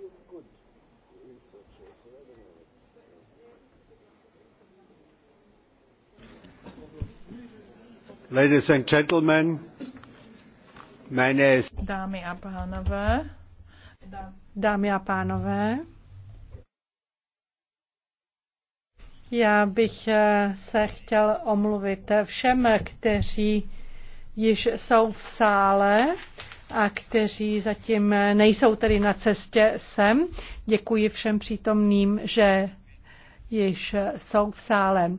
few good researchers. So I don't know. Ladies and gentlemen, meine Dámy a pánové, dámy a pánové, já bych eh, se chtěl omluvit všem, kteří již jsou v sále a kteří zatím nejsou tedy na cestě sem. Děkuji všem přítomným, že již jsou v sále.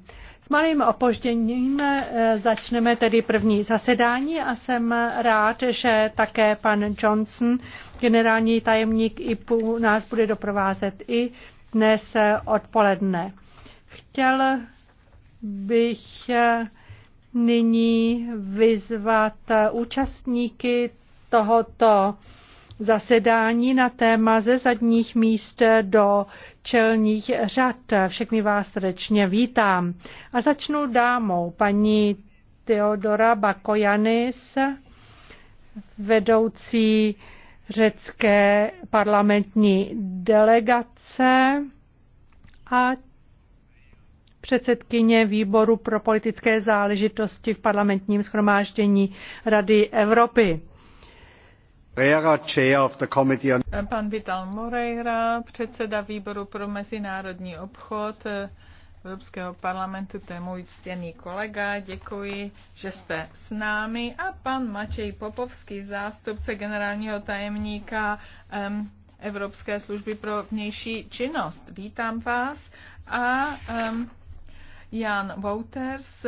S malým opožděním eh, začneme tedy první zasedání a jsem rád, že také pan Johnson, generální tajemník IPU, nás bude doprovázet i dnes odpoledne. Chtěl bych eh, nyní vyzvat účastníky tohoto zasedání na téma ze zadních míst do čelních řad. Všechny vás srdečně vítám. A začnu dámou, paní Teodora Bakojanis, vedoucí řecké parlamentní delegace a předsedkyně výboru pro politické záležitosti v parlamentním schromáždění Rady Evropy. Pan Vital Moreira, předseda výboru pro mezinárodní obchod Evropského parlamentu, to je můj ctěný kolega, děkuji, že jste s námi. A pan Mačej Popovský, zástupce generálního tajemníka um, Evropské služby pro vnější činnost. Vítám vás a um, Jan Wouters,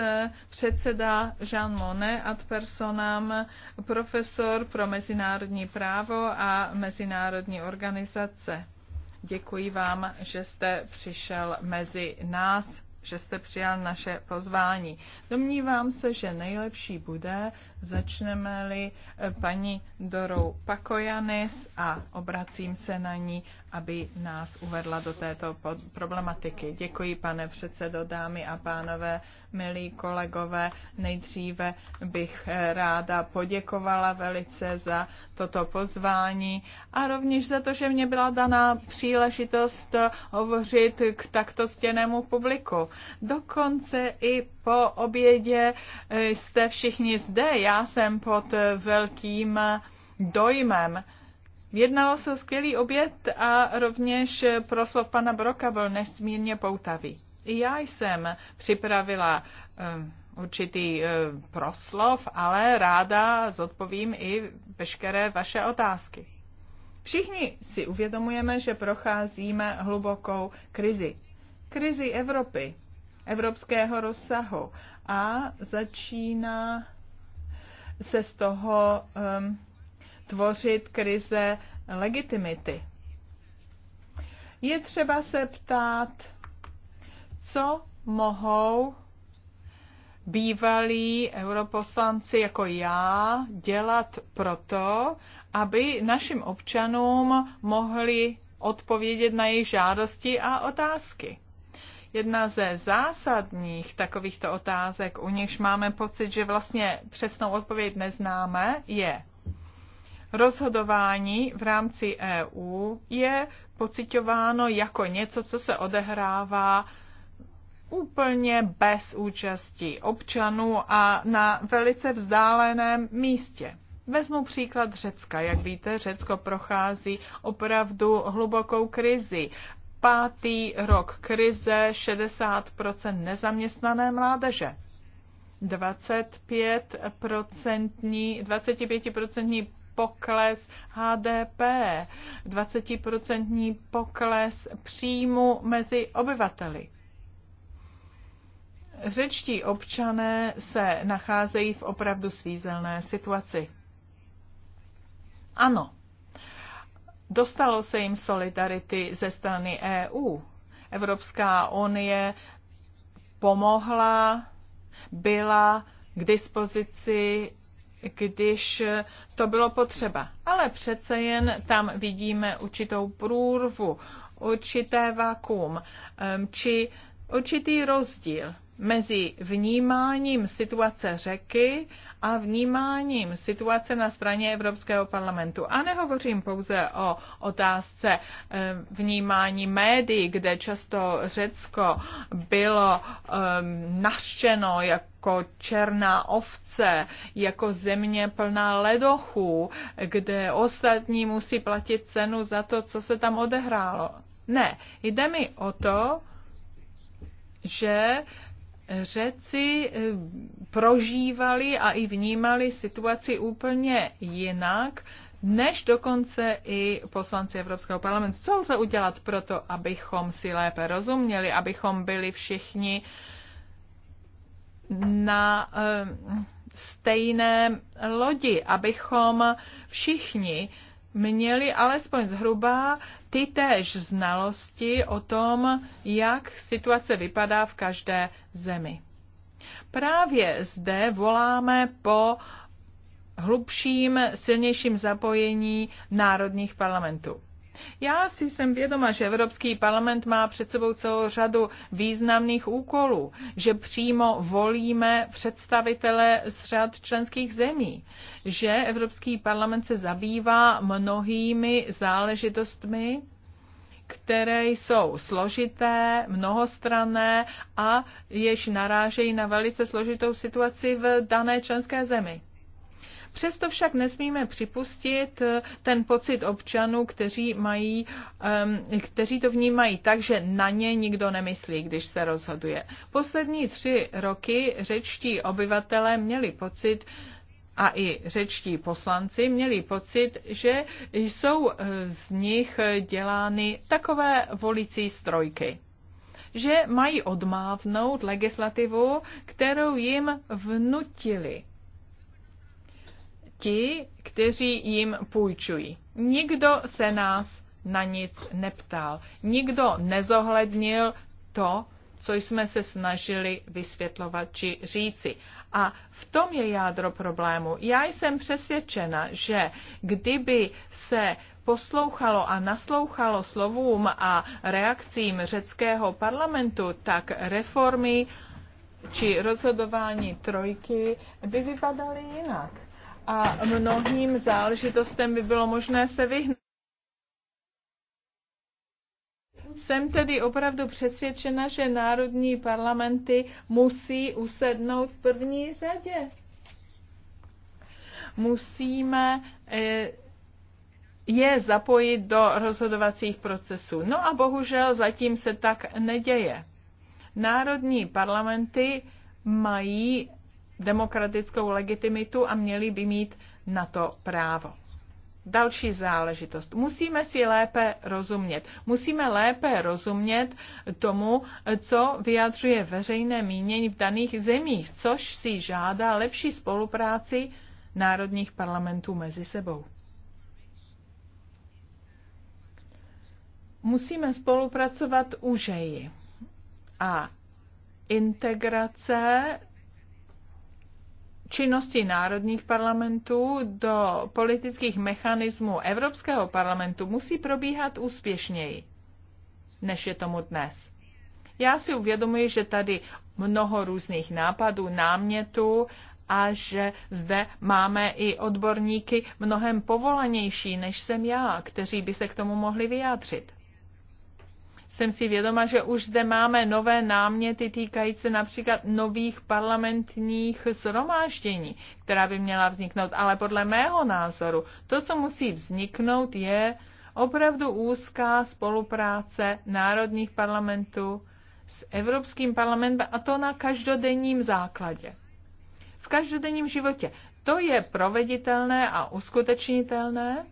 předseda Jean Monnet ad personam, profesor pro mezinárodní právo a mezinárodní organizace. Děkuji vám, že jste přišel mezi nás že jste přijal naše pozvání. Domnívám se, že nejlepší bude, začneme-li eh, paní Dorou Pakojanis a obracím se na ní, aby nás uvedla do této problematiky. Děkuji, pane předsedo, dámy a pánové milí kolegové. Nejdříve bych eh, ráda poděkovala velice za toto pozvání a rovněž za to, že mě byla daná příležitost eh, hovořit k takto ctěnému publiku. Dokonce i po obědě eh, jste všichni zde. Já jsem pod velkým dojmem. Jednalo se o skvělý oběd a rovněž proslov pana Broka byl nesmírně poutavý. I já jsem připravila eh, určitý eh, proslov, ale ráda zodpovím i veškeré vaše otázky. Všichni si uvědomujeme, že procházíme hlubokou krizi. Krizi Evropy, evropského rozsahu a začíná se z toho um, tvořit krize legitimity. Je třeba se ptát, co mohou bývalí europoslanci jako já dělat proto, aby našim občanům mohli odpovědět na jejich žádosti a otázky. Jedna ze zásadních takovýchto otázek, u nichž máme pocit, že vlastně přesnou odpověď neznáme, je rozhodování v rámci EU je pocitováno jako něco, co se odehrává úplně bez účasti občanů a na velice vzdáleném místě. Vezmu příklad Řecka. Jak víte, Řecko prochází opravdu hlubokou krizi. Pátý rok krize, 60% nezaměstnané mládeže. 25%, pokles HDP, 20% pokles příjmu mezi obyvateli. Řečtí občané se nacházejí v opravdu svízelné situaci. Ano, dostalo se jim solidarity ze strany EU. Evropská unie pomohla, byla k dispozici, když to bylo potřeba. Ale přece jen tam vidíme určitou průrvu, určité vakuum či určitý rozdíl mezi vnímáním situace řeky a vnímáním situace na straně Evropského parlamentu. A nehovořím pouze o otázce eh, vnímání médií, kde často Řecko bylo ehm, naštěno jako černá ovce, jako země plná ledochů, kde ostatní musí platit cenu za to, co se tam odehrálo. Ne, jde mi o to, že Řeci eh, prožívali a i vnímali situaci úplně jinak, než dokonce i poslanci Evropského parlamentu. Co lze udělat pro to, abychom si lépe rozuměli, abychom byli všichni na eh, stejné lodi, abychom všichni měli alespoň zhruba ty též znalosti o tom, jak situace vypadá v každé zemi. Právě zde voláme po hlubším, silnějším zapojení národních parlamentů. Já si jsem vědoma, že Evropský parlament má před sebou celou řadu významných úkolů, že přímo volíme představitele z řad členských zemí, že Evropský parlament se zabývá mnohými záležitostmi, které jsou složité, mnohostranné a jež narážejí na velice složitou situaci v dané členské zemi. Přesto však nesmíme připustit eh, ten pocit občanů, kteří, mají, kteří to vnímají tak, že na ně nikdo nemyslí, když se rozhoduje. Poslední tři roky řečtí obyvatelé měli pocit, a i řečtí poslanci měli pocit, že jsou eh, z nich dělány takové volicí strojky že mají odmávnout legislativu, kterou jim vnutili ti, kteří jim půjčují. Nikdo se nás na nic neptal. Nikdo nezohlednil to, co jsme se snažili vysvětlovat či říci. A v tom je jádro problému. Já jsem přesvědčena, že kdyby se poslouchalo a naslouchalo slovům a reakcím řeckého parlamentu, tak reformy či rozhodování trojky by vypadaly jinak a mnohým záležitostem by bylo možné se vyhnout. Jsem tedy opravdu přesvědčena, že národní parlamenty musí usednout v první řadě. Musíme eh, je zapojit do rozhodovacích procesů. No a bohužel zatím se tak neděje. Národní parlamenty mají demokratickou legitimitu a měli by mít na to právo. Další záležitost. Musíme si lépe rozumět. Musíme lépe rozumět tomu, co vyjadřuje veřejné mínění v daných zemích, což si žádá lepší spolupráci národních parlamentů mezi sebou. Musíme spolupracovat užeji a integrace činnosti národních parlamentů do politických mechanismů Evropského parlamentu musí probíhat úspěšněji, než je tomu dnes. Já si uvědomuji, že tady mnoho různých nápadů, námětů a že zde máme i odborníky mnohem povolanější, než jsem já, kteří by se k tomu mohli vyjádřit jsem si vědoma, že už zde máme nové náměty týkající například nových parlamentních shromáždění, která by měla vzniknout. Ale podle mého názoru to, co musí vzniknout, je opravdu úzká spolupráce národních parlamentů s Evropským parlamentem a to na každodenním základě. V každodenním životě. To je proveditelné a uskutečnitelné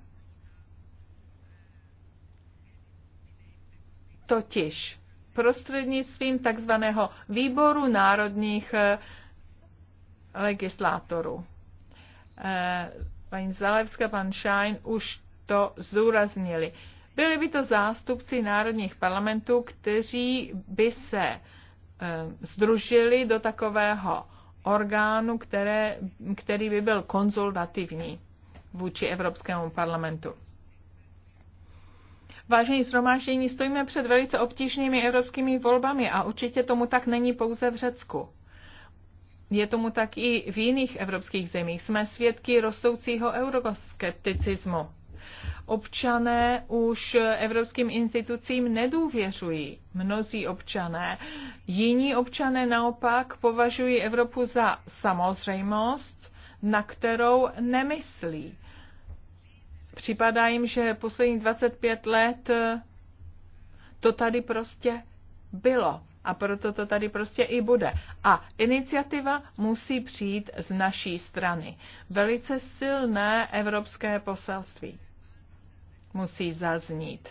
totiž prostřednictvím takzvaného výboru národních eh, legislátorů. Eh, paní Zalevská, pan Schein už to zdůraznili. Byli by to zástupci národních parlamentů, kteří by se eh, združili do takového orgánu, které, který by byl konzultativní vůči Evropskému parlamentu. Vážení zhromáždění, stojíme před velice obtížnými evropskými volbami a určitě tomu tak není pouze v Řecku. Je tomu tak i v jiných evropských zemích. Jsme svědky rostoucího euroskepticismu. Občané už evropským institucím nedůvěřují. Mnozí občané. Jiní občané naopak považují Evropu za samozřejmost, na kterou nemyslí. Připadá jim, že poslední 25 let eh, to tady prostě bylo. A proto to tady prostě i bude. A iniciativa musí přijít z naší strany. Velice silné evropské poselství musí zaznít.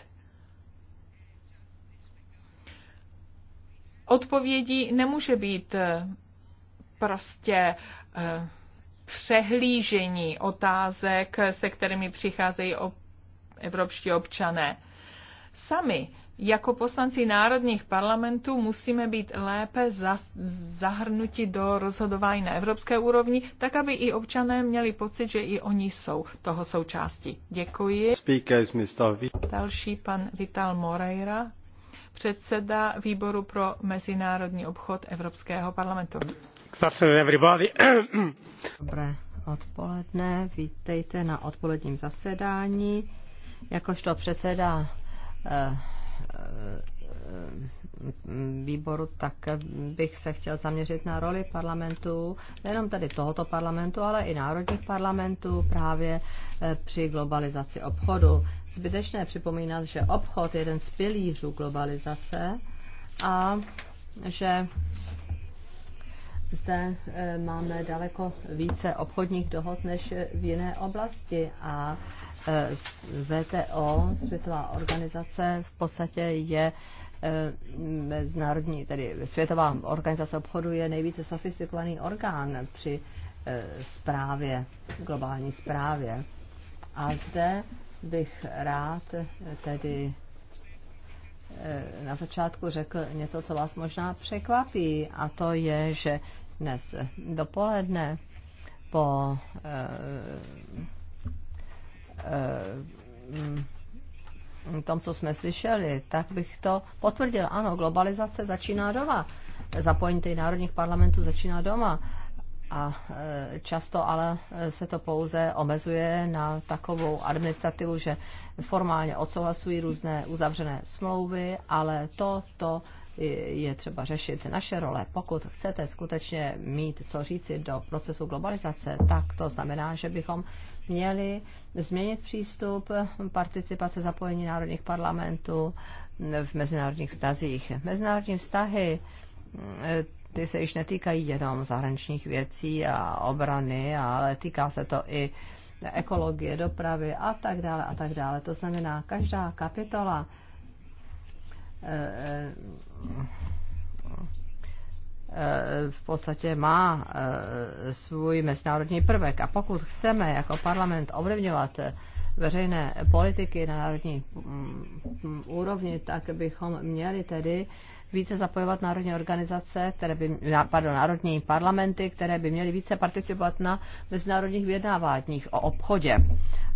Odpovědí nemůže být eh, prostě uh, přehlížení otázek, se kterými přicházejí ob- evropští občané. Sami jako poslanci národních parlamentů musíme být lépe zahrnuti do rozhodování na evropské úrovni, tak aby i občané měli pocit, že i oni jsou toho součástí. Děkuji. Další pan Vital Moreira, předseda výboru pro mezinárodní obchod Evropského parlamentu. Dobré odpoledne, vítejte na odpoledním zasedání. Jakožto předseda eh, eh, výboru, tak bych se chtěl zaměřit na roli parlamentu, nejenom tady tohoto parlamentu, ale i národních parlamentů právě eh, při globalizaci obchodu. Zbytečné připomínat, že obchod je jeden z pilířů globalizace a že zde eh, máme daleko více obchodních dohod než v jiné oblasti a eh, VTO, Světová organizace, v podstatě je eh, mezinárodní, tedy Světová organizace obchodu je nejvíce sofistikovaný orgán při správě, globální správě. A zde bych rád tedy Eh, na začátku řekl něco, co vás možná překvapí, a to je, že dnes dopoledne po eh, eh, tom, co jsme slyšeli, tak bych to potvrdil. Ano, globalizace začíná doma. Zapojení národních parlamentů začíná doma a e, často ale e, se to pouze omezuje na takovou administrativu, že formálně odsouhlasují různé uzavřené smlouvy, ale to, to je třeba řešit naše role. Pokud chcete skutečně mít co říci do procesu globalizace, tak to znamená, že bychom měli změnit přístup participace zapojení národních parlamentů v mezinárodních vztazích. Mezinárodní vztahy ty se již netýkají jenom zahraničních věcí a obrany, ale týká se to i ekologie, dopravy a tak dále a tak dále. To znamená, každá kapitola eh, eh, v podstatě má eh, svůj mezinárodní prvek. A pokud chceme jako parlament ovlivňovat veřejné politiky na národní mm, mm, úrovni, tak bychom měli tedy více zapojovat národní organizace, které by, pardon, národní parlamenty, které by měly více participovat na mezinárodních vyjednáváních o obchodě.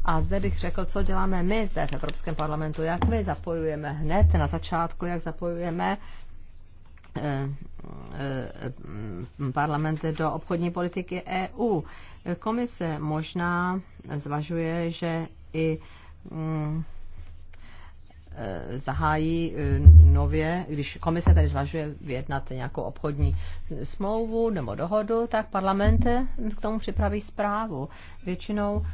A zde bych řekl, co děláme my zde v Evropském parlamentu, jak my zapojujeme hned na začátku, jak zapojujeme eh, eh, parlamenty do obchodní politiky EU. Komise možná zvažuje, že i mm, Eh, zahájí eh, nově, když komise tady zvažuje vyjednat nějakou obchodní smlouvu nebo dohodu, tak parlament eh, k tomu připraví zprávu. Většinou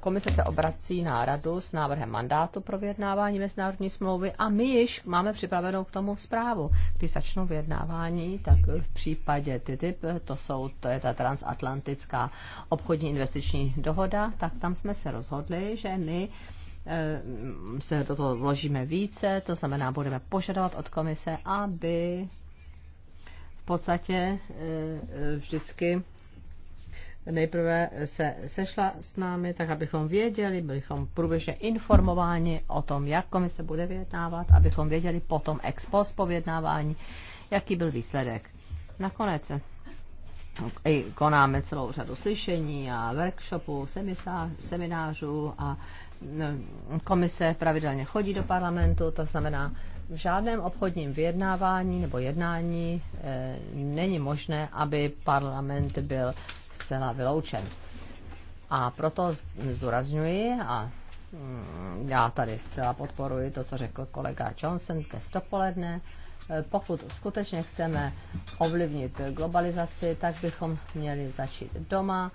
komise se obrací na radu s návrhem mandátu pro vyjednávání mezinárodní smlouvy a my již máme připravenou k tomu zprávu. Když začnou vyjednávání, tak v případě TTIP, to, jsou, to je ta transatlantická obchodní investiční dohoda, tak tam jsme se rozhodli, že my Eh, se do toho vložíme více, to znamená, budeme požadovat od komise, aby v podstatě eh, vždycky nejprve se sešla s námi, tak abychom věděli, bychom průběžně informováni o tom, jak komise bude vyjednávat, abychom věděli potom ex post po vyjednávání, jaký byl výsledek. Nakonec eh, konáme celou řadu slyšení a workshopů, seminářů a Eh, komise pravidelně chodí do parlamentu, to znamená, v žádném obchodním vyjednávání nebo jednání e, není možné, aby parlament byl zcela vyloučen. A proto zdůrazňuji a mm, já tady zcela podporuji to, co řekl kolega Johnson dnes dopoledne. Eh, pokud skutečně chceme ovlivnit globalizaci, tak bychom měli začít doma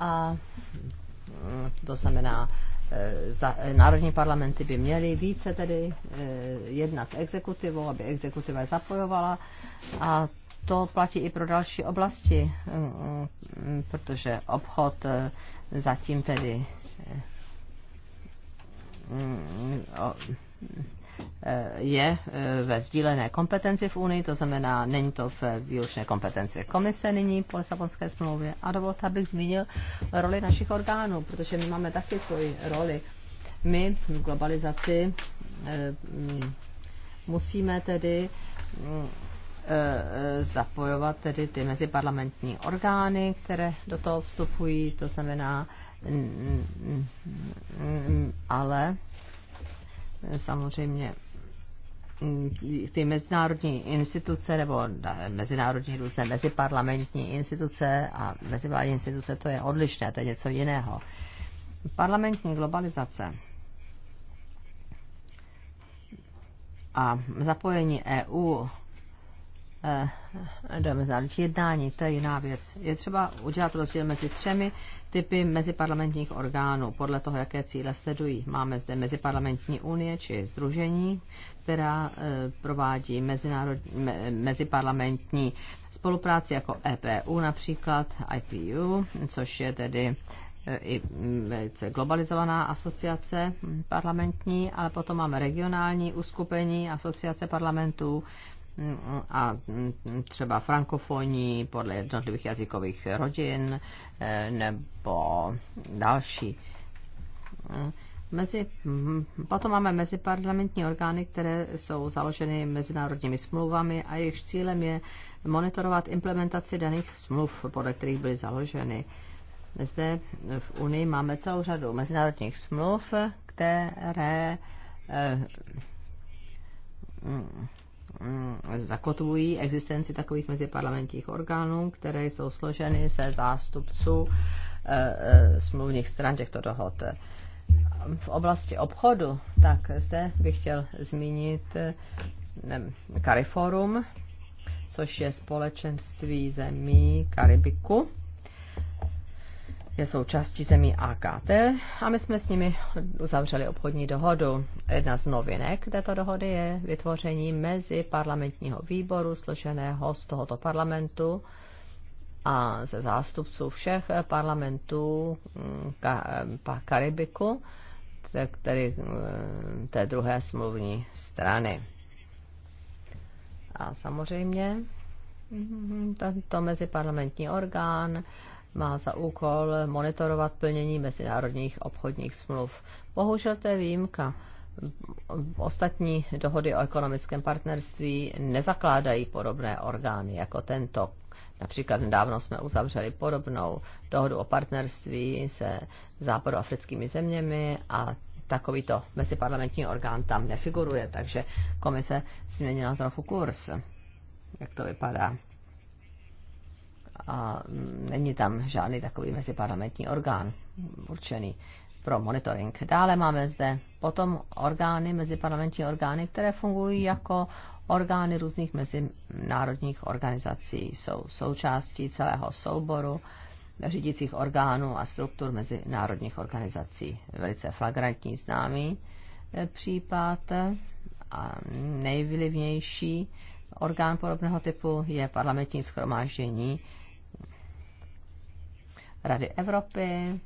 a mm, to znamená Eh, za, eh, národní parlamenty by měly více tedy eh, jednat s exekutivou, aby exekutiva je zapojovala a to platí i pro další oblasti, mm, mm, protože obchod zatím tedy mm, je eh, ve sdílené kompetenci v Unii, to znamená, není to v výlučné kompetenci komise nyní po Lisabonské smlouvě. A dovolte, abych zmínil roli našich orgánů, protože my máme taky svoji roli. My v globalizaci eh, mm, musíme tedy mm, eh, zapojovat tedy ty meziparlamentní orgány, které do toho vstupují, to znamená, mm, ale samozřejmě mm, ty mezinárodní instituce nebo mezinárodní různé meziparlamentní instituce a mezivládní instituce, to je odlišné, to je něco jiného. Parlamentní globalizace a zapojení EU Eh, do mezinárodních jednání, to je jiná věc. Je třeba udělat rozdíl mezi třemi typy meziparlamentních orgánů, podle toho, jaké cíle sledují. Máme zde meziparlamentní unie či združení, která eh, provádí mezinárodní, meziparlamentní spolupráci jako EPU například, IPU, což je tedy eh, i mm, velice globalizovaná asociace mm, parlamentní, ale potom máme regionální uskupení asociace parlamentů, a třeba frankofonní podle jednotlivých jazykových rodin eh, nebo další. Mezi, potom máme meziparlamentní orgány, které jsou založeny mezinárodními smlouvami a jejich cílem je monitorovat implementaci daných smluv, podle kterých byly založeny. Zde v Unii máme celou řadu mezinárodních smluv, které eh, Mm, zakotvují existenci takových meziparlamentních orgánů, které jsou složeny ze zástupců eh, eh, smluvních stran těchto dohod. V oblasti obchodu, tak zde bych chtěl zmínit eh, Cariforum, což je společenství zemí Karibiku je součástí zemí AKT a my jsme s nimi uzavřeli obchodní dohodu. Jedna z novinek této dohody je vytvoření mezi parlamentního výboru složeného z tohoto parlamentu a ze zástupců všech parlamentů mm, Karibiku, tedy mm, té druhé smluvní strany. A samozřejmě mm, tento meziparlamentní orgán má za úkol monitorovat plnění mezinárodních obchodních smluv. Bohužel to je výjimka. Ostatní dohody o ekonomickém partnerství nezakládají podobné orgány jako tento. Například nedávno jsme uzavřeli podobnou dohodu o partnerství se západoafrickými zeměmi a takovýto meziparlamentní orgán tam nefiguruje, takže komise změnila trochu kurz, jak to vypadá a není tam žádný takový meziparlamentní orgán určený pro monitoring. Dále máme zde potom orgány, meziparlamentní orgány, které fungují jako orgány různých mezinárodních organizací. Jsou součástí celého souboru řídících orgánů a struktur mezinárodních organizací. Velice flagrantní známý eh, případ a nejvlivnější orgán podobného typu je parlamentní schromáždění Rady Evropy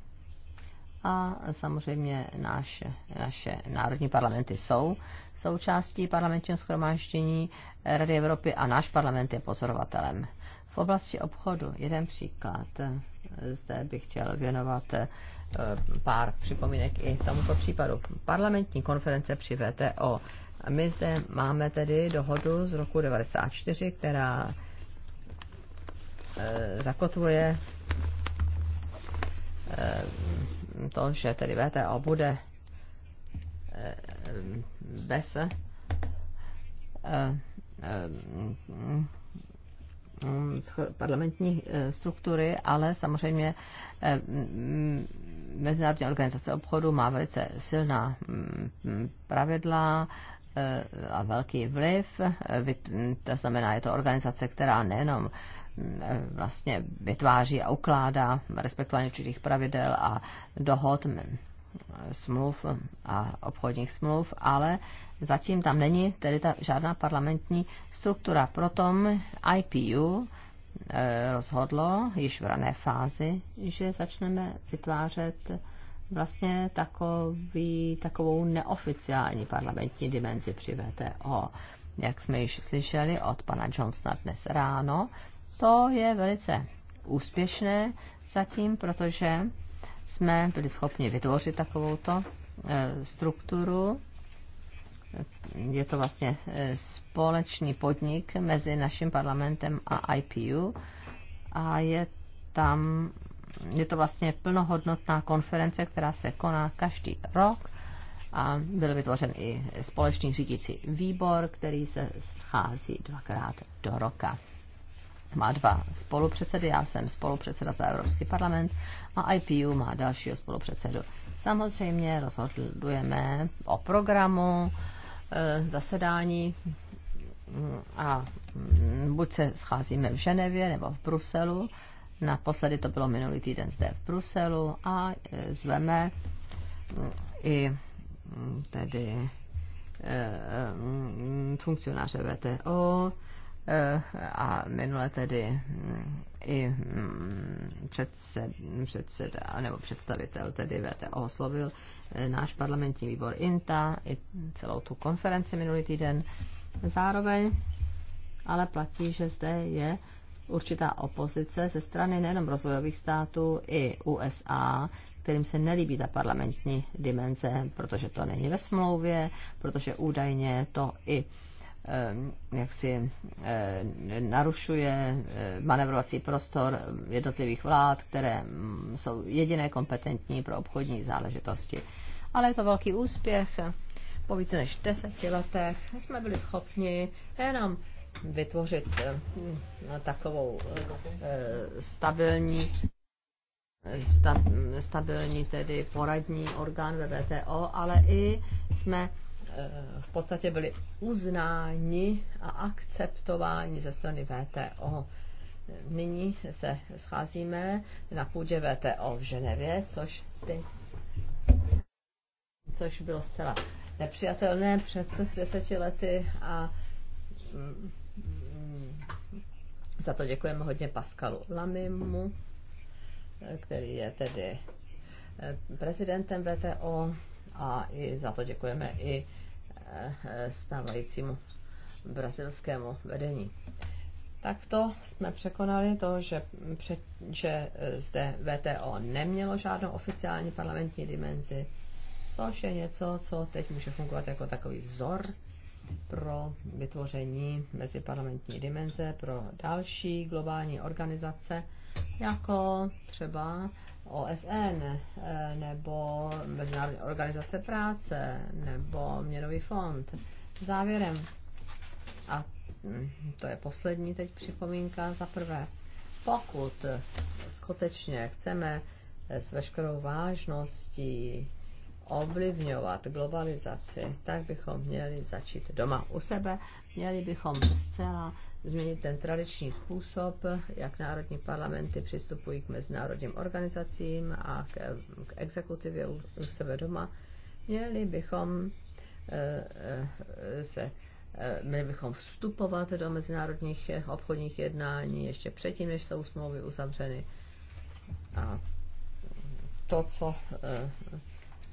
a samozřejmě náš, naše národní parlamenty jsou součástí parlamentního schromáždění Rady Evropy a náš parlament je pozorovatelem. V oblasti obchodu jeden příklad. Zde bych chtěl věnovat eh, pár připomínek i tomuto případu. Parlamentní konference při VTO. My zde máme tedy dohodu z roku 94, která eh, zakotvuje Eh, to, že tedy VTO bude eh, bez eh, parlamentní struktury, ale samozřejmě Mezinárodní organizace obchodu má velice silná mm, pravidla a velký vliv. To znamená, je to organizace, která nejenom vlastně vytváří a ukládá respektování určitých pravidel a dohod smluv a obchodních smluv, ale zatím tam není tedy ta žádná parlamentní struktura. Proto IPU e, rozhodlo již v rané fázi, že začneme vytvářet vlastně takový, takovou neoficiální parlamentní dimenzi při VTO. Jak jsme již slyšeli od pana Johnsona dnes ráno, to je velice úspěšné zatím, protože jsme byli schopni vytvořit takovouto e, strukturu. Je to vlastně e, společný podnik mezi naším parlamentem a IPU a je tam je to vlastně plnohodnotná konference, která se koná každý rok a byl vytvořen i společný řídící výbor, který se schází dvakrát do roka má dva spolupředsedy, já jsem spolupředseda za Evropský parlament a IPU má dalšího spolupředsedu. Samozřejmě rozhodujeme o programu eh, zasedání mm, a mm, buď se scházíme v Ženevě nebo v Bruselu, naposledy to bylo minulý týden zde v Bruselu a eh, zveme mm, i tedy eh, funkcionáře VTO, Eh, a minule tedy mm, i mm, předsed, předseda nebo představitel tedy VTO oslovil eh, náš parlamentní výbor INTA i celou tu konferenci minulý týden. Zároveň ale platí, že zde je určitá opozice ze strany nejenom rozvojových států i USA, kterým se nelíbí ta parlamentní dimenze, protože to není ve smlouvě, protože údajně to i Eh, jak si eh, narušuje eh, manevrovací prostor jednotlivých vlád, které mm, jsou jediné kompetentní pro obchodní záležitosti. Ale je to velký úspěch. Po více než deseti letech jsme byli schopni jenom vytvořit takovou stabilní stabilní tedy poradní orgán ve VTO, ale i jsme Eh, v podstatě byli uznáni a akceptováni ze strany VTO. Nyní se scházíme na půdě VTO v Ženevě, což ty což bylo zcela nepřijatelné před deseti lety a mm, za to děkujeme hodně Pascalu Lamimu, který je tedy eh, prezidentem VTO a i za to děkujeme i eh, stávajícímu brazilskému vedení. Takto jsme překonali to, že, před, že eh, zde VTO nemělo žádnou oficiální parlamentní dimenzi, což je něco, co teď může fungovat jako takový vzor pro vytvoření meziparlamentní dimenze pro další globální organizace, jako třeba OSN eh, nebo Mezinárodní organizace práce nebo Měnový fond. Závěrem, a hm, to je poslední teď připomínka, za prvé, pokud skutečně chceme s veškerou vážností ovlivňovat globalizaci, tak bychom měli začít doma u sebe. Měli bychom zcela změnit ten tradiční způsob, jak národní parlamenty přistupují k mezinárodním organizacím a k, k exekutivě u, u sebe doma. Měli bychom eh, eh, se eh, měli bychom vstupovat do mezinárodních obchodních jednání ještě předtím, než jsou smlouvy uzavřeny. A to, co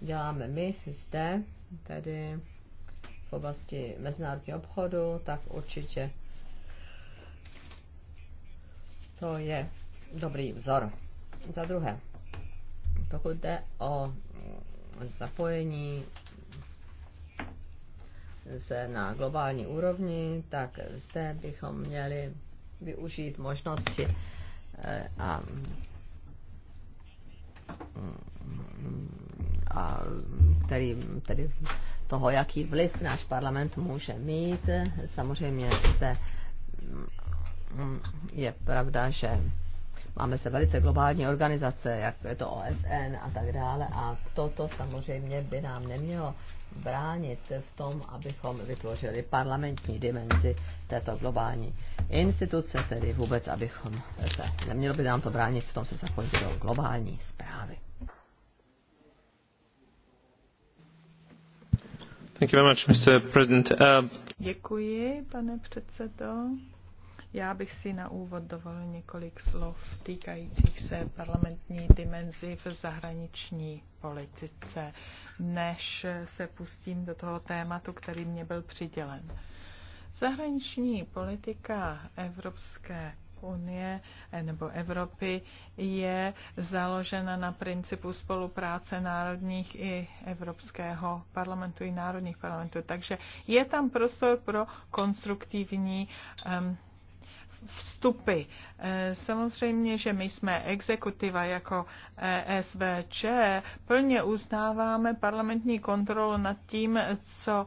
děláme my zde, tedy v oblasti mezinárodního obchodu, tak určitě to je dobrý vzor. Za druhé, pokud jde o zapojení se na globální úrovni, tak zde bychom měli využít možnosti eh, a a který, tedy toho, jaký vliv náš parlament může mít. Samozřejmě zde mm, je pravda, že máme se velice globální organizace, jak je to OSN a tak dále a toto samozřejmě by nám nemělo bránit v tom, abychom vytvořili parlamentní dimenzi této globální instituce, tedy vůbec, abychom se, nemělo by nám to bránit v tom se zapojit do globální zprávy. Thank you very much, Mr. President. Uh... Děkuji, pane předsedo. Já bych si na úvod dovolil několik slov týkajících se parlamentní dimenzi v zahraniční politice, než se pustím do toho tématu, který mě byl přidělen. Zahraniční politika Evropské unie eh, nebo Evropy je založena na principu spolupráce národních i Evropského parlamentu i národních parlamentů. Takže je tam prostor pro konstruktivní um, vstupy. Eh, samozřejmě, že my jsme exekutiva jako eh, SVČ, plně uznáváme parlamentní kontrolu nad tím, co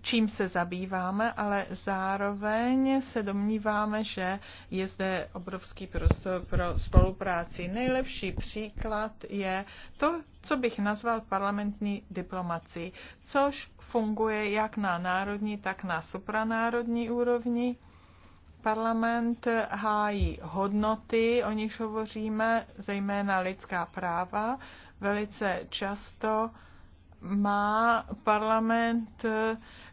čím se zabýváme, ale zároveň se domníváme, že je zde obrovský prostor pro spolupráci. Nejlepší příklad je to, co bych nazval parlamentní diplomací, což funguje jak na národní, tak na supranárodní úrovni. Parlament hájí hodnoty, o nichž hovoříme, zejména lidská práva. Velice často uh, má parlament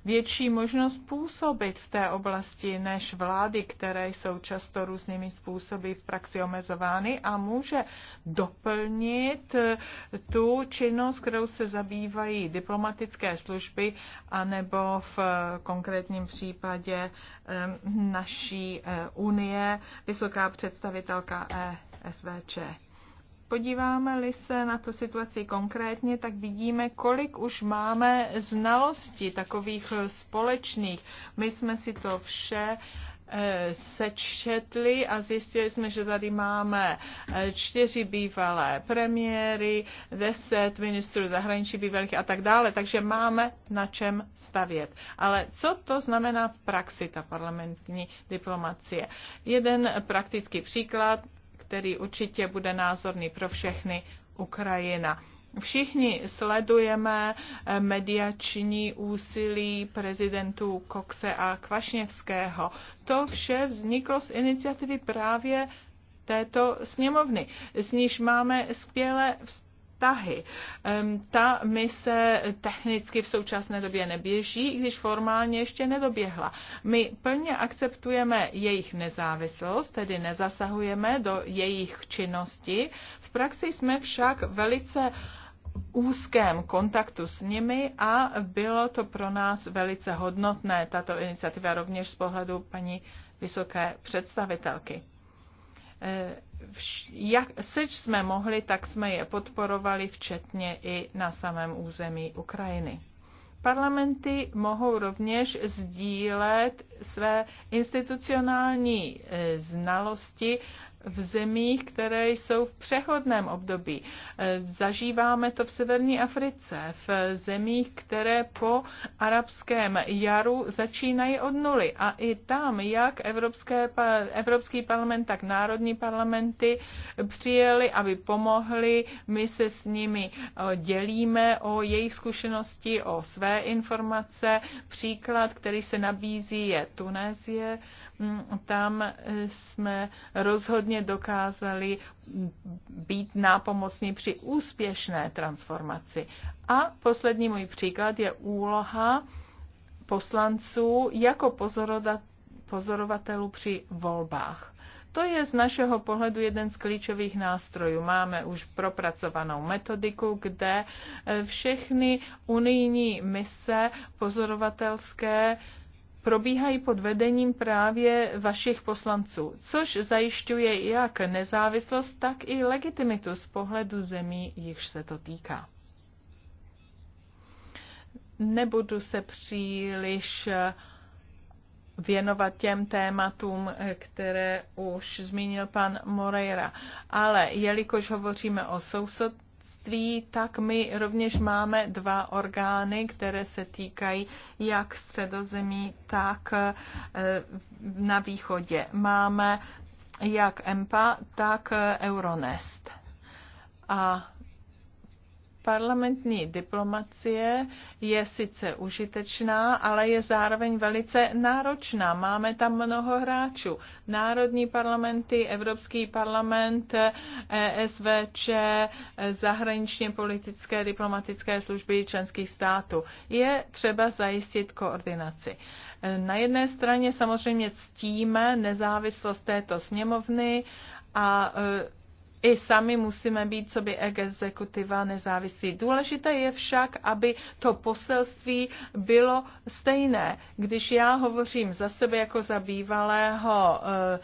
větší možnost působit v té oblasti než vlády, které jsou často různými způsoby v praxi omezovány a může doplnit tu činnost, kterou se zabývají diplomatické služby anebo v konkrétním případě naší eh, unie, vysoká představitelka ESVČ. Podíváme-li se na tu situaci konkrétně, tak vidíme, kolik už máme znalostí takových eh, společných. My jsme si to vše eh, sečetli a zjistili jsme, že tady máme eh, čtyři bývalé premiéry, deset ministrů zahraničí bývalých a tak dále, takže máme na čem stavět. Ale co to znamená v praxi ta parlamentní diplomacie? Jeden praktický příklad, který určitě bude názorný pro všechny, Ukrajina. Všichni sledujeme eh, mediační úsilí prezidentů Kokse a Kvašněvského. To vše vzniklo z iniciativy právě této sněmovny, z níž máme skvělé vztahy tahy. Ta mise technicky v současné době neběží, i když formálně ještě nedoběhla. My plně akceptujeme jejich nezávislost, tedy nezasahujeme do jejich činnosti. V praxi jsme však velice úzkém kontaktu s nimi a bylo to pro nás velice hodnotné, tato iniciativa rovněž z pohledu paní vysoké představitelky vš, jak, seč jsme mohli, tak jsme je podporovali, včetně i na samém území Ukrajiny. Parlamenty mohou rovněž sdílet své institucionální e, znalosti v zemích, které jsou v přechodném období. E, zažíváme to v severní Africe, v zemích, které po arabském jaru začínají od nuly. A i tam, jak Evropské, Evropský parlament, tak národní parlamenty přijeli, aby pomohli. My se s nimi e, dělíme o jejich zkušenosti, o své informace. Příklad, který se nabízí, je Tunézie Mm, tam eh, jsme rozhodně dokázali být nápomocní při úspěšné transformaci. A poslední můj příklad je úloha poslanců jako pozorovatelů při volbách. To je z našeho pohledu jeden z klíčových nástrojů. Máme už propracovanou metodiku, kde eh, všechny unijní mise pozorovatelské probíhají pod vedením právě vašich poslanců, což zajišťuje jak nezávislost, tak i legitimitu z pohledu zemí, jichž se to týká. Nebudu se příliš věnovat těm tématům, které už zmínil pan Moreira. Ale jelikož hovoříme o soused, školství, tak my rovněž máme dva orgány, které se týkají jak středozemí, tak eh, na východě. Máme jak EMPA, tak eh, Euronest. A parlamentní diplomacie je sice užitečná, ale je zároveň velice náročná. Máme tam mnoho hráčů. Národní parlamenty, Evropský parlament, ESVČ, zahraničně politické diplomatické služby členských států. Je třeba zajistit koordinaci. Na jedné straně samozřejmě ctíme nezávislost této sněmovny, a e, i sami musíme být co by exekutiva nezávislí. Důležité je však, aby to poselství bylo stejné. Když já hovořím za sebe jako za bývalého eh,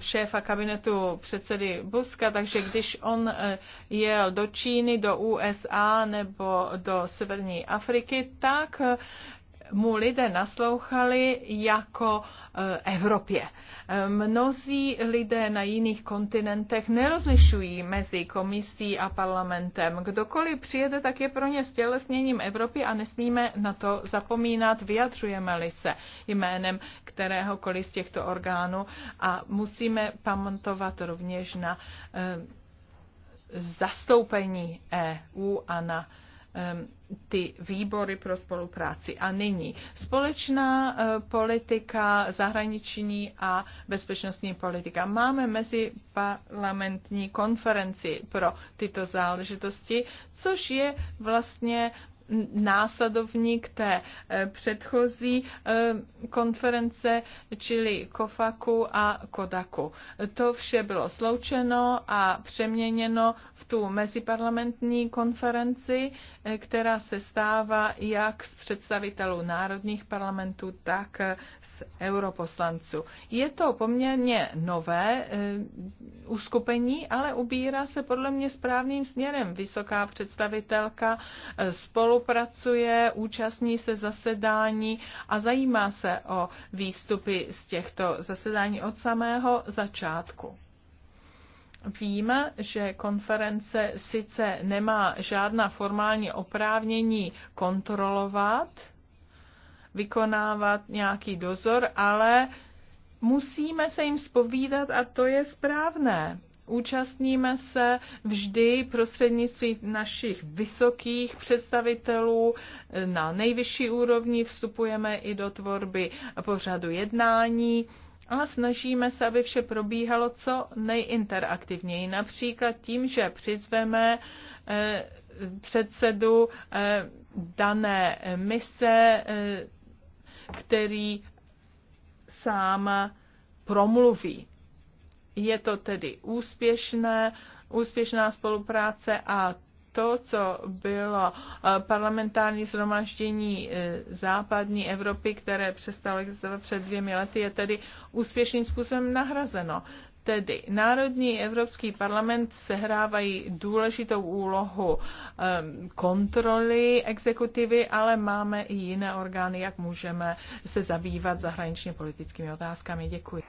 šéfa kabinetu předsedy Buska, takže když on eh, jel do Číny, do USA nebo do Severní Afriky, tak eh, mu lidé naslouchali jako e, Evropě. E, mnozí lidé na jiných kontinentech nerozlišují mezi komisí a parlamentem. Kdokoliv přijede, tak je pro ně stělesněním Evropy a nesmíme na to zapomínat, vyjadřujeme-li se jménem kteréhokoliv z těchto orgánů a musíme pamatovat rovněž na e, zastoupení EU a na Ehm, ty výbory pro spolupráci. A nyní společná eh, politika, zahraniční a bezpečnostní politika. Máme mezi parlamentní konferenci pro tyto záležitosti, což je vlastně následovník té eh, předchozí eh, konference, čili Kofaku a Kodaku. To vše bylo sloučeno a přeměněno v tu meziparlamentní konferenci, eh, která se stává jak z představitelů národních parlamentů, tak z europoslanců. Je to poměrně nové uskupení, ale ubírá se podle mě správným směrem. Vysoká představitelka spolu spolupracuje, účastní se zasedání a zajímá se o výstupy z těchto zasedání od samého začátku. Víme, že konference sice nemá žádná formální oprávnění kontrolovat, vykonávat nějaký dozor, ale musíme se jim spovídat a to je správné. Účastníme se vždy prostřednictvím našich vysokých představitelů na nejvyšší úrovni, vstupujeme i do tvorby pořadu jednání a snažíme se, aby vše probíhalo co nejinteraktivněji. Například tím, že přizveme eh, předsedu eh, dané mise, eh, který sám promluví je to tedy úspěšné, úspěšná spolupráce a to, co bylo eh, parlamentární zhromaždění eh, západní Evropy, které přestalo existovat před dvěmi lety, je tedy úspěšným způsobem nahrazeno. Tedy Národní Evropský parlament sehrávají důležitou úlohu eh, kontroly exekutivy, ale máme i jiné orgány, jak můžeme se zabývat zahraničně politickými otázkami. Děkuji.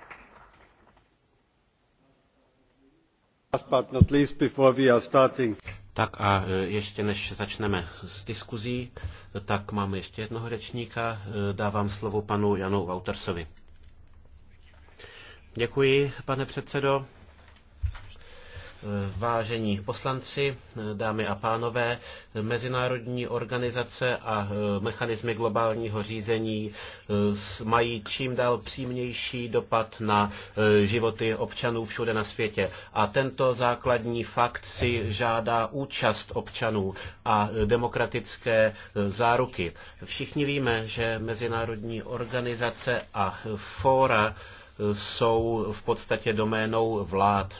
Tak a e, ještě než začneme s diskuzí, tak máme ještě jednoho řečníka. E, dávám slovo panu Janu Vautersovi. Děkuji, pane předsedo. Vážení poslanci, dámy a pánové, mezinárodní organizace a e, mechanismy globálního řízení e, mají čím dál přímější dopad na e, životy občanů všude na světě. A tento základní fakt si žádá účast občanů a demokratické záruky. Všichni víme, že mezinárodní organizace a fóra jsou v podstatě doménou vlád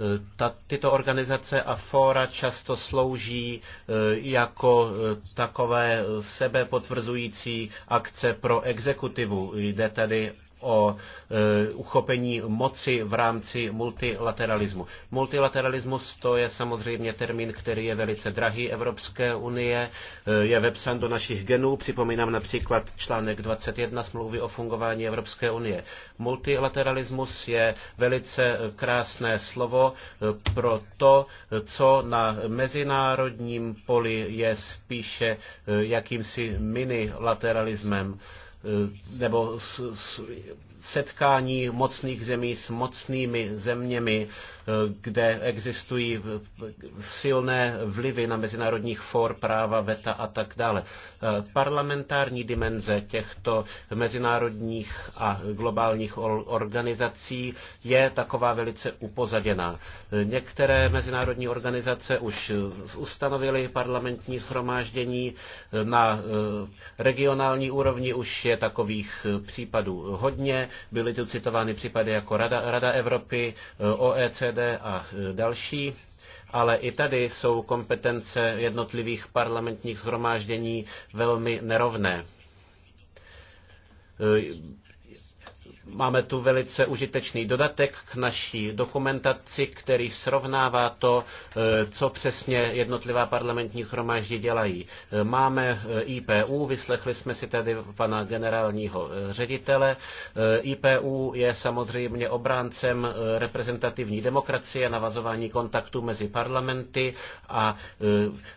Eh, ta, tyto organizace a fóra často slouží eh, jako eh, takové sebepotvrzující akce pro exekutivu. Jde tedy o e, uchopení moci v rámci multilateralismu. Multilateralismus to je samozřejmě termín, který je velice drahý Evropské unie, e, je vepsan do našich genů. Připomínám například článek 21 smlouvy o fungování Evropské unie. Multilateralismus je velice krásné slovo e, pro to, co na mezinárodním poli je spíše jakýmsi minilateralismem. Eh, nebo s, s, setkání mocných zemí s mocnými zeměmi, eh, kde existují silné vlivy na mezinárodních for, práva, veta a tak dále. Eh, parlamentární dimenze těchto mezinárodních a globálních organizací je taková velice upozaděná. Eh, některé mezinárodní organizace už ustanovily parlamentní schromáždění, na regionální úrovni už je takových případů hodně, Byly tu citovány případy jako Rada, Rada Evropy, eh, OECD a eh, další ale i tady jsou kompetence jednotlivých parlamentních shromáždění velmi nerovné eh, Máme tu velice užitečný dodatek k naší dokumentaci, který srovnává to, eh, co přesně jednotlivá parlamentní schromáždí dělají. Eh, máme eh, IPU, vyslechli jsme si tady pana generálního ředitele. IPU je samozřejmě obráncem reprezentativní demokracie, navazování kontaktů mezi parlamenty a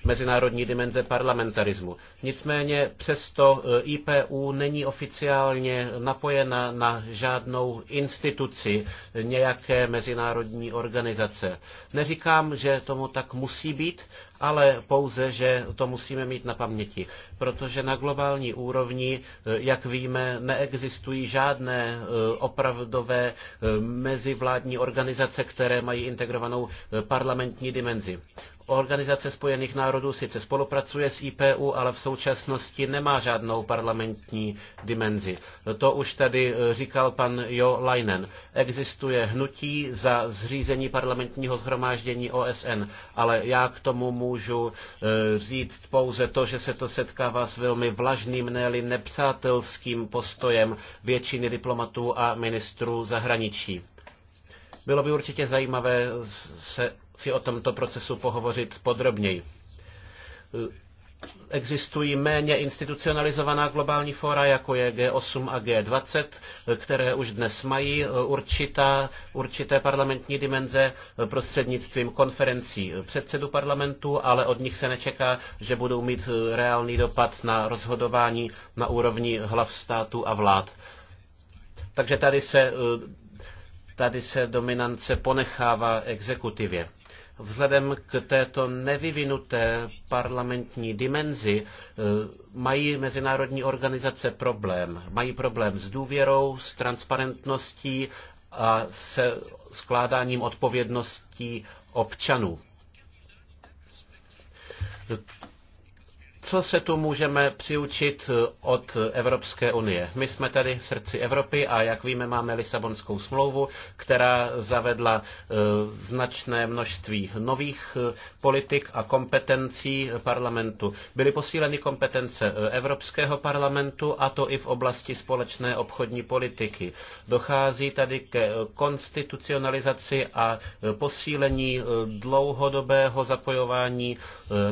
mezinárodní dimenze parlamentarismu. Nicméně přesto IPU není oficiálně napojena na žádnou instituci nějaké mezinárodní organizace. Neříkám, že tomu tak musí být, ale pouze, že to musíme mít na paměti. Protože na globální úrovni, eh, jak víme, neexistují žádné eh, opravdové eh, mezivládní organizace, které mají integrovanou parlamentní dimenzi. Organizace spojených národů sice spolupracuje s IPU, ale v současnosti nemá žádnou parlamentní dimenzi. To už tady eh, říkal pan Jo Leinen. Existuje hnutí za zřízení parlamentního zhromáždění OSN, ale já k tomu můžu eh, říct pouze to, že se to setkává s velmi vlažným, ne nepřátelským postojem většiny diplomatů a ministrů zahraničí. Bylo by určitě zajímavé se si o tomto procesu pohovořit podrobněji. Existují méně institucionalizovaná globální fóra, jako je G8 a G20, které už dnes mají určitá, určité parlamentní dimenze prostřednictvím konferencí předsedu parlamentu, ale od nich se nečeká, že budou mít reálný dopad na rozhodování na úrovni hlav států a vlád. Takže tady se, tady se dominance ponechává exekutivě vzhledem k této nevyvinuté parlamentní dimenzi eh, mají mezinárodní organizace problém. Mají problém s důvěrou, s transparentností a se skládáním odpovědností občanů co se tu můžeme přiučit eh, od Evropské unie? My jsme tady v srdci Evropy a jak víme, máme Lisabonskou smlouvu, která zavedla eh, značné množství nových eh, politik a kompetencí parlamentu. Byly posíleny kompetence Evropského parlamentu a to i v oblasti společné obchodní politiky. Dochází tady ke konstitucionalizaci a posílení dlouhodobého zapojování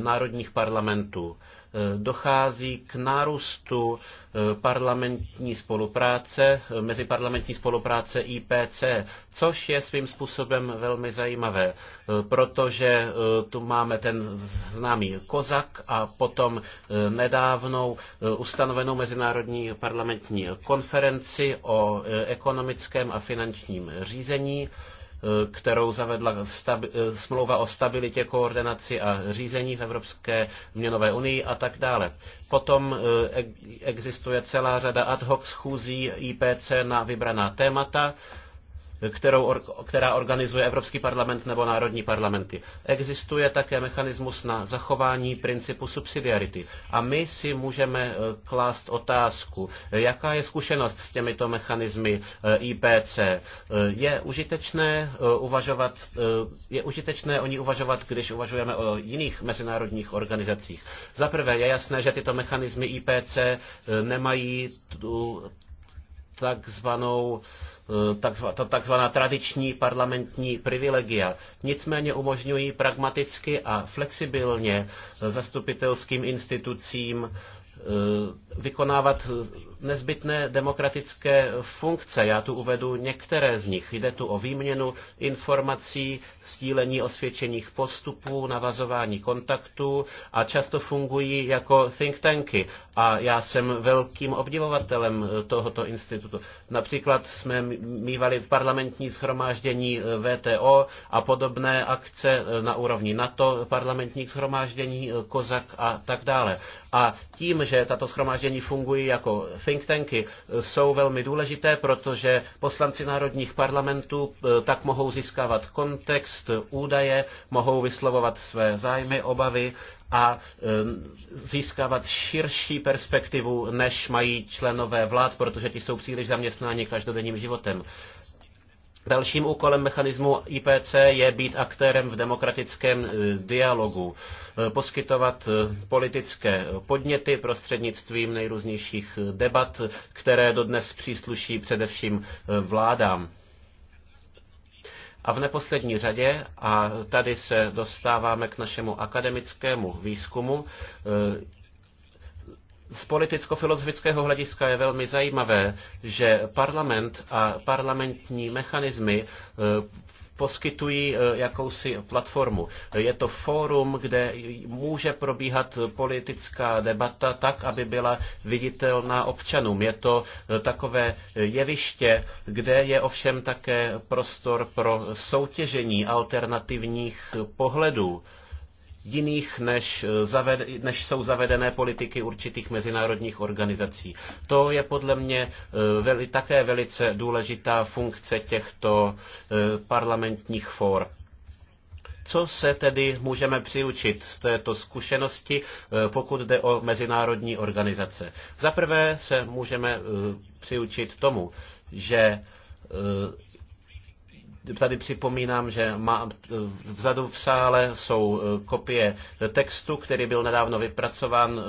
národních parlamentů. Eh, dochází k nárůstu eh, parlamentní spolupráce, eh, meziparlamentní spolupráce IPC, což je svým způsobem velmi zajímavé, protože tu máme ten známý Kozak a potom nedávnou ustanovenou mezinárodní parlamentní konferenci o ekonomickém a finančním řízení. Eh, kterou zavedla eh, smlouva o stabilitě, koordinaci a řízení v Evropské měnové unii a tak dále. Potom eh, e-, existuje celá řada ad hoc schůzí IPC na vybraná témata, kterou, která organizuje Evropský parlament nebo národní parlamenty. Existuje také mechanismus na zachování principu subsidiarity. A my si můžeme eh, klást otázku, jaká je zkušenost s těmito mechanismy eh, IPC. Eh, je užitečné, uvažovat, je užitečné o ní uvažovat, když uvažujeme o jiných mezinárodních organizacích. Za prvé je jasné, že tyto mechanismy IPC nemají tu takzvanou eh, takzvaná tradiční parlamentní privilegia. Nicméně umožňují pragmaticky a flexibilně zastupitelským institucím Eh, vykonávat nezbytné demokratické funkce. Já tu uvedu některé z nich. Jde tu o výměnu informací, stílení osvědčených postupů, navazování kontaktů a často fungují jako think tanky. A já jsem velkým obdivovatelem eh, tohoto institutu. Například jsme mývali eh, v parlamentní schromáždění VTO a podobné akce na úrovni NATO, parlamentních schromáždění, COZAK a tak dále. A tím, že tato schromáždění fungují jako think tanky, jsou velmi důležité, protože poslanci národních parlamentů eh, tak mohou získávat kontext, údaje, mohou vyslovovat své zájmy, obavy a eh, získávat širší perspektivu, než mají členové vlád, protože ti jsou příliš zaměstnáni každodenním životem. Dalším úkolem mechanismu IPC je být aktérem v demokratickém eh, dialogu, eh, poskytovat eh, politické podněty prostřednictvím nejrůznějších debat, které dodnes přísluší především vládám. A v neposlední řadě, a tady se dostáváme k našemu akademickému výzkumu, z politicko-filozofického hlediska je velmi zajímavé, že parlament a parlamentní mechanismy eh, poskytují eh, jakousi platformu. Je to fórum, kde může probíhat politická debata tak, aby byla viditelná občanům. Je to eh, takové jeviště, kde je ovšem také prostor pro soutěžení alternativních pohledů jiných, než, eh, zaved, než jsou zavedené politiky určitých mezinárodních organizací. To je podle mě eh, veli, také velice důležitá funkce těchto eh, parlamentních for. Co se tedy můžeme přiučit z této zkušenosti, pokud jde o mezinárodní organizace? Za prvé se můžeme přiučit tomu, že tady připomínám, že má, vzadu v sále jsou e, kopie textu, který byl nedávno vypracován e,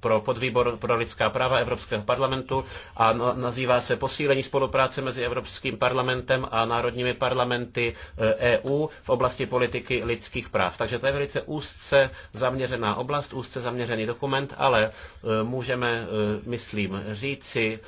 pro podvýbor pro lidská práva Evropského parlamentu a nazývá se Posílení spolupráce mezi Evropským parlamentem a národními parlamenty EU e v oblasti politiky lidských práv. Takže to je velice úzce zaměřená oblast, úzce zaměřený dokument, ale můžeme, myslím, říci,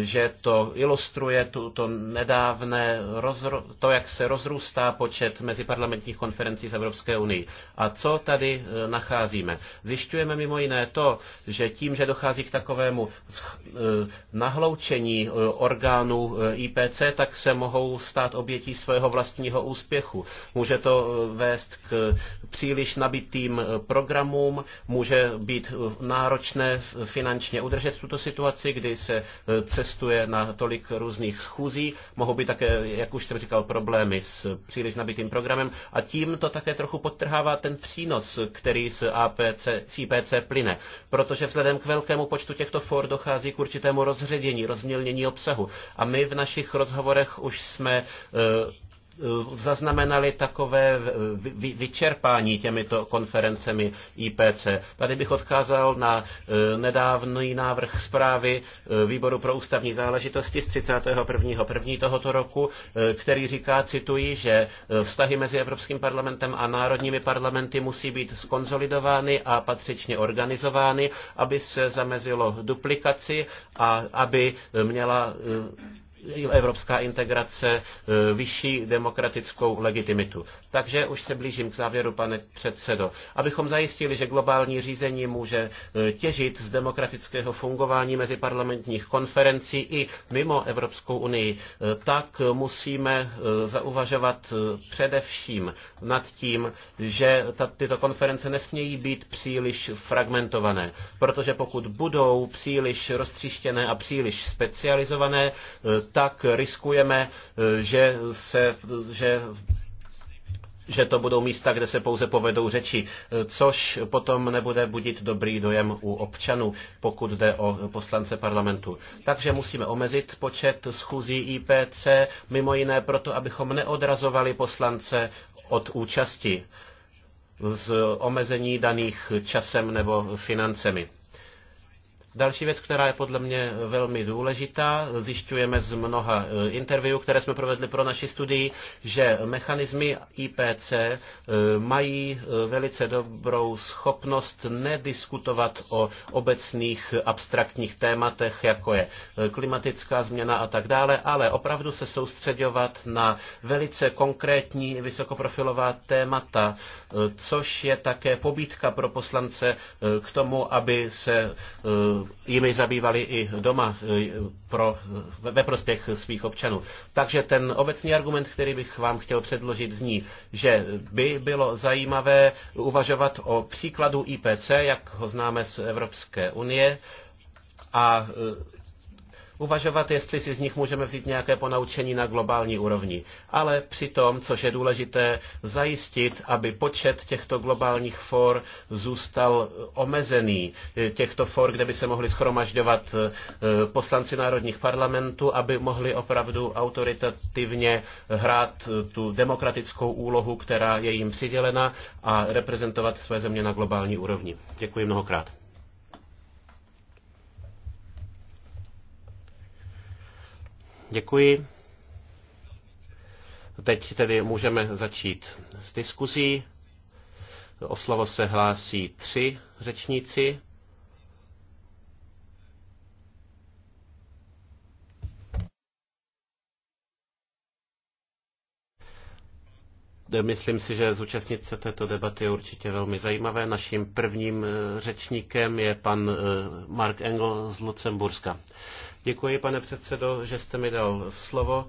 že to ilustruje tu, to nedávné, rozro, to, jak se rozrůstá počet meziparlamentních konferencí v Evropské unii. A co tady e, nacházíme? Zjišťujeme mimo jiné to, že tím, že dochází k takovému e, nahloučení e, orgánů IPC, tak se mohou stát obětí svého vlastního úspěchu. Může to vést k příliš nabitým programům, může být náročné finančně udržet tuto situaci, kdy se cestuje na tolik různých schůzí, mohou být také, jak už jsem říkal, problémy s příliš nabitým programem a tím to také trochu podtrhává ten přínos, který z APC, CPC plyne, protože vzhledem k velkému počtu těchto for dochází k určitému rozředění, rozmělnění obsahu a my v našich rozhovorech už jsme eh, Eh, zaznamenali takové eh, vyčerpání těmito konferencemi IPC. Tady bych odkázal na eh, nedávný návrh zprávy Výboru pro ústavní záležitosti z 31.1. tohoto roku, který říká, cituji, že vztahy mezi Evropským parlamentem a národními parlamenty musí být skonzolidovány a patřičně organizovány, aby se zamezilo duplikaci a aby měla evropská integrace e, vyšší demokratickou legitimitu. Takže už se blížím k závěru, pane předsedo. Abychom zajistili, že globální řízení může e, těžit z demokratického fungování meziparlamentních konferencí i mimo Evropskou unii, e, tak musíme zauvažovat především nad tím, že tyto konference nesmějí být příliš fragmentované, protože pokud budou příliš roztříštěné a příliš specializované, tak riskujeme, eh, že, se, že že to budou místa, kde se pouze povedou řeči, eh, což potom nebude budit dobrý dojem u občanů, pokud jde o poslance parlamentu. Takže musíme omezit počet schůzí IPC, mimo jiné proto, abychom neodrazovali poslance od účasti z omezení daných časem nebo financemi. Další věc, která je podle mě velmi důležitá, zjišťujeme z mnoha e, interviewů, které jsme provedli pro naši studii, že mechanismy IPC e, mají e, velice dobrou schopnost nediskutovat o obecných abstraktních tématech, jako je klimatická změna a tak dále, ale opravdu se soustředovat na velice konkrétní vysokoprofilová témata, což je také pobídka pro poslance k tomu, aby se jimi zabývali i doma e, pro, ve prospěch svých občanů. Takže ten obecný argument, který bych vám chtěl předložit, zní, že by bylo zajímavé uvažovat o příkladu IPC, jak ho známe z Evropské unie, a e, uvažovat, jestli si z nich můžeme vzít nějaké ponaučení na globální úrovni. Ale přitom, což je důležité, zajistit, aby počet těchto globálních for zůstal omezený. Těchto for, kde by se mohli schromažďovat eh, poslanci národních parlamentů, aby mohli opravdu autoritativně hrát eh, tu demokratickou úlohu, která je jim přidělena a reprezentovat své země na globální úrovni. Děkuji mnohokrát. Děkuji. Teď tedy můžeme začít s diskuzí. O slovo se hlásí tři řečníci. Myslím si, že zúčastnit se této debaty je určitě velmi zajímavé. Naším prvním eh, řečníkem je pan eh, Mark Engel z Lucemburska. Děkuji, pane předsedo, že jste mi dal slovo.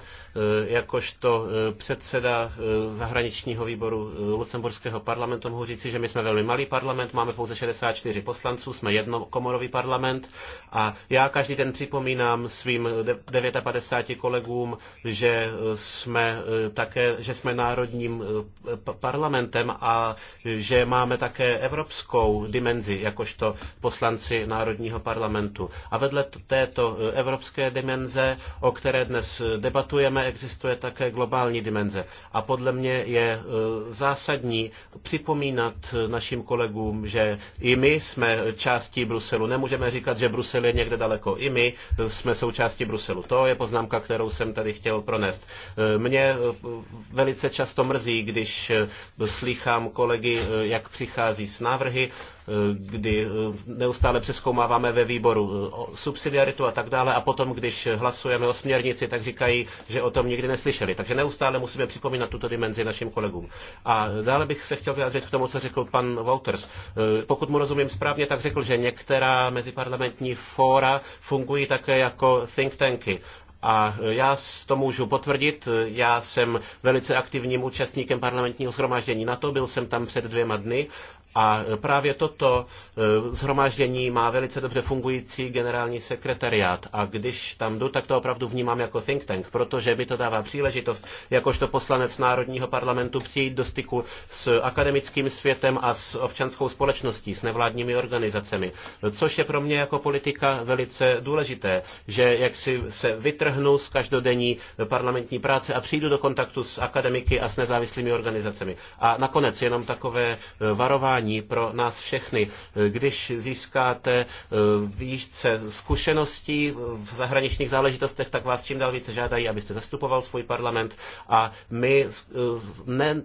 E, jakožto e, předseda e, zahraničního výboru Lucemburského parlamentu mohu říci, že my jsme velmi malý parlament, máme pouze 64 poslanců, jsme jednokomorový parlament a já každý den připomínám svým 59 kolegům, že jsme také, že jsme národním parlamentem a že máme také evropskou dimenzi jakožto poslanci národního parlamentu. A vedle této evropské Evropské dimenze, o které dnes debatujeme, existuje také globální dimenze. A podle mě je e, zásadní připomínat našim kolegům, že i my jsme částí Bruselu. Nemůžeme říkat, že Brusel je někde daleko. I my jsme součástí Bruselu. To je poznámka, kterou jsem tady chtěl pronést. E, mě e, velice často mrzí, když slychám kolegy, jak přichází s návrhy, kdy neustále přeskoumáváme ve výboru subsidiaritu a tak dále a potom, když hlasujeme o směrnici, tak říkají, že o tom nikdy neslyšeli. Takže neustále musíme připomínat tuto dimenzi našim kolegům. A dále bych se chtěl vyjádřit k tomu, co řekl pan Wouters. E, pokud mu rozumím správně, tak řekl, že některá meziparlamentní fóra fungují také jako think tanky. A já to můžu potvrdit, já jsem velice aktivním účastníkem parlamentního shromáždění NATO, byl jsem tam před dvěma dny a právě toto eh, zhromáždění má velice dobře fungující generální sekretariát. A když tam jdu, tak to opravdu vnímám jako think tank, protože mi to dává příležitost, jakožto poslanec Národního parlamentu, přijít do styku s akademickým světem a s občanskou společností, s nevládními organizacemi. Což je pro mě jako politika velice důležité, že jak si se vytrhnu z každodenní parlamentní práce a přijdu do kontaktu s akademiky a s nezávislými organizacemi. A nakonec jenom takové eh, varování vzdělání pro nás všechny. Když získáte eh, více zkušeností v zahraničních záležitostech, tak vás čím dál více žádají, abyste zastupoval svůj parlament a my eh, ne,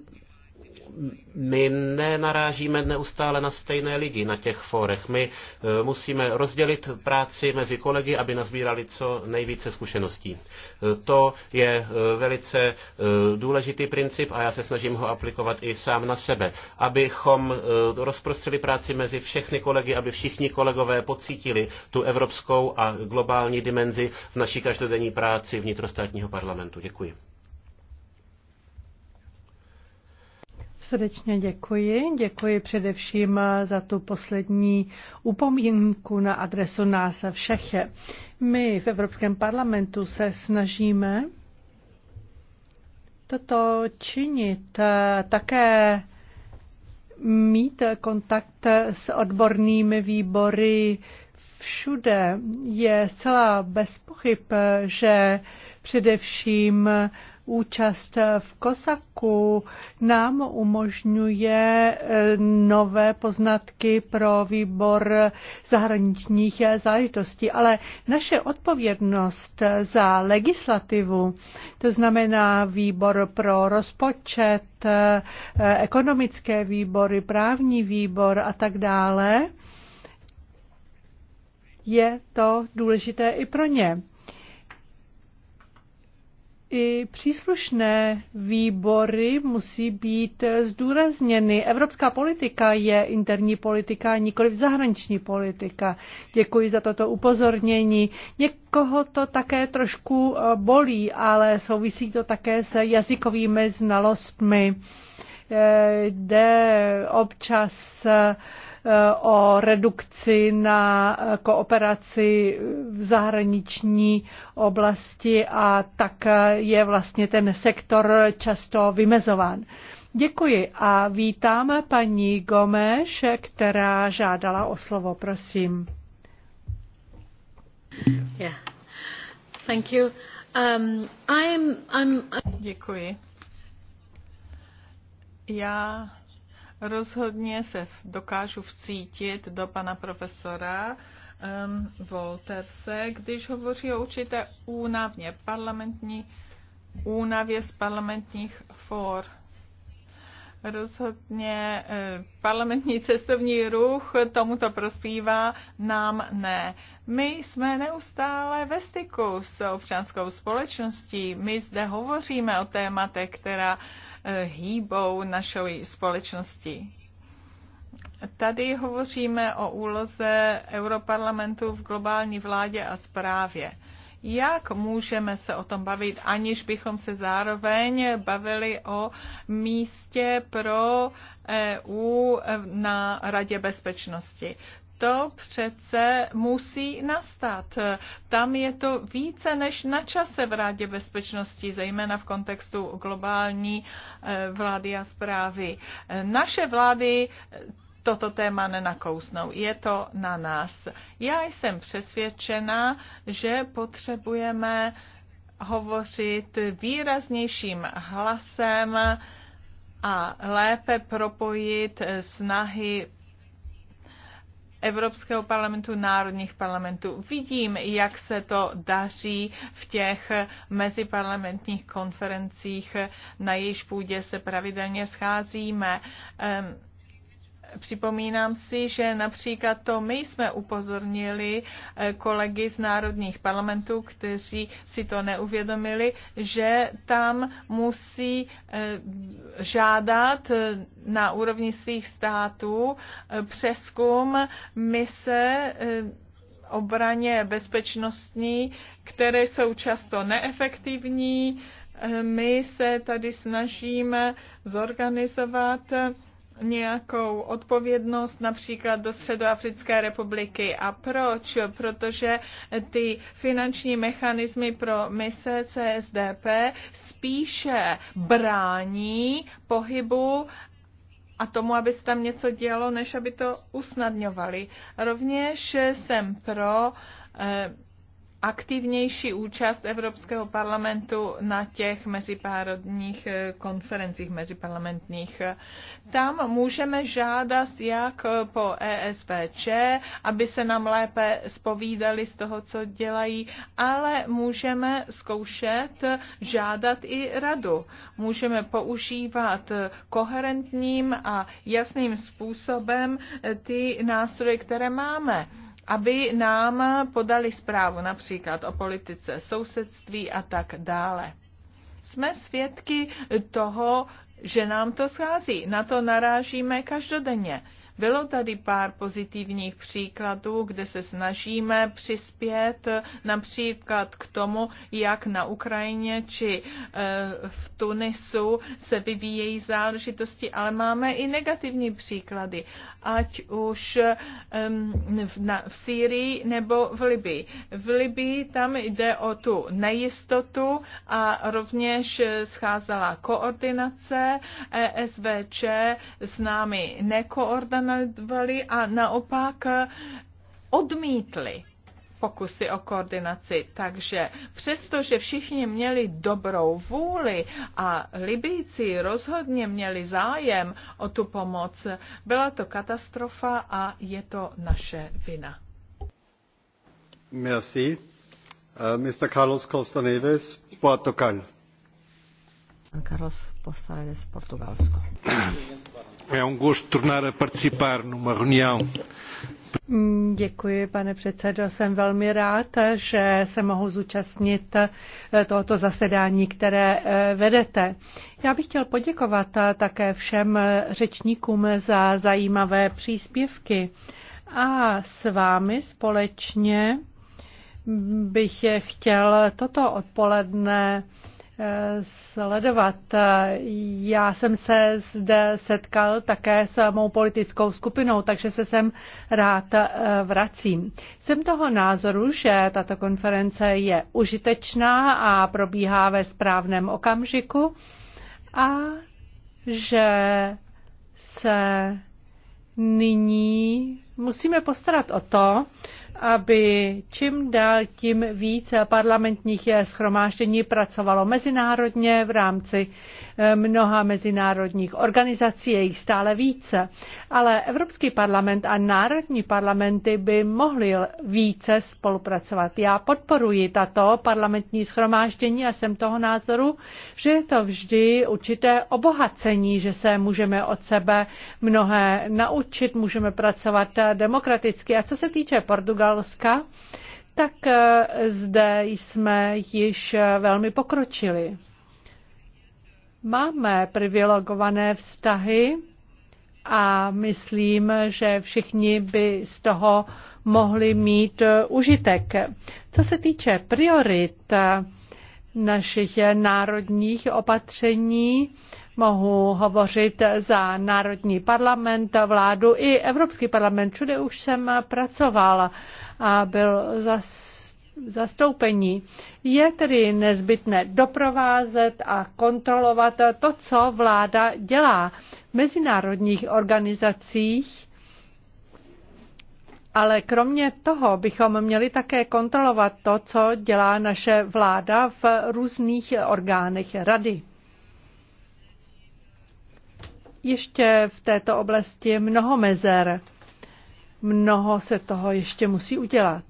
my nenarážíme neustále na stejné lidi na těch fórech. My eh, musíme rozdělit práci mezi kolegy, aby nazbírali co nejvíce zkušeností. Eh, to je eh, velice důležitý princip a já se snažím ho aplikovat i sám na sebe. Abychom rozprostřeli práci mezi všechny kolegy, aby všichni kolegové pocítili tu evropskou a globální dimenzi v naší každodenní práci vnitrostátního parlamentu. Děkuji. Srdečně děkuji. Děkuji především eh, za tu poslední upomínku na adresu nás všech. My v Evropském parlamentu se snažíme toto činit eh, také mít kontakt s odbornými výbory všude je zcela bez pochyb, že především Účast v Kosaku nám umožňuje eh, nové poznatky pro výbor zahraničních záležitostí, ale naše odpovědnost za legislativu, to znamená výbor pro rozpočet, eh, ekonomické výbory, právní výbor a tak dále, je to důležité i pro ně i příslušné výbory musí být zdůrazněny. Evropská politika je interní politika, nikoli zahraniční politika. Děkuji za toto upozornění. Někoho to také trošku eh, bolí, ale souvisí to také s jazykovými znalostmi eh, jde občas eh, Eh, o redukci na eh, kooperaci v zahraniční oblasti a tak eh, je vlastně ten sektor často vymezován. Děkuji a vítám paní Gomeš, která žádala o slovo, prosím. Yeah. Thank you. Um, I'm, I'm, I'm... Děkuji. Já Rozhodně se dokážu vcítit do pana profesora um, Volterse, když hovoří o určité únavně parlamentní únavě z parlamentních for. Rozhodně eh, parlamentní cestovní ruch tomuto prospívá, nám ne. My jsme neustále ve styku s občanskou společností. My zde hovoříme o tématech, která uh, Eh, hýbou našoj společností. Tady hovoříme o úloze Europarlamentu v globální vládě a správě. Jak můžeme se o tom bavit, aniž bychom se zároveň bavili o místě pro EU na Radě bezpečnosti? to přece musí nastat. Tam je to více než na čase v Rádě bezpečnosti, zejména v kontextu globální eh, vlády a zprávy. Naše vlády eh, toto téma nenakousnou. Je to na nás. Já jsem přesvědčena, že potřebujeme hovořit výraznějším hlasem a lépe propojit snahy Evropského parlamentu, národních parlamentů. Vidím, jak se to daří v těch meziparlamentních konferencích, na jejich půdě se pravidelně scházíme. Um, Připomínám si, že například to my jsme upozornili eh, kolegy z národních parlamentů, kteří si to neuvědomili, že tam musí eh, žádat eh, na úrovni svých států přeskum mise obraně bezpečnostní, které jsou často neefektivní. My se tady snažíme zorganizovat nějakou odpovědnost například do Středoafrické republiky. A proč? Protože ty finanční mechanismy pro mise CSDP spíše brání pohybu a tomu, aby se tam něco dělo, než aby to usnadňovali. Rovněž jsem pro eh, aktivnější účast Evropského parlamentu na těch mezipárodních eh, konferencích meziparlamentních. Tam můžeme žádat jak po ESVČ, aby se nám lépe spovídali z toho, co dělají, ale můžeme zkoušet žádat i radu. Můžeme používat koherentním a jasným způsobem eh, ty nástroje, které máme aby nám podali zprávu například o politice sousedství a tak dále. Jsme svědky toho, že nám to schází. Na to narážíme každodenně. Bylo tady pár pozitivních příkladů, kde se snažíme přispět například k tomu, jak na Ukrajině či eh, v Tunisu se vyvíjejí záležitosti, ale máme i negativní příklady, ať už v, Sýrii nebo v Libii. V Libii tam jde o tu nejistotu a rovněž scházela koordinace, ESVČ s námi nekoordinace, zanedbali a naopak eh, odmítli pokusy o koordinaci. Takže přestože všichni měli dobrou vůli a Libíci rozhodně měli zájem o tu pomoc, byla to katastrofa a je to naše vina. Merci. Uh, Mr. Carlos Costa Neves, Portugal. Carlos Costa Neves, Portugalsko. Um mm, pane předsedo. Jsem velmi rád, že se mohu zúčastnit eh, tohoto zasedání, které eh, vedete. Já bych chtěl poděkovat eh, také všem řečníkům za zajímavé příspěvky. A s vámi společně bych chtěl toto odpoledne sledovat. Já jsem se zde setkal také s mou politickou skupinou, takže se sem rád eh, vracím. Jsem toho názoru, že tato konference je užitečná a probíhá ve správném okamžiku a že se nyní musíme postarat o to, aby čím dál tím více parlamentních schromáždění pracovalo mezinárodně v rámci eh, mnoha mezinárodních organizací, je jich stále více. Ale Evropský parlament a národní parlamenty by mohly více spolupracovat. Já podporuji tato parlamentní schromáždění a jsem toho názoru, že je to vždy určité obohacení, že se můžeme od sebe mnohé naučit, můžeme pracovat demokraticky. A co se týče Portugalska, Portugalska, tak eh, zde jsme již eh, velmi pokročili. Máme privilegované vztahy a myslím, že všichni by z toho mohli mít eh, užitek. Co se týče priorit našich národních opatření, Mohu hovořit za Národní parlament, vládu i Evropský parlament. Všude už jsem pracoval a byl zase zastoupení. Je tedy nezbytné doprovázet a kontrolovat to, co vláda dělá v mezinárodních organizacích, ale kromě toho bychom měli také kontrolovat to, co dělá naše vláda v různých orgánech rady ještě v této oblasti mnoho mezer. Mnoho se toho ještě musí udělat.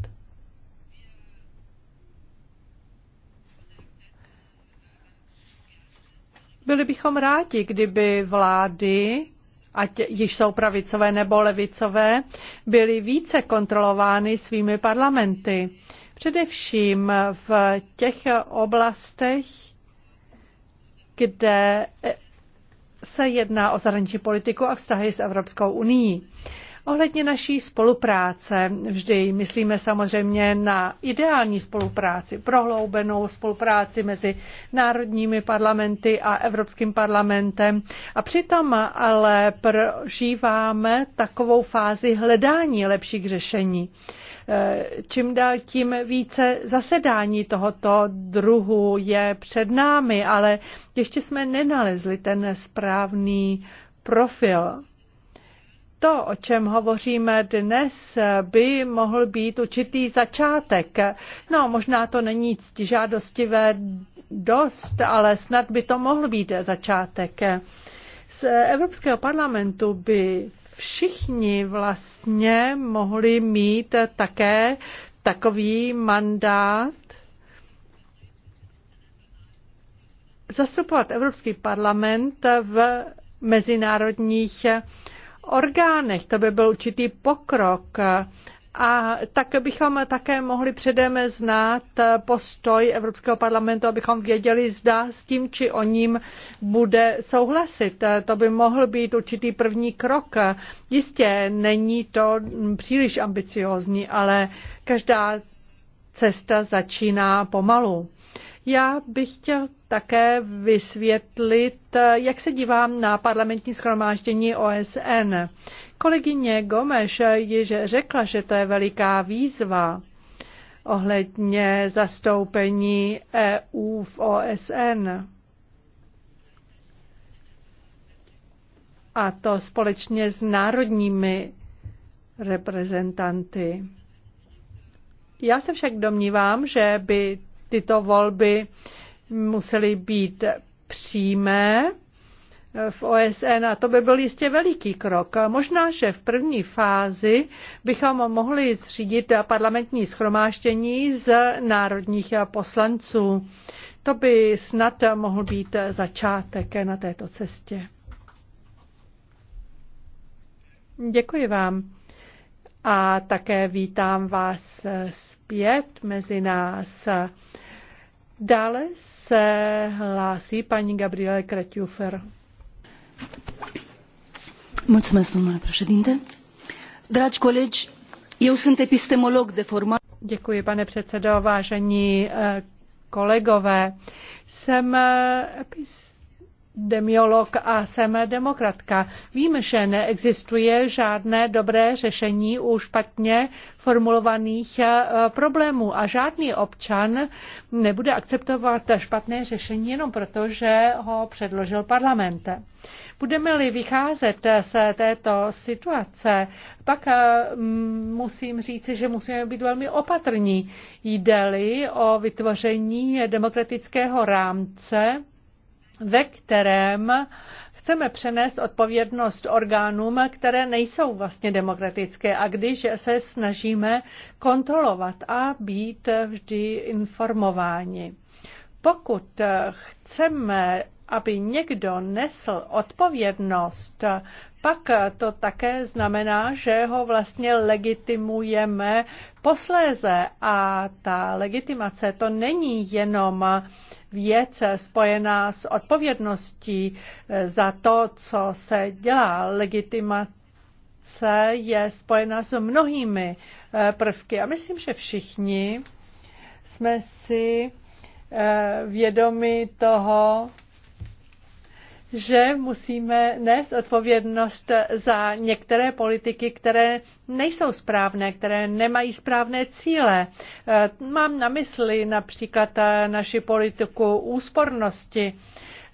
Byli bychom rádi, kdyby vlády, ať již jsou pravicové nebo levicové, byly více kontrolovány svými parlamenty. Především v těch oblastech, kde se jedná o zahraniční politiku a vztahy s Evropskou unii. Ohledně naší spolupráce vždy myslíme samozřejmě na ideální spolupráci, prohloubenou spolupráci mezi národními parlamenty a Evropským parlamentem. A přitom ale prožíváme takovou fázi hledání lepších řešení. Eh, čím dál tím více zasedání tohoto druhu je před námi, ale ještě jsme nenalezli ten správný profil to, o čem hovoříme dnes, by mohl být určitý začátek. No, možná to není žádostivé dost, ale snad by to mohl být začátek. Z Evropského parlamentu by všichni vlastně mohli mít také takový mandát zastupovat Evropský parlament v mezinárodních orgánech. To by byl určitý pokrok a tak bychom také mohli předem znát postoj Evropského parlamentu, abychom věděli, zda s tím či o ním bude souhlasit. To by mohl být určitý první krok. Jistě není to příliš ambiciozní, ale každá cesta začíná pomalu. Já bych chtěl také vysvětlit, jak se dívám na parlamentní schromáždění OSN. Kolegyně Gomeš již řekla, že to je veliká výzva ohledně zastoupení EU v OSN. A to společně s národními reprezentanty. Já se však domnívám, že by tyto volby musely být přímé v OSN a to by byl jistě veliký krok. Možná, že v první fázi bychom mohli zřídit parlamentní schromáždění z národních poslanců. To by snad mohl být začátek na této cestě. Děkuji vám a také vítám vás zpět mezi nás. Dále se hlásí paní Gabriele Kretjufer. Mulțumesc, domnule președinte. Dragi colegi, eu sunt epistemolog de formare. Děkuji, pane předsedo, vážení eh, kolegové. Jsem eh, epis demiolog a jsem demokratka. Vím, že neexistuje žádné dobré řešení u špatně formulovaných eh, problémů a žádný občan nebude akceptovat špatné řešení jenom proto, že ho předložil parlament. Budeme-li vycházet z této situace, pak eh, musím říci, že musíme být velmi opatrní. Jde-li o vytvoření demokratického rámce, ve kterém chceme přenést odpovědnost orgánům, které nejsou vlastně demokratické a když se snažíme kontrolovat a být vždy informováni. Pokud chceme aby někdo nesl odpovědnost pak eh, to také znamená, že ho vlastně legitimujeme posléze. A ta legitimace to není jenom věc spojená s odpovědností eh, za to, co se dělá. Legitimace je spojena s mnohými eh, prvky. A myslím, že všichni jsme si vědomi toho, že musíme nést odpovědnost za některé politiky, které nejsou správné, které nemají správné cíle. Eh, mám na mysli například eh, naši politiku úspornosti.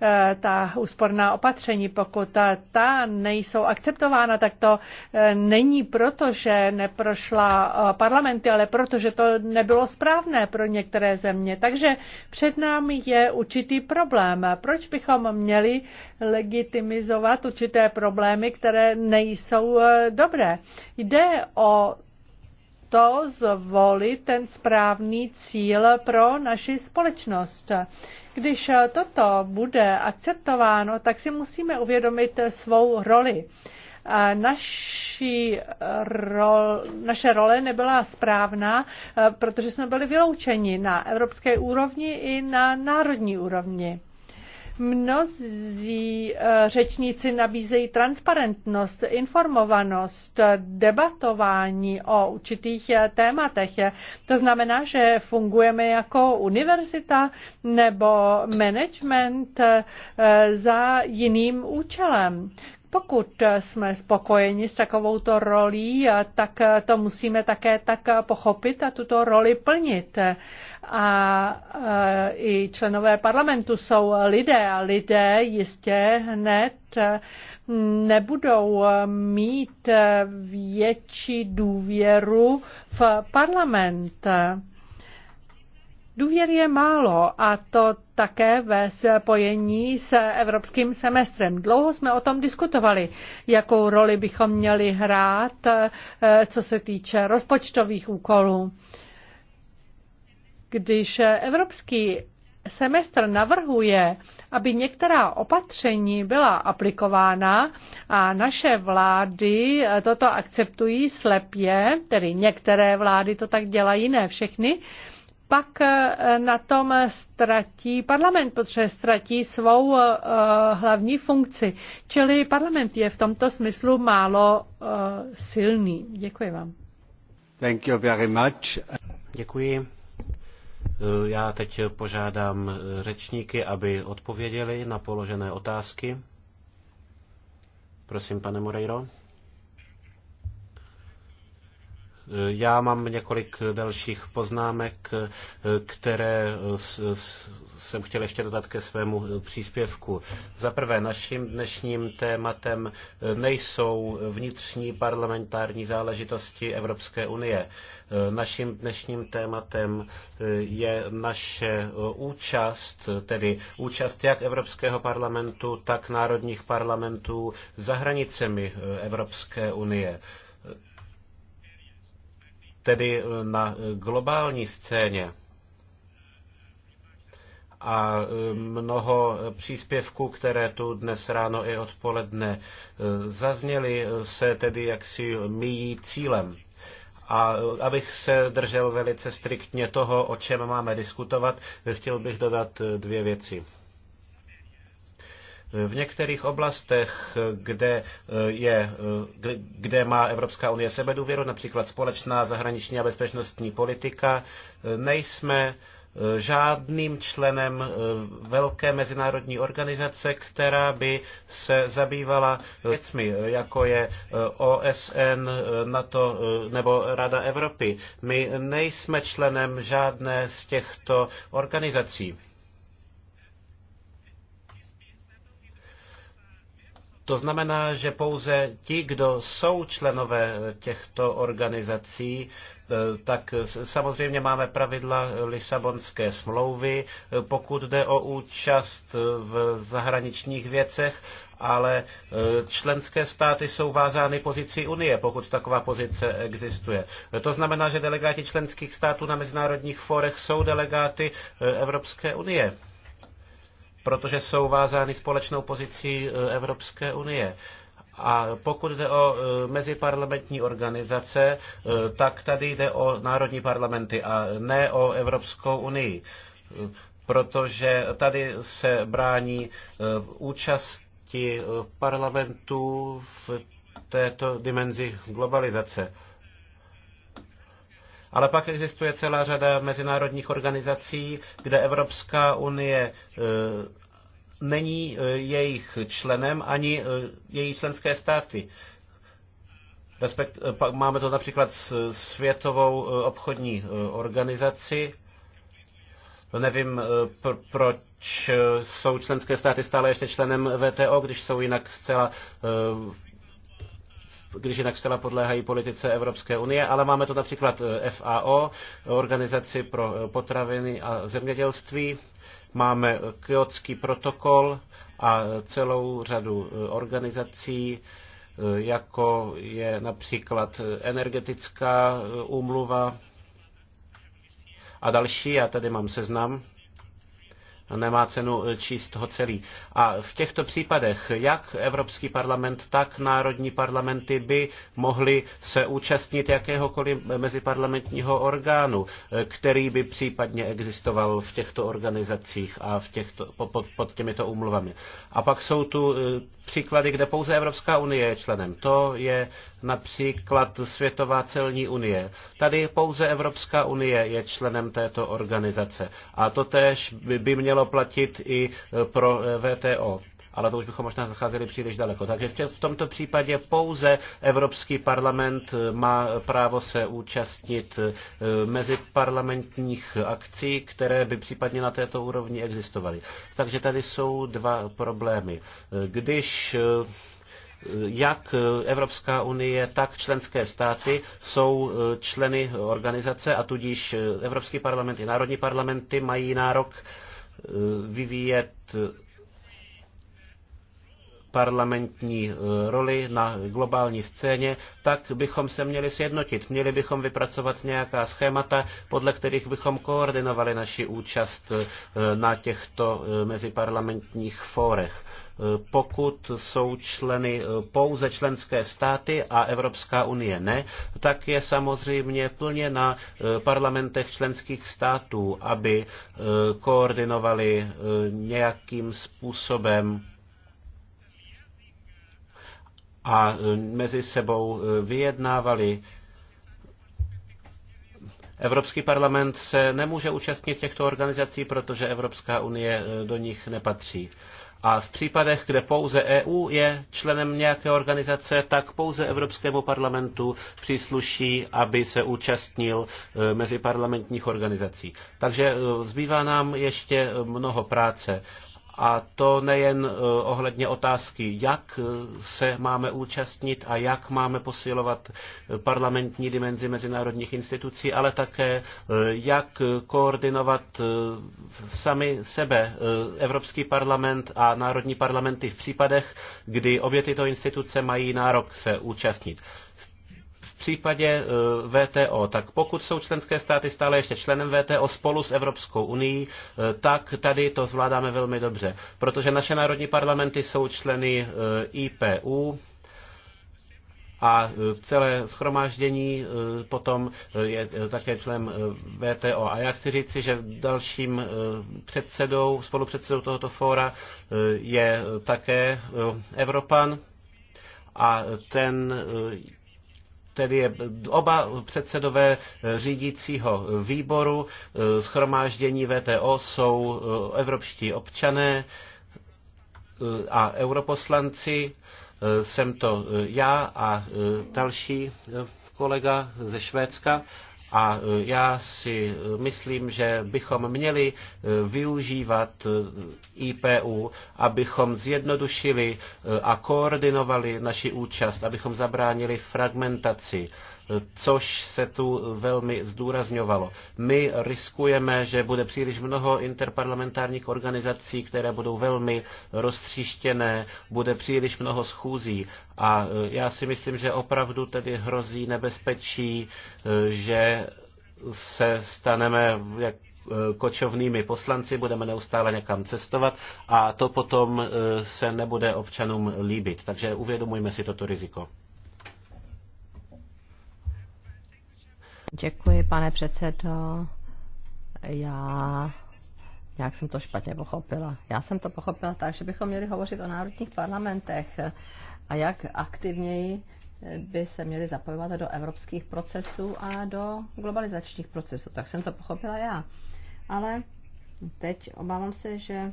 Eh, ta úsporná opatření, pokud ta nejsou akceptována, tak to eh, není proto, že neprošla eh, parlamenty, ale proto, že to nebylo správné pro některé země. Takže před námi je určitý problém. Proč bychom měli legitimizovat určité problémy, které nejsou dobré? Jde o to zvolit ten správný cíl pro naši společnost. Když toto bude akceptováno, tak si musíme uvědomit svou roli. Naši rol, naše role nebyla správná, e, protože jsme byli vyloučeni na evropské úrovni i na národní úrovni. Mnozí eh, řečníci nabízejí transparentnost, informovanost, debatování o určitých eh, tématech. To znamená, že fungujeme jako univerzita nebo management eh, za jiným účelem. Pokud jsme spokojeni s takovouto rolí, tak to musíme také tak pochopit a tuto roli plnit. A e, i členové parlamentu jsou lidé a lidé jistě hned nebudou mít větší důvěru v parlament. Důvěr je málo a to také ve spojení s evropským semestrem. Dlouho jsme o tom diskutovali, jakou roli bychom měli hrát, eh, co se týče rozpočtových úkolů. Když evropský semestr navrhuje, aby některá opatření byla aplikována a naše vlády toto akceptují slepě, tedy některé vlády to tak dělají, ne všechny, pak eh, na tom ztratí parlament, protože ztratí svou eh, hlavní funkci. Čili parlament je v tomto smyslu málo eh, silný. Děkuji vám. Thank you very much. Děkuji. Já teď požádám řečníky, aby odpověděli na položené otázky. Prosím, pane Moreiro. Já mám několik dalších poznámek, které jsem chtěl ještě dodat ke svému příspěvku. Za prvé, naším dnešním tématem nejsou vnitřní parlamentární záležitosti Evropské unie. Naším dnešním tématem je naše účast, tedy účast jak Evropského parlamentu, tak národních parlamentů za hranicemi Evropské unie tedy eh, na eh, globální scéně a eh, mnoho příspěvků, které tu dnes ráno i odpoledne zazněly, se tedy jaksi míjí cílem. A abych se držel velice striktně toho, o čem máme diskutovat, chtěl bych dodat dvě věci. V některých oblastech, kde, eh, je, eh, kde má Evropská unie sebedůvěru, například společná zahraniční a bezpečnostní politika, eh, nejsme žádným členem velké mezinárodní organizace, která by se zabývala věcmi, jako je OSN, NATO nebo Rada Evropy. My nejsme členem žádné z těchto organizací. To znamená, že pouze ti, kdo jsou členové těchto organizací, eh, tak samozřejmě máme pravidla Lisabonské smlouvy, eh, pokud jde o účast eh, v zahraničních věcech, ale členské státy jsou vázány pozicí Unie, pokud taková pozice existuje. To znamená, že delegáti členských států na mezinárodních fórech jsou delegáty Evropské unie protože jsou vázány společnou pozicí e, Evropské unie. A pokud jde o e, meziparlamentní organizace, e, tak tady jde o národní parlamenty a ne o Evropskou unii, protože tady se brání účasti parlamentů v této dimenzi globalizace. Ale pak existuje celá řada mezinárodních organizací, kde Evropská unie eh, není eh, jejich členem ani eh, její členské státy. Respekt, pak máme to například s Světovou obchodní organizaci. Nevím, pr- proč jsou členské státy stále ještě členem VTO, když jsou jinak zcela když jinak zcela podléhají politice Evropské unie, ale máme to například eh, FAO, Organizaci pro eh, potraviny a zemědělství, máme eh, Kyotský protokol a celou řadu organizací, jako je například energetická úmluva a další. Já tady mám seznam. No, nemá cenu eh, číst ho celý. A v těchto případech, jak Evropský parlament, tak národní parlamenty by mohly se účastnit jakéhokoliv meziparlamentního orgánu, eh, který by případně existoval v těchto organizacích a v těchto, pod, pod těmito úmluvami. A pak jsou tu eh, příklady, kde pouze Evropská unie je členem. To je například Světová celní unie. Tady pouze Evropská unie je členem této organizace a to tež by mělo platit i e, pro e, VTO ale to už bychom možná zacházeli příliš daleko. Takže v, v tomto případě pouze Evropský parlament e, má právo se účastnit meziparlamentních akcí, které by případně na této úrovni existovaly. Takže tady jsou dva problémy. Když jak Evropská unie, tak členské státy jsou eh, členy organizace a tudíž eh, Evropský parlament i národní parlamenty mají nárok eh, vyvíjet parlamentní eh, roli na globální scéně, tak bychom se měli sjednotit. Měli bychom vypracovat nějaká schémata, podle kterých bychom koordinovali naši účast eh, na těchto eh, meziparlamentních fórech pokud jsou členy pouze členské státy a Evropská unie ne, tak je samozřejmě plně na parlamentech členských států, aby koordinovali nějakým způsobem a e, mezi sebou e, vyjednávali. Evropský parlament se nemůže účastnit těchto organizací, protože Evropská unie e, do nich nepatří. A v případech, kde pouze EU je členem nějaké organizace, tak pouze Evropskému parlamentu přísluší, aby se účastnil meziparlamentních organizací. Takže zbývá nám ještě mnoho práce. A to nejen eh, ohledně otázky, jak eh, se máme účastnit a jak máme posilovat eh, parlamentní dimenzi mezinárodních institucí, ale také jak koordinovat sami sebe, Evropský parlament a národní parlamenty v případech, kdy obě tyto instituce mají nárok se účastnit případě eh, VTO, tak pokud jsou členské státy stále ještě členem VTO spolu s Evropskou unii, eh, tak tady to zvládáme velmi dobře, protože naše národní parlamenty jsou členy eh, IPU, a celé schromáždění potom je také člen VTO. A já chci říci, že dalším předsedou, spolupředsedou tohoto fóra je také Evropan a ten tedy je oba předsedové eh, řídícího eh, výboru eh, schromáždění VTO jsou evropští občané a europoslanci. Jsem to já a další kolega ze Švédska a e, já si e, myslím, že bychom měli e, využívat IPU, abychom zjednodušili a koordinovali naši účast, abychom zabránili fragmentaci což se tu velmi zdůrazňovalo. My riskujeme, že bude příliš mnoho interparlamentárních organizací, které budou velmi roztříštěné, bude příliš mnoho schůzí a e, já si myslím, že opravdu tedy hrozí nebezpečí, e, že se staneme jak e, kočovnými poslanci, budeme neustále někam cestovat a to potom se nebude občanům líbit. Takže uvědomujme si toto riziko. Děkuji, pane předsedo. Já nějak jsem to špatně pochopila. Já jsem to pochopila tak, že bychom měli hovořit o národních parlamentech a jak aktivněji by se měli zapojovat do evropských procesů a do globalizačních procesů. Tak jsem to pochopila já. Ale teď obávám se, že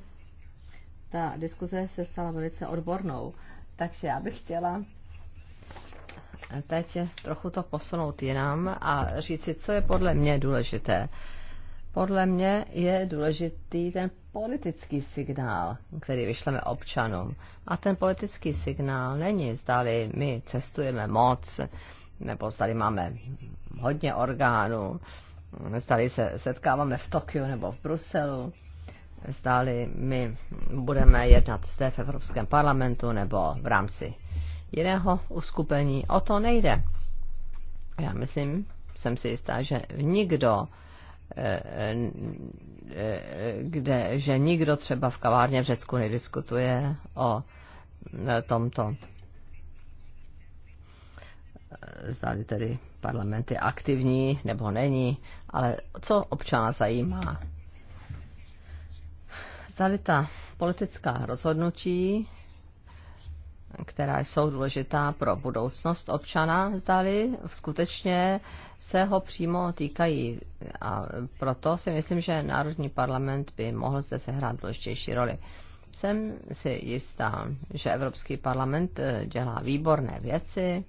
ta diskuze se stala velice odbornou. Takže já bych chtěla teď trochu to posunout jinam a říci, co je podle mě důležité. Podle mě je důležitý ten politický signál, který vyšleme občanům. A ten politický signál není, zdali my cestujeme moc, nebo zdali máme hodně orgánů, zdali se setkáváme v Tokiu nebo v Bruselu, zdali my budeme jednat zde v Evropském parlamentu nebo v rámci jiného uskupení. O to nejde. Já myslím, jsem si jistá, že nikdo eh, eh, kde, že nikdo třeba v kavárně v Řecku nediskutuje o eh, tomto. Zdali tedy parlament je aktivní nebo není, ale co občana zajímá? Zdali ta politická rozhodnutí která jsou důležitá pro budoucnost občana, zdali skutečně se ho přímo týkají. A proto si myslím, že Národní parlament by mohl zde sehrát důležitější roli. Jsem si jistá, že Evropský parlament eh, dělá výborné věci.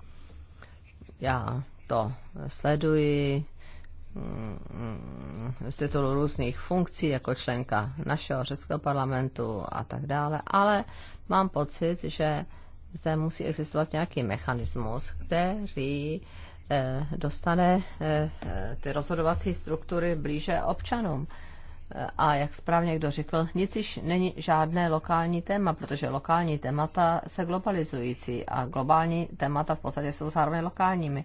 Já to sleduji mm, z titulu různých funkcí jako členka našeho řeckého parlamentu a tak dále, ale mám pocit, že zde musí existovat nějaký mechanismus, který eh, dostane eh, ty rozhodovací struktury blíže občanům. Eh, a jak správně kdo řekl, nic již není žádné lokální téma, protože lokální témata se globalizující a globální témata v podstatě jsou zároveň lokálními.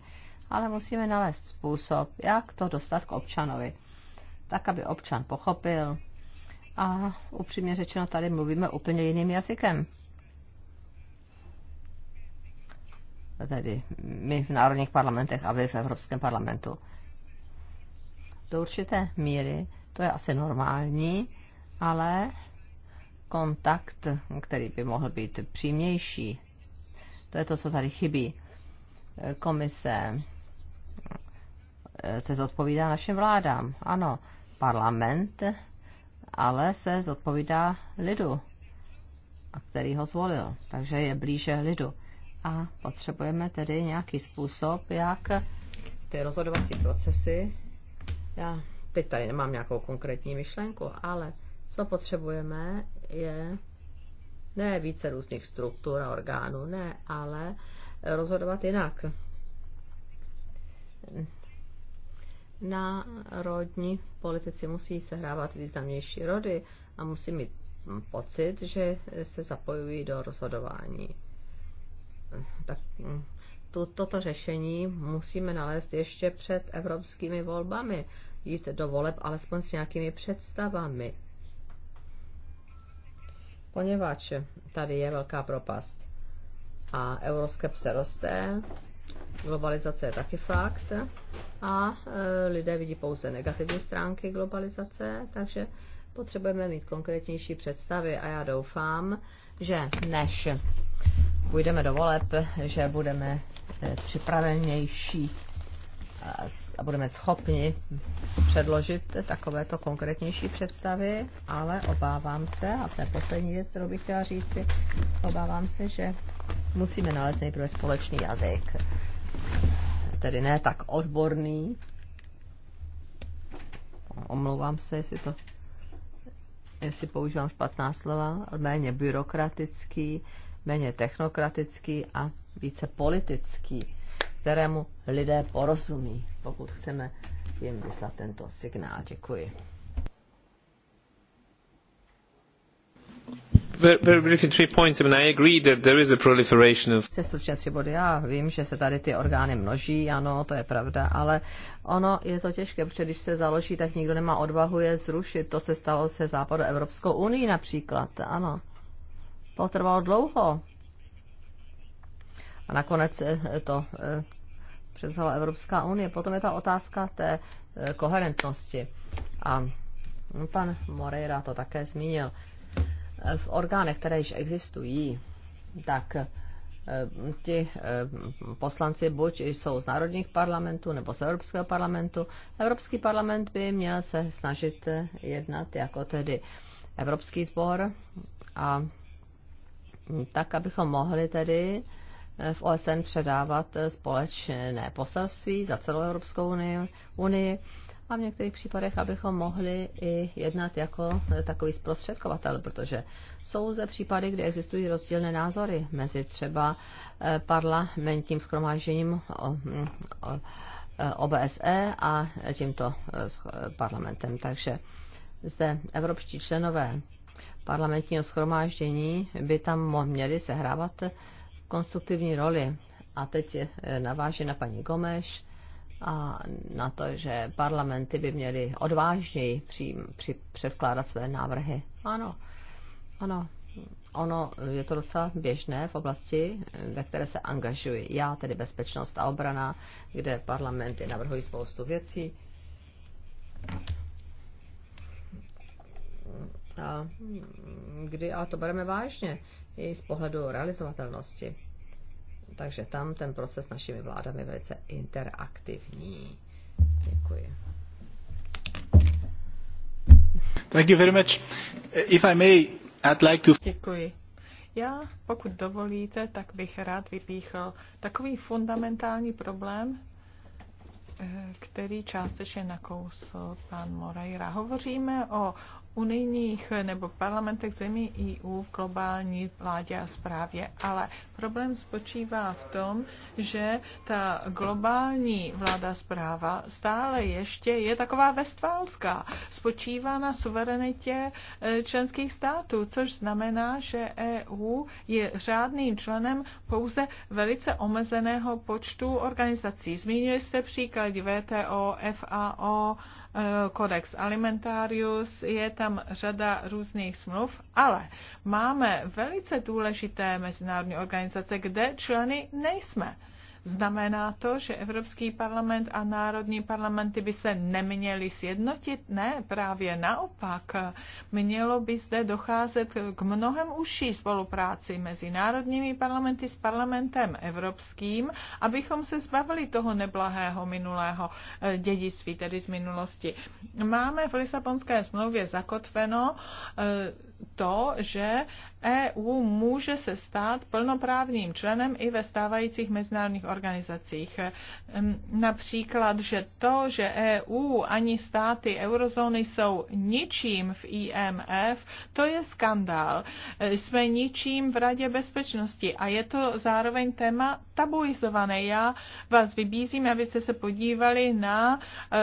Ale musíme nalézt způsob, jak to dostat k občanovi, tak aby občan pochopil. A upřímně řečeno, tady mluvíme úplně jiným jazykem. tedy my v národních parlamentech a vy v Evropském parlamentu. Do určité míry to je asi normální, ale kontakt, který by mohl být přímější, to je to, co tady chybí. Komise eh, se zodpovídá našim vládám. Ano, parlament, ale se zodpovídá lidu, který ho zvolil. Takže je blíže lidu a potřebujeme tedy nějaký způsob, jak ty rozhodovací procesy, já teď tady nemám nějakou konkrétní myšlenku, ale co potřebujeme je ne více různých struktur a orgánů, ne, ale rozhodovat jinak. Národní politici musí sehrávat významnější rody a musí mít pocit, že se zapojují do rozhodování tak hm, to, toto řešení musíme nalézt ještě před evropskými volbami, jít do voleb alespoň s nějakými představami. Poněvadž tady je velká propast a euroskepse roste, globalizace je taky fakt a e, lidé vidí pouze negativní stránky globalizace, takže potřebujeme mít konkrétnější představy a já doufám, že než půjdeme do voleb, že budeme eh, připravenější a budeme schopni předložit takovéto konkrétnější představy, ale obávám se, a to je poslední věc, kterou bych chtěla říci, obávám se, že musíme nalézt nejprve společný jazyk. Tedy ne tak odborný. Omlouvám se, jestli to jestli používám špatná slova, méně byrokratický, méně technokratický a více politický, kterému lidé porozumí, pokud chceme jim vyslat tento signál. Děkuji. Very briefly body. Já vím, že se tady ty orgány množí, ano, to je pravda, ale ono je to těžké, protože když se založí, tak nikdo nemá odvahu je zrušit. To se stalo se západu Evropskou unii například, ano. To trvalo dlouho. A nakonec eh, to eh, převzala Evropská unie. Potom je ta otázka té eh, koherentnosti. A pan Moreira to také zmínil v orgánech, které již existují, tak eh, ti eh, poslanci buď jsou z národních parlamentů nebo z Evropského parlamentu. Evropský parlament by měl se snažit eh, jednat jako tedy Evropský sbor a hm, tak, abychom mohli tedy v OSN předávat společné poselství za celou Evropskou unii, unii a v některých případech, abychom mohli i jednat jako takový zprostředkovatel, protože jsou zde případy, kde existují rozdílné názory mezi třeba eh, parlamentním schromážením OBSE mm, eh, a tímto eh, parlamentem. Takže zde evropští členové parlamentního schromáždění by tam měli sehrávat konstruktivní roli. A teď naváže na paní Gomeš a na to, že parlamenty by měly odvážněji při, při předkládat své návrhy. Ano, ano, ono je to docela běžné v oblasti, ve které se angažuji. Já tedy bezpečnost a obrana, kde parlamenty navrhují spoustu věcí. A kdy ale to bereme vážně, i z pohledu realizovatelnosti. Takže tam ten proces s našimi vládami je velice interaktivní. Děkuji. Thank you very much. If I may, I'd like to... Děkuji. Já, pokud dovolíte, tak bych rád vypíchl takový fundamentální problém, eh, který částečně nakousl pan Morajra. Hovoříme o unijních nebo v parlamentech zemí EU v globální vládě a správě, ale problém spočívá v tom, že ta globální vláda zpráva stále ještě je taková vestválská, Spočívá na suverenitě eh, členských států, což znamená, že EU je řádným členem pouze velice omezeného počtu organizací. Zmínili jste příklad VTO, FAO, Eh, kodex alimentarius, je tam řada různých smluv, ale máme velice důležité mezinárodní organizace, kde členy nejsme. Znamená to, že Evropský parlament a národní parlamenty by se neměly sjednotit? Ne, právě naopak. Mělo by zde docházet k mnohem užší spolupráci mezi národními parlamenty s parlamentem evropským, abychom se zbavili toho neblahého minulého eh, dědictví, tedy z minulosti. Máme v Lisabonské smlouvě zakotveno eh, to, že EU může se stát plnoprávným členem i ve stávajících mezinárodních organizacích. Například, že to, že EU ani státy eurozóny jsou ničím v IMF, to je skandál. Jsme ničím v Radě bezpečnosti a je to zároveň téma tabuizované. Já vás vybízím, abyste se podívali na eh,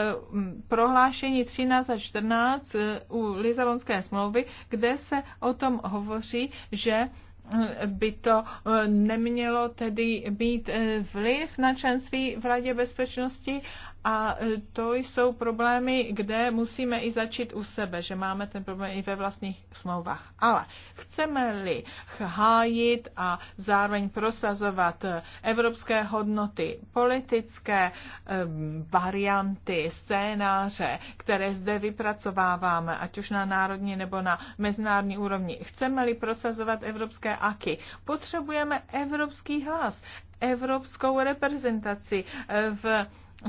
prohlášení 13 a 14 u Lizabonské smlouvy, kde se o tom hovoří, že eh, by to eh, nemělo tedy být eh, vliv na členství v Radě bezpečnosti a e, to jsou problémy, kde musíme i začít u sebe, že máme ten problém i ve vlastních smlouvách. Ale chceme-li hájit a zároveň prosazovat e, evropské hodnoty, politické e, varianty, scénáře, které zde vypracováváme, ať už na národní nebo na mezinárodní úrovni, chceme-li prosazovat evropské aky, potřebujeme evropský hlas, evropskou reprezentaci v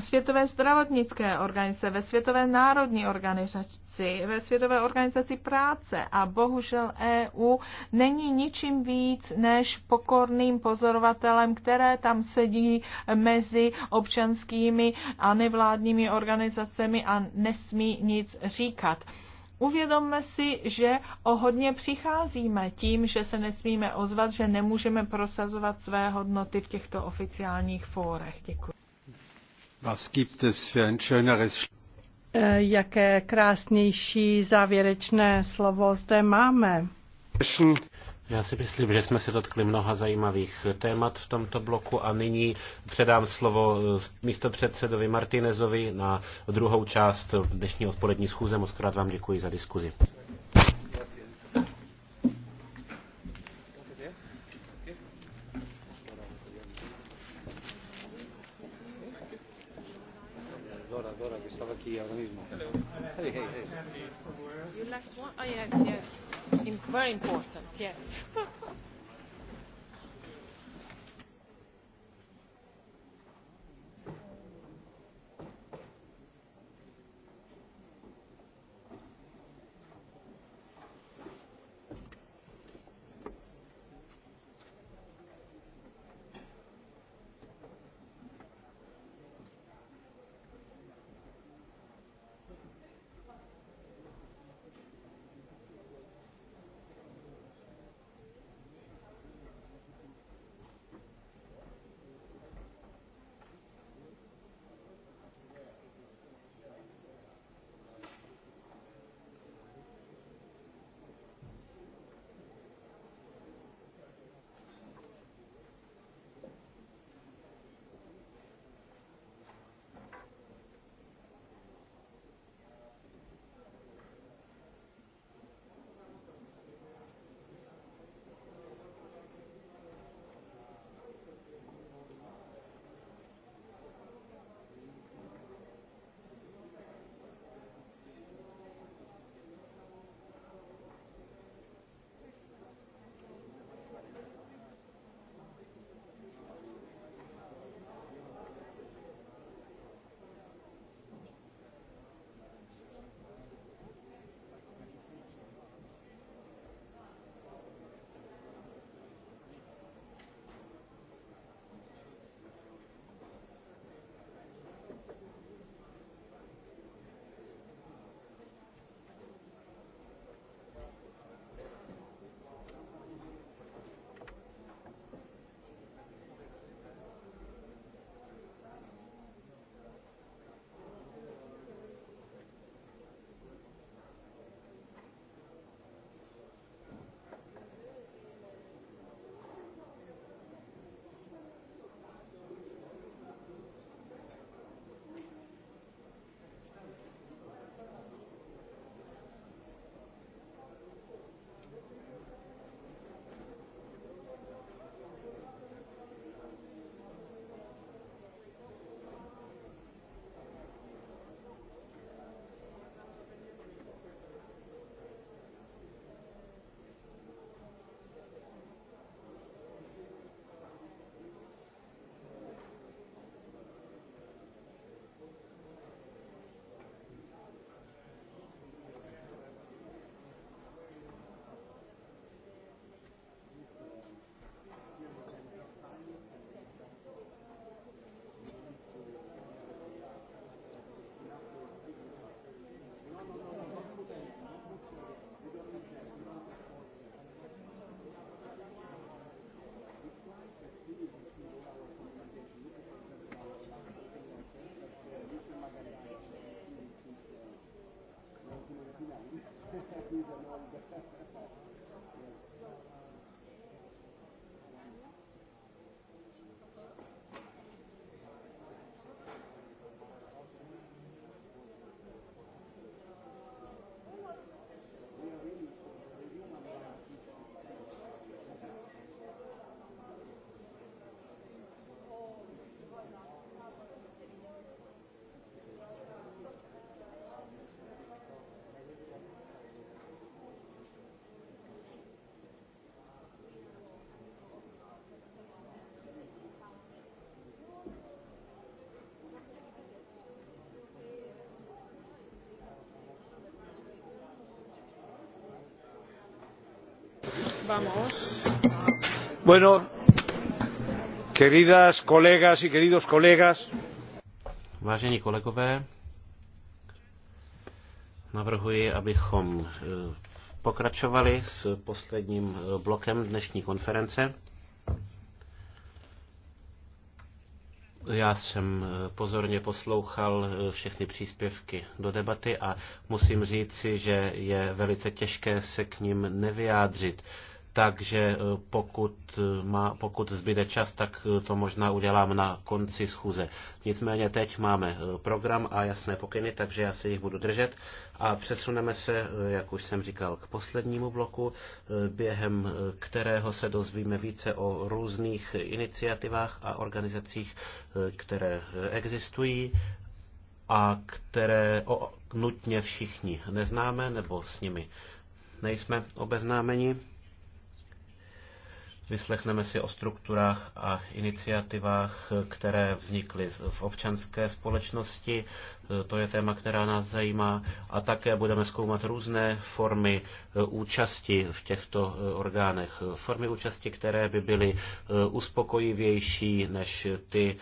Světové zdravotnické organizace, ve Světové národní organizaci, ve Světové organizaci práce a bohužel EU není ničím víc než pokorným pozorovatelem, které tam sedí mezi občanskými a nevládními organizacemi a nesmí nic říkat. Uvědomme si, že o hodně přicházíme tím, že se nesmíme ozvat, že nemůžeme prosazovat své hodnoty v těchto oficiálních fórech. Děkuji. Was gibt es für ein schöneres e, Jaké krásnější závěrečné slovo zde máme. Já si myslím, že jsme se dotkli mnoha zajímavých témat v tomto bloku a nyní předám slovo e, místo předsedovi Martinezovi na druhou část dnešní odpolední schůze. Moc krát vám děkuji za diskuzi. Dora, Dora, que estaba aquí ahora mismo. Hey, hey, hey. You left one? Oh, yes, yes. In, very important, yes. Bueno, queridas colegas y queridos colegas. Vážení kolegové, navrhuji, abychom eh, pokračovali s posledním eh, blokem dnešní konference. Já jsem eh, pozorně poslouchal všechny příspěvky do debaty a musím říci, že je velice těžké se k ním nevyjádřit, takže eh, pokud, eh, má, pokud zbyde čas, tak eh, to možná udělám na konci schůze. Nicméně teď máme program a jasné pokyny, takže já se jich budu držet a přesuneme se, jak už jsem říkal, k poslednímu bloku, během kterého se dozvíme více o různých iniciativách a organizacích, které existují a které o, nutně všichni neznáme nebo s nimi nejsme obeznámeni. Vyslechneme si o strukturách a iniciativách, které vznikly v občanské společnosti. To je téma, která nás zajímá. A také budeme zkoumat různé formy e, účasti v těchto e, orgánech. Formy účasti, které by byly e, uspokojivější než ty,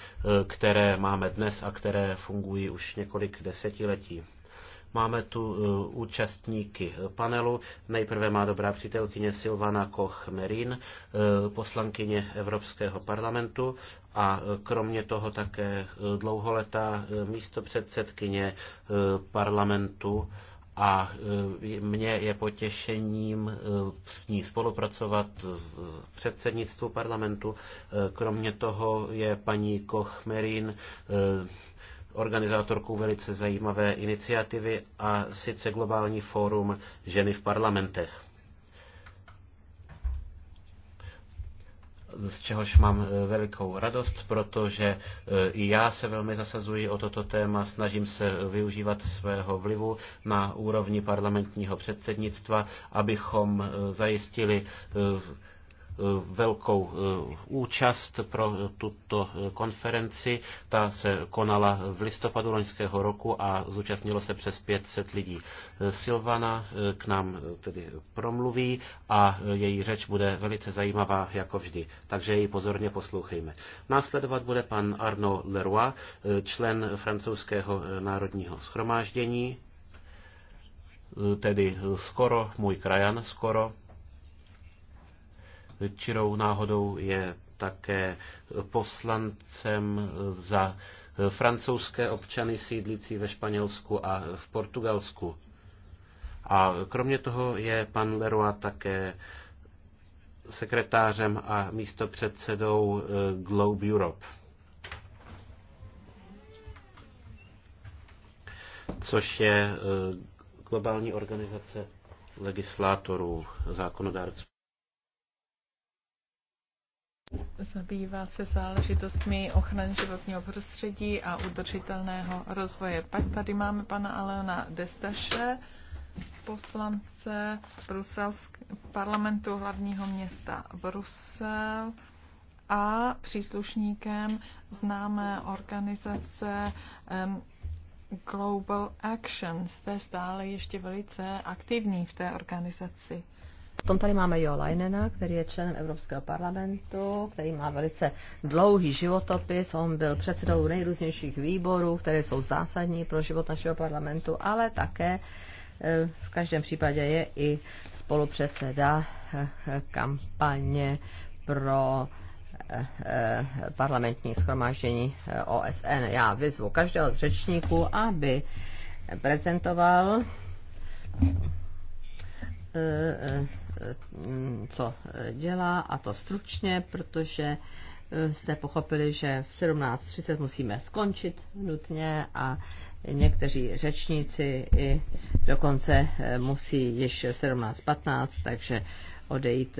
které máme dnes a které fungují už několik desetiletí. Máme tu e, účastníky panelu. Nejprve má dobrá přítelkyně Silvana Koch-Merin, e, poslankyně Evropského parlamentu a e, kromě toho také dlouholetá místopředsedkyně parlamentu a mně je potěšením s ní spolupracovat v předsednictvu parlamentu. Kromě toho je paní Kochmerin organizátorkou velice zajímavé iniciativy a sice Globální fórum ženy v parlamentech. z čehož mám e, velikou radost, protože e, i já se velmi zasazuji o toto téma, snažím se využívat svého vlivu na úrovni parlamentního předsednictva, abychom e, zajistili Eh, velkou eh, účast pro tuto eh, konferenci. Ta se konala v listopadu loňského roku a zúčastnilo se přes 500 lidí. Silvana k nám tedy promluví a její řeč bude velice zajímavá jako vždy, takže ji pozorně poslouchejme. Následovat bude pan Arno Leroy, člen francouzského národního schromáždění, tedy skoro můj krajan, skoro čirou náhodou je také poslancem za francouzské občany sídlící ve Španělsku a v Portugalsku. A kromě toho je pan Leroy také sekretářem a místopředsedou eh, Globe Europe. Což je eh, globální organizace legislátorů, zákonodárců. Zabývá se záležitostmi ochrany životního prostředí a udržitelného rozvoje. Pak tady máme pana Aleona Destaše, poslance Bruselsk, parlamentu hlavního města Brusel a příslušníkem známé organizace um, Global Action. Jste stále ještě velice aktivní v té organizaci. Potom tady máme Jo Leinena, který je členem Evropského parlamentu, který má velice dlouhý životopis. On byl předsedou nejrůznějších výborů, které jsou zásadní pro život našeho parlamentu, ale také eh, v každém případě je i spolupředseda eh, kampaně pro eh, parlamentní schromáždění OSN. Já vyzvu každého z řečníků, aby prezentoval E, e, e, co dělá, a to stručně, protože jste pochopili, že v 17.30 musíme skončit nutně a někteří řečníci i dokonce musí již 17.15, takže odejít.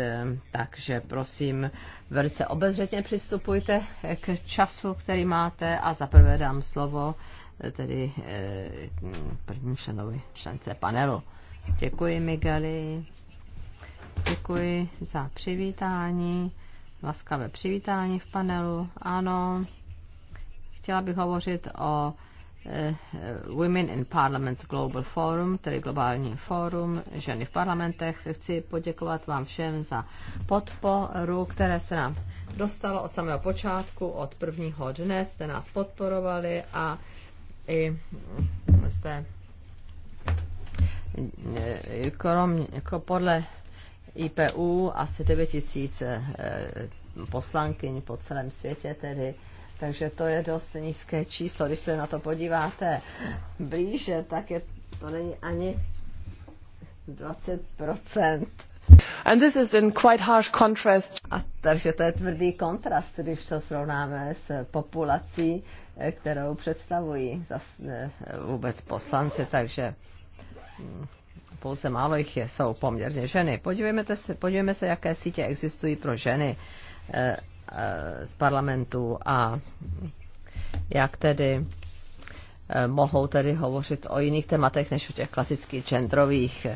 Takže prosím, velice obezřetně přistupujte k času, který máte a zaprvé dám slovo tedy prvním členovi, člence panelu. Děkuji, Migali. Děkuji za přivítání, laskavé přivítání v panelu. Ano, chtěla bych hovořit o eh, Women in Parliaments Global Forum, tedy globální fórum ženy v parlamentech. Chci poděkovat vám všem za podporu, které se nám dostalo od samého počátku, od prvního dne jste nás podporovali a i jste krom, jako podle IPU asi 9 tisíc eh, poslankyň po celém světě tedy, takže to je dost nízké číslo. Když se na to podíváte blíže, tak je to není ani 20%. And this is in quite harsh contrast. A takže to je tvrdý kontrast, když to srovnáme s populací, eh, kterou představují zas, eh, vůbec poslanci, takže pouze málo jich je, jsou poměrně ženy. Podívejme se, podívejme se, jaké sítě existují pro ženy eh, eh, z parlamentu a jak tedy eh, mohou tedy hovořit o jiných tématech než o těch klasických genderových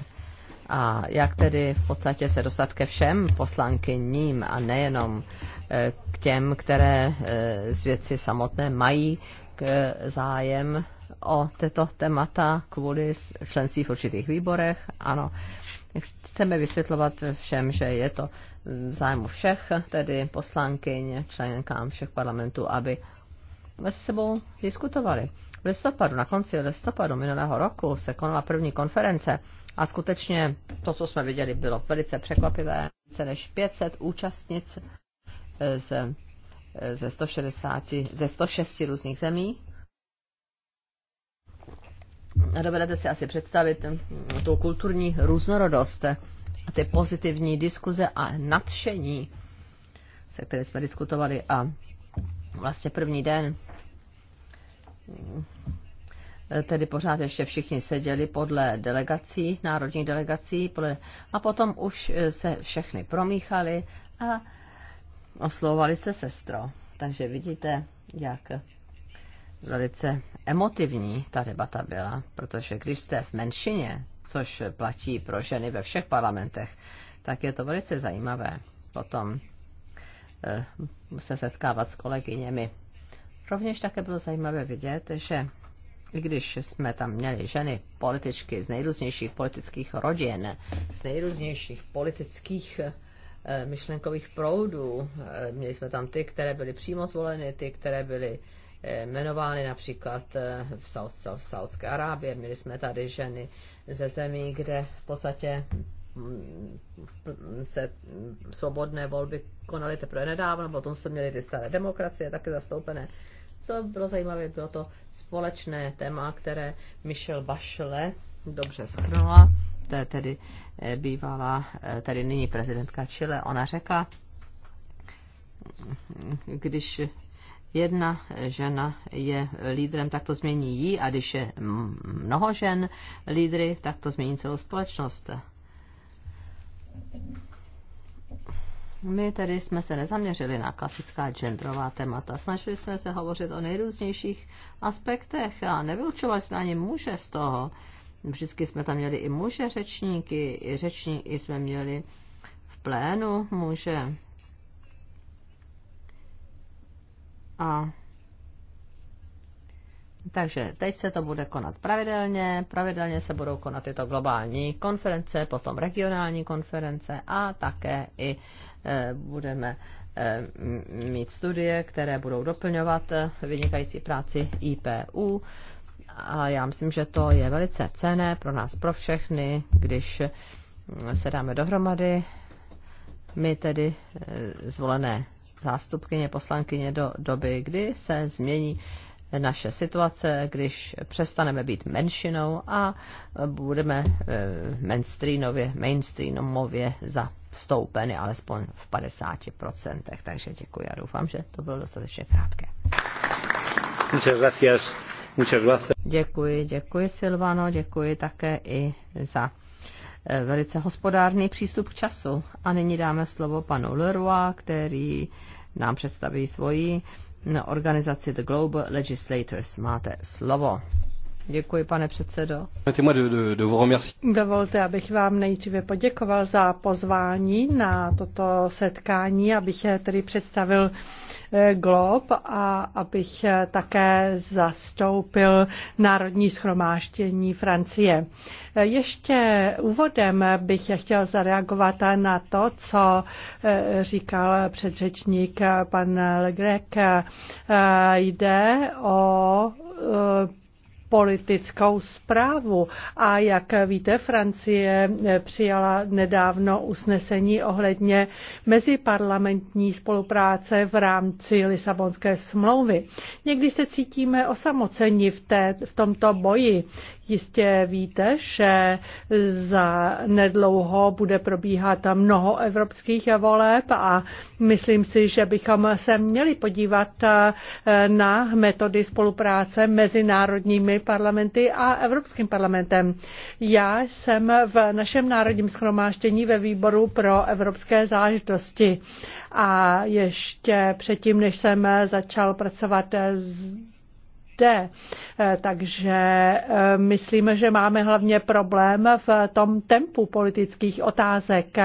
a jak tedy v podstatě se dostat ke všem poslankyním a nejenom k těm, které z věci samotné mají zájem o této témata kvůli členství v určitých výborech. Ano, chceme vysvětlovat všem, že je to v zájmu všech, tedy poslankyň, členkám všech parlamentů, aby mezi sebou diskutovali. V listopadu, na konci listopadu minulého roku se konala první konference a skutečně to, co jsme viděli, bylo velice překvapivé. Více než 500 účastnic eh, ze, eh, ze, 160, ze 106 různých zemí dovedete si asi představit hm, tu kulturní různorodost a ty pozitivní diskuze a nadšení, se které jsme diskutovali a vlastně první den hm, tedy pořád ještě všichni seděli podle delegací, národních delegací, podle, a potom už eh, se všechny promíchali a oslovovali se sestro. Takže vidíte, jak velice emotivní ta debata byla, protože když jste v menšině, což platí pro ženy ve všech parlamentech, tak je to velice zajímavé potom eh, se setkávat s kolegyněmi. Rovněž také bylo zajímavé vidět, že i když jsme tam měli ženy političky z nejrůznějších politických rodin, z nejrůznějších politických eh, myšlenkových proudů, eh, měli jsme tam ty, které byly přímo zvoleny, ty, které byly jmenovány, například eh, v, Saudské Arábie. Měli jsme tady ženy ze zemí, kde v podstatě mm, se svobodné volby konaly teprve nedávno, potom se měly ty staré demokracie také zastoupené. Co bylo zajímavé, bylo to společné téma, které Michelle Bachelet dobře schrnula, to je tedy eh, bývalá, eh, tedy nyní prezidentka Chile, ona řekla, když jedna žena je lídrem, tak to změní jí a když je mnoho žen lídry, tak to změní celou společnost. My tedy jsme se nezaměřili na klasická genderová témata. Snažili jsme se hovořit o nejrůznějších aspektech a nevylučovali jsme ani muže z toho. Vždycky jsme tam měli i muže řečníky, i řečníky jsme měli v plénu muže A takže teď se to bude konat pravidelně, pravidelně se budou konat tyto globální konference, potom regionální konference a také i e, budeme e, mít studie, které budou doplňovat e, vynikající práci IPU. A já myslím, že to je velice cené pro nás, pro všechny, když e, se dáme dohromady. My tedy e, zvolené zástupkyně poslankyně do doby, kdy se změní naše situace, když přestaneme být menšinou a budeme eh, mainstreamově, mainstreamově zastoupeny alespoň v 50%. Takže děkuji a doufám, že to bylo dostatečně krátké. Děkuji, děkuji Silvano, děkuji také i za Eh, velice hospodárný přístup k času. A nyní dáme slovo panu Leroy, který nám představí svoji mm, organizaci The Global Legislators. Máte slovo. Děkuji, pane předsedo. Dovolte, abych vám nejdříve poděkoval za pozvání na toto setkání, abych tedy představil eh, GLOB a abych eh, také zastoupil Národní schromáždění Francie. Eh, ještě úvodem bych chtěl zareagovat na to, co říkal předřečník pan Legrek. Jde o politickou zprávu. A jak víte, Francie přijala nedávno usnesení ohledně meziparlamentní spolupráce v rámci Lisabonské smlouvy. Někdy se cítíme osamoceni v, té, v tomto boji. Jistě víte, že za nedlouho bude probíhat mnoho evropských voleb a myslím si, že bychom se měli podívat eh, na metody spolupráce mezi národními parlamenty a Evropským parlamentem. Já jsem v našem národním schromáždění ve výboru pro evropské záležitosti a ještě předtím, než jsem začal pracovat zde. Eh, takže eh, myslíme, že máme hlavně problém v tom tempu politických otázek.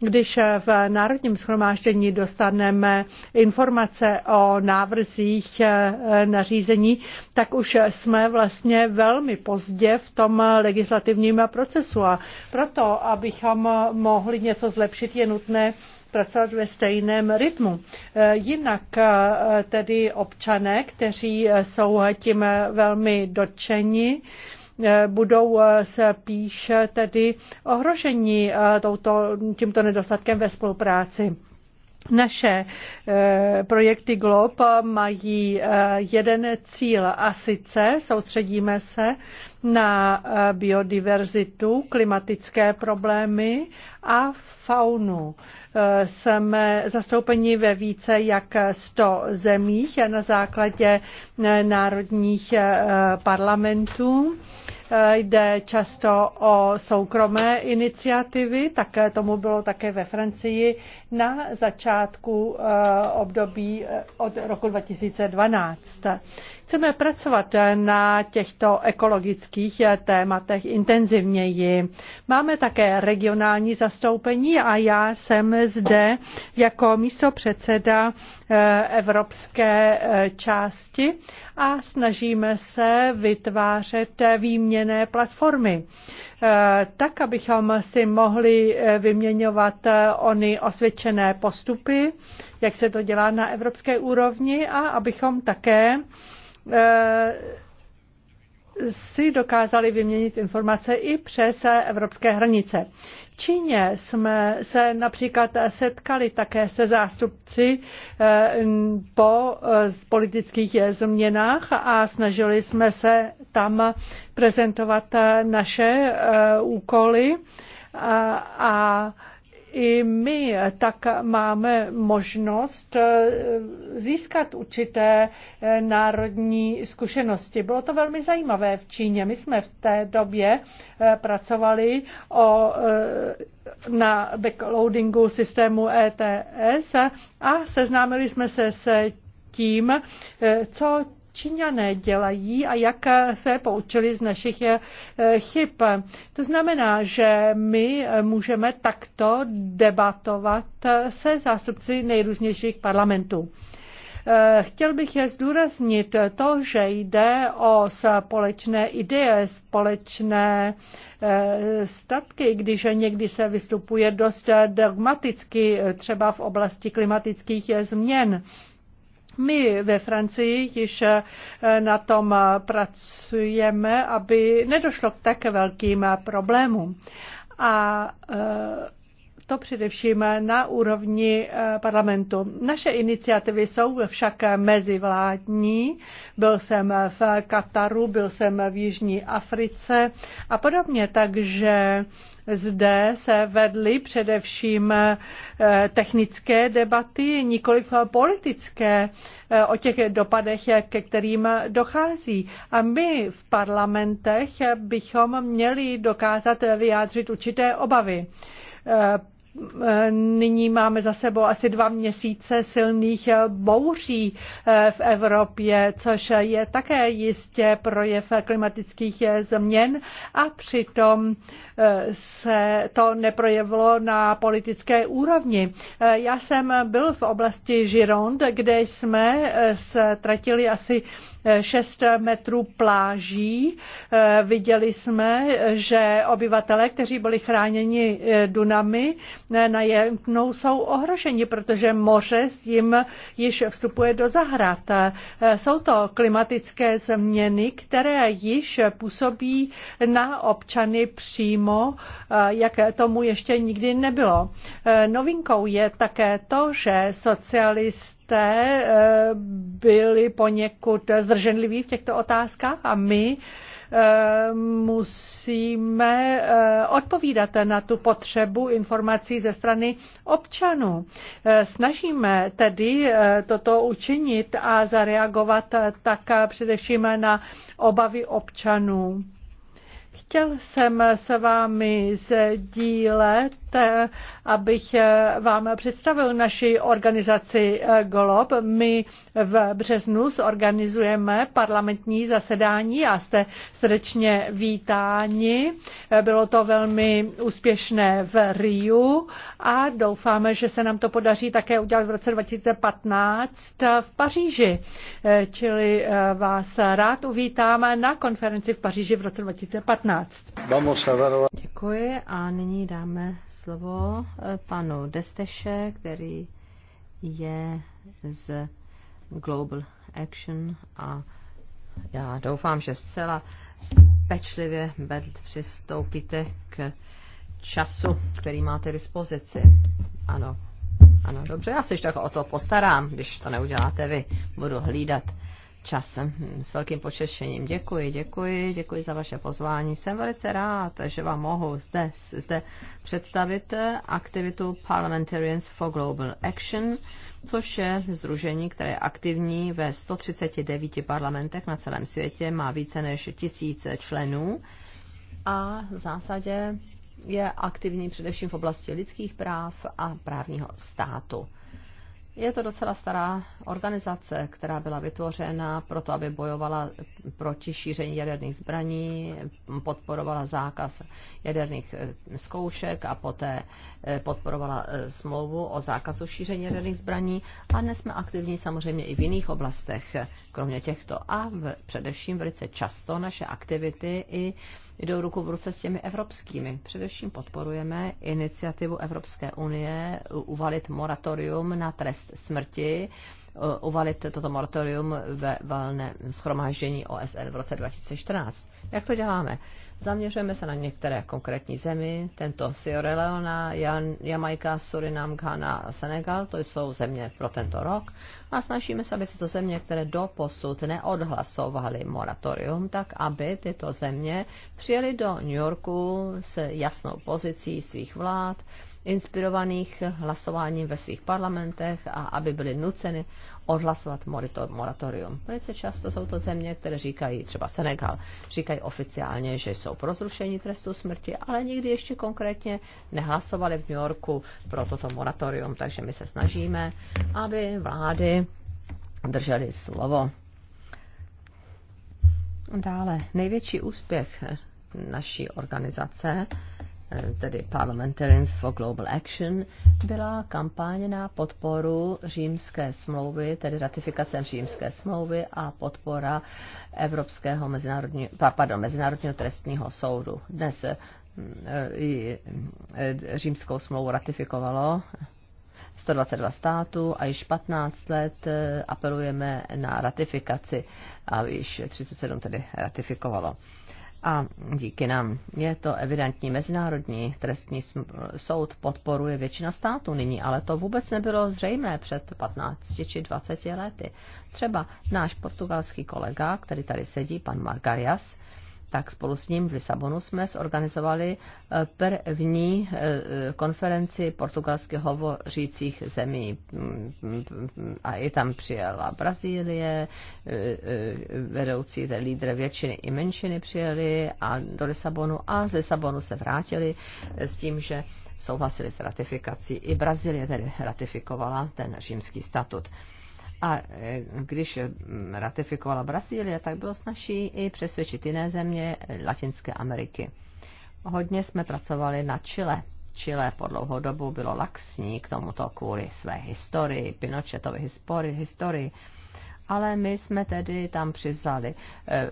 Když v Národním schromáždění dostaneme informace o návrzích eh, nařízení, tak už jsme vlastně velmi pozdě v tom legislativním procesu. A proto, abychom mohli něco zlepšit, je nutné pracovat ve stejném rytmu. Eh, jinak eh, tedy občané, kteří eh, jsou tím velmi dotčeni, budou se píš tedy ohroženi touto, tímto nedostatkem ve spolupráci. Naše projekty GLOB mají jeden cíl a sice soustředíme se na eh, biodiverzitu, klimatické problémy a faunu. Eh, jsme zastoupeni ve více jak 100 zemích na základě eh, národních parlamentů. Jde často o soukromé iniciativy, tak tomu bylo také ve Francii na začátku období od roku 2012. Chceme pracovat na těchto ekologických tématech intenzivněji. Máme také regionální zastoupení a já jsem zde jako místo předseda eh, evropské eh, části a snažíme se vytvářet výměné platformy eh, tak, abychom si mohli vyměňovat ony osvědčené postupy, jak se to dělá na evropské úrovni a abychom také Eh, si dokázali vyměnit informace i přes evropské hranice. V Číně jsme se například setkali také se zástupci eh, po eh, politických změnách a snažili jsme se tam prezentovat naše úkoly a, a i my tak máme možnost eh, získat určité eh, národní zkušenosti. Bylo to velmi zajímavé v Číně. My jsme v té době eh, pracovali o, na backloadingu systému ETS a seznámili jsme se s tím, co Číňané dělají a jak se poučili z našich eh, chyb. To znamená, že my můžeme takto debatovat se zástupci nejrůznějších parlamentů. Eh, chtěl bych je zdůraznit to, že jde o společné ideje, společné eh, statky, když někdy se vystupuje dost dogmaticky, třeba v oblasti klimatických změn. My ve Francii již eh, na tom eh, pracujeme, aby nedošlo k tak velkým eh, problémům. A to především na úrovni parlamentu. Naše iniciativy jsou však mezivládní. Byl jsem v Kataru, byl jsem v Jižní Africe a podobně, takže zde se vedly především eh, technické debaty, nikoliv politické, eh, o těch dopadech, ke kterým dochází. A my v parlamentech bychom měli dokázat vyjádřit určité obavy eh, Eh, nyní máme za sebou asi dva měsíce silných eh, bouří eh, v Evropě, což je také jistě projev klimatických změn a přitom se to neprojevilo na politické úrovni. Já jsem byl v oblasti Gironde, kde jsme ztratili asi 6 metrů pláží. Eh, viděli jsme, že obyvatelé, kteří byli chráněni eh, Dunami, eh, najednou jsou ohroženi, protože moře s jim již vstupuje do zahrad. Jsou to klimatické změny, které již působí na občany přímo, jak tomu ještě nikdy nebylo. Novinkou je také to, že socialist jste eh, byli poněkud zdrženliví v těchto otázkách a my eh, musíme eh, odpovídat na tu potřebu informací ze strany občanů. Snažíme tedy toto učinit a zareagovat tak především na obavy občanů. Chtěl jsem s vámi sdílet dovolte, abych eh, vám představil naši organizaci eh, GOLOB. My v březnu zorganizujeme parlamentní zasedání a jste srdečně vítáni. Eh, bylo to velmi úspěšné v Riu a doufáme, že se nám to podaří také udělat v roce 2015 v Paříži. Čili vás rád uvítáme na konferenci v Paříži v roce 2015. Děkuji a nyní dáme slovo slovo eh, panu Desteše, který je z Global Action a já doufám, že zcela pečlivě přistoupíte k času, který máte dispozici. Ano, ano, dobře, já se tak o to postarám, když to neuděláte vy, budu hlídat časem, hm, S velkým počešením. Děkuji, děkuji, děkuji za vaše pozvání. Jsem velice rád, že vám mohu zde, zde představit aktivitu Parliamentarians for Global Action, což je združení, které je aktivní ve 139 parlamentech na celém světě, má více než tisíce členů a v zásadě je aktivní především v oblasti lidských práv a právního státu. Je to docela stará organizace, která byla vytvořena proto, aby bojovala proti šíření jaderných zbraní, podporovala zákaz jaderných eh, zkoušek a poté eh, podporovala eh, smlouvu o zákazu šíření jaderných zbraní. A dnes jsme aktivní samozřejmě i v jiných oblastech, kromě těchto. A v, především velice často naše aktivity i jdou ruku v ruce s těmi evropskými. Především podporujeme iniciativu Evropské unie uvalit moratorium na trest smrti, eh, uvalit toto moratorium ve valné schromáždění OSN v roce 2014. Jak to děláme? Zaměřujeme se na některé konkrétní zemi, tento Sierra Leona, Jan, Jamaika, Surinam, Ghana a Senegal, to jsou země pro tento rok. A snažíme se, aby tyto země, které do posud neodhlasovaly moratorium, tak aby tyto země přijeli do New Yorku s jasnou pozicí svých vlád, inspirovaných hlasováním ve svých parlamentech a aby byly nuceny odhlasovat moratorium. Velice často jsou to země, které říkají, třeba Senegal, říkají oficiálně, že jsou pro zrušení trestu smrti, ale nikdy ještě konkrétně nehlasovali v New Yorku pro toto moratorium, takže my se snažíme, aby vlády drželi slovo. Dále, největší úspěch naší organizace Eh, tedy Parliamentarians for Global Action, byla kampaň na podporu římské smlouvy, tedy ratifikace římské smlouvy a podpora Evropského mezinárodního, pardon, mezinárodního trestního soudu. Dnes eh, eh, římskou smlouvu ratifikovalo 122 států a již 15 let apelujeme na ratifikaci a již 37 tedy ratifikovalo a díky nám. Je to evidentní mezinárodní trestní soud podporuje většina států nyní, ale to vůbec nebylo zřejmé před 15 či 20 lety. Třeba náš portugalský kolega, který tady sedí, pan Margarias, tak spolu s ním v Lisabonu jsme zorganizovali eh, první eh, konferenci portugalsky hovořících zemí. A i tam přijela Brazílie, eh, vedoucí lídr většiny i menšiny přijeli a do Lisabonu a z Lisabonu se vrátili s tím, že souhlasili s ratifikací. I Brazílie tedy ratifikovala ten římský statut. A e, když ratifikovala Brazílie, tak bylo snaží i přesvědčit jiné země Latinské Ameriky. Hodně jsme pracovali na Chile. Chile po dlouhou dobu bylo laxní k tomuto kvůli své historii, Pinochetovi historii. Ale my jsme tedy tam přizali e,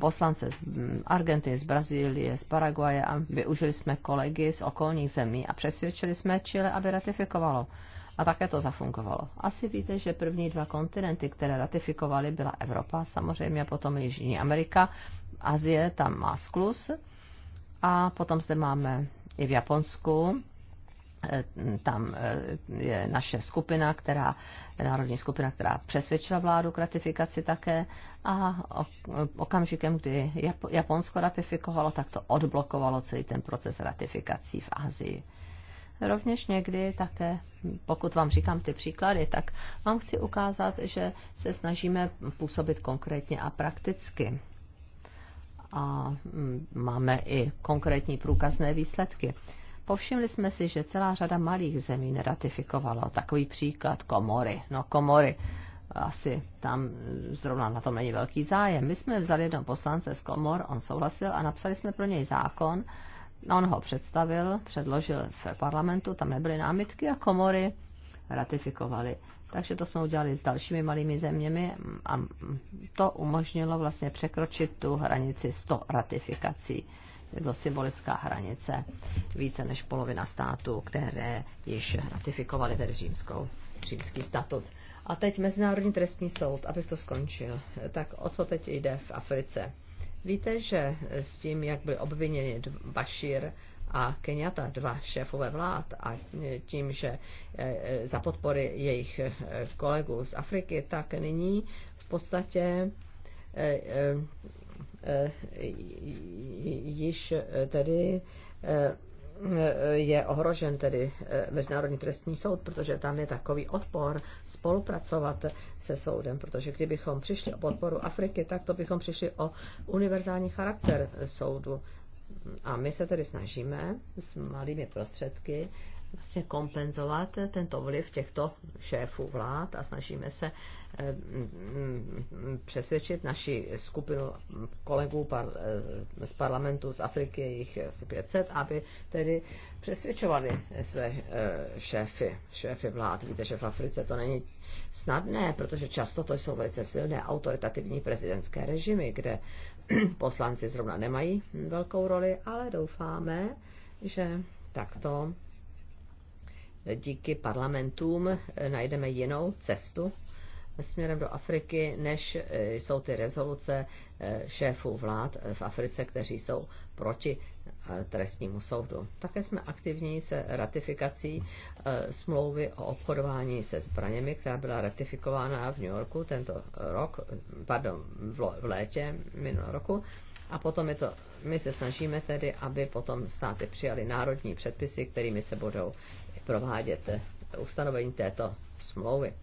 poslance z Argentiny, z Brazílie, z Paraguaje a využili jsme kolegy z okolních zemí a přesvědčili jsme Chile, aby ratifikovalo. A také to zafungovalo. Asi víte, že první dva kontinenty, které ratifikovaly, byla Evropa, samozřejmě potom Jižní Amerika, Azie, tam má sklus. A potom zde máme i v Japonsku, eh, tam eh, je naše skupina, která, národní skupina, která přesvědčila vládu k ratifikaci také a okamžikem, kdy Japonsko ratifikovalo, tak to odblokovalo celý ten proces ratifikací v Asii. Rovněž někdy také, pokud vám říkám ty příklady, tak vám chci ukázat, že se snažíme působit konkrétně a prakticky. A mm, máme i konkrétní průkazné výsledky. Povšimli jsme si, že celá řada malých zemí neratifikovala. Takový příklad komory. No komory, asi tam zrovna na tom není velký zájem. My jsme vzali jednoho poslance z komor, on souhlasil a napsali jsme pro něj zákon, On ho představil, předložil v parlamentu, tam nebyly námitky a komory ratifikovaly. Takže to jsme udělali s dalšími malými zeměmi a to umožnilo vlastně překročit tu hranici 100 ratifikací. Je to symbolická hranice více než polovina států, které již ratifikovaly tedy římskou, římský statut. A teď Mezinárodní trestní soud, abych to skončil. Tak o co teď jde v Africe? Víte, že s tím, jak byl obviněn Bashir a Kenyatta, dva šéfové vlád, a tím, že e, e, za podpory jejich e, kolegů z Afriky, tak nyní v podstatě již tedy je ohrožen tedy eh, Mezinárodní trestní soud, protože tam je takový odpor spolupracovat se soudem, protože kdybychom přišli o podporu Afriky, tak to bychom přišli o univerzální charakter soudu. A my se tedy snažíme s malými prostředky vlastně kompenzovat tento vliv těchto šéfů vlád a snažíme se Eh, přesvědčit naši skupinu kolegů par, eh, z parlamentu z Afriky, jejich asi 500, aby tedy přesvědčovali své eh, šéfy, šéfy vlád. Víte, že v Africe to není snadné, protože často to jsou velice silné autoritativní prezidentské režimy, kde poslanci zrovna nemají velkou roli, ale doufáme, že takto díky parlamentům najdeme jinou cestu směrem do Afriky, než e, jsou ty rezoluce e, šéfů vlád e, v Africe, kteří jsou proti trestnímu soudu. Také jsme aktivní se ratifikací smlouvy o obchodování se zbraněmi, která byla ratifikována v New Yorku tento rok, pardon, v létě minulého roku. A potom je to, my se snažíme tedy, aby potom státy přijali národní předpisy, kterými se budou provádět ustanovení této smlouvy.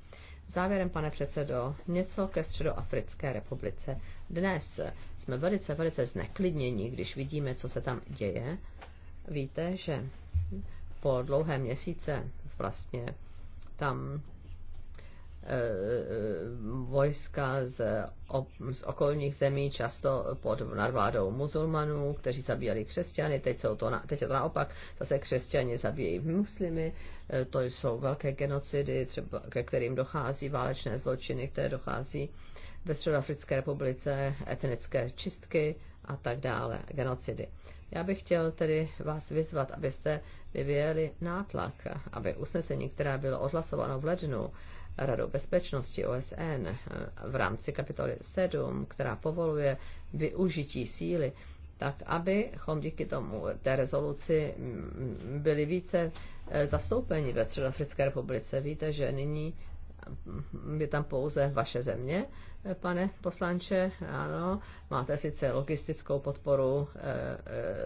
Závěrem, pane předsedo, něco ke Středoafrické republice. Dnes jsme velice, velice zneklidněni, když vidíme, co se tam děje. Víte, že po dlouhé měsíce vlastně tam Eh, vojska z, z okolních zemí, často pod nadvládou muzulmanů, kteří zabíjeli křesťany, teď, jsou to na, teď je to naopak, zase křesťani zabíjejí muslimy, eh, to jsou velké genocidy, třeba, ke kterým dochází válečné zločiny, které dochází ve Středoafrické republice, etnické čistky a tak dále, genocidy. Já bych chtěl tedy vás vyzvat, abyste vyvíjeli nátlak, aby usnesení, které bylo odhlasováno v lednu, Radou bezpečnosti OSN eh, v rámci kapitoly 7, která povoluje využití síly, tak abychom díky tomu té rezoluci mm, byli více eh, zastoupeni ve Středoafrické republice. Víte, že nyní mm, je tam pouze vaše země, eh, pane poslanče, ano. Máte sice logistickou podporu e, e,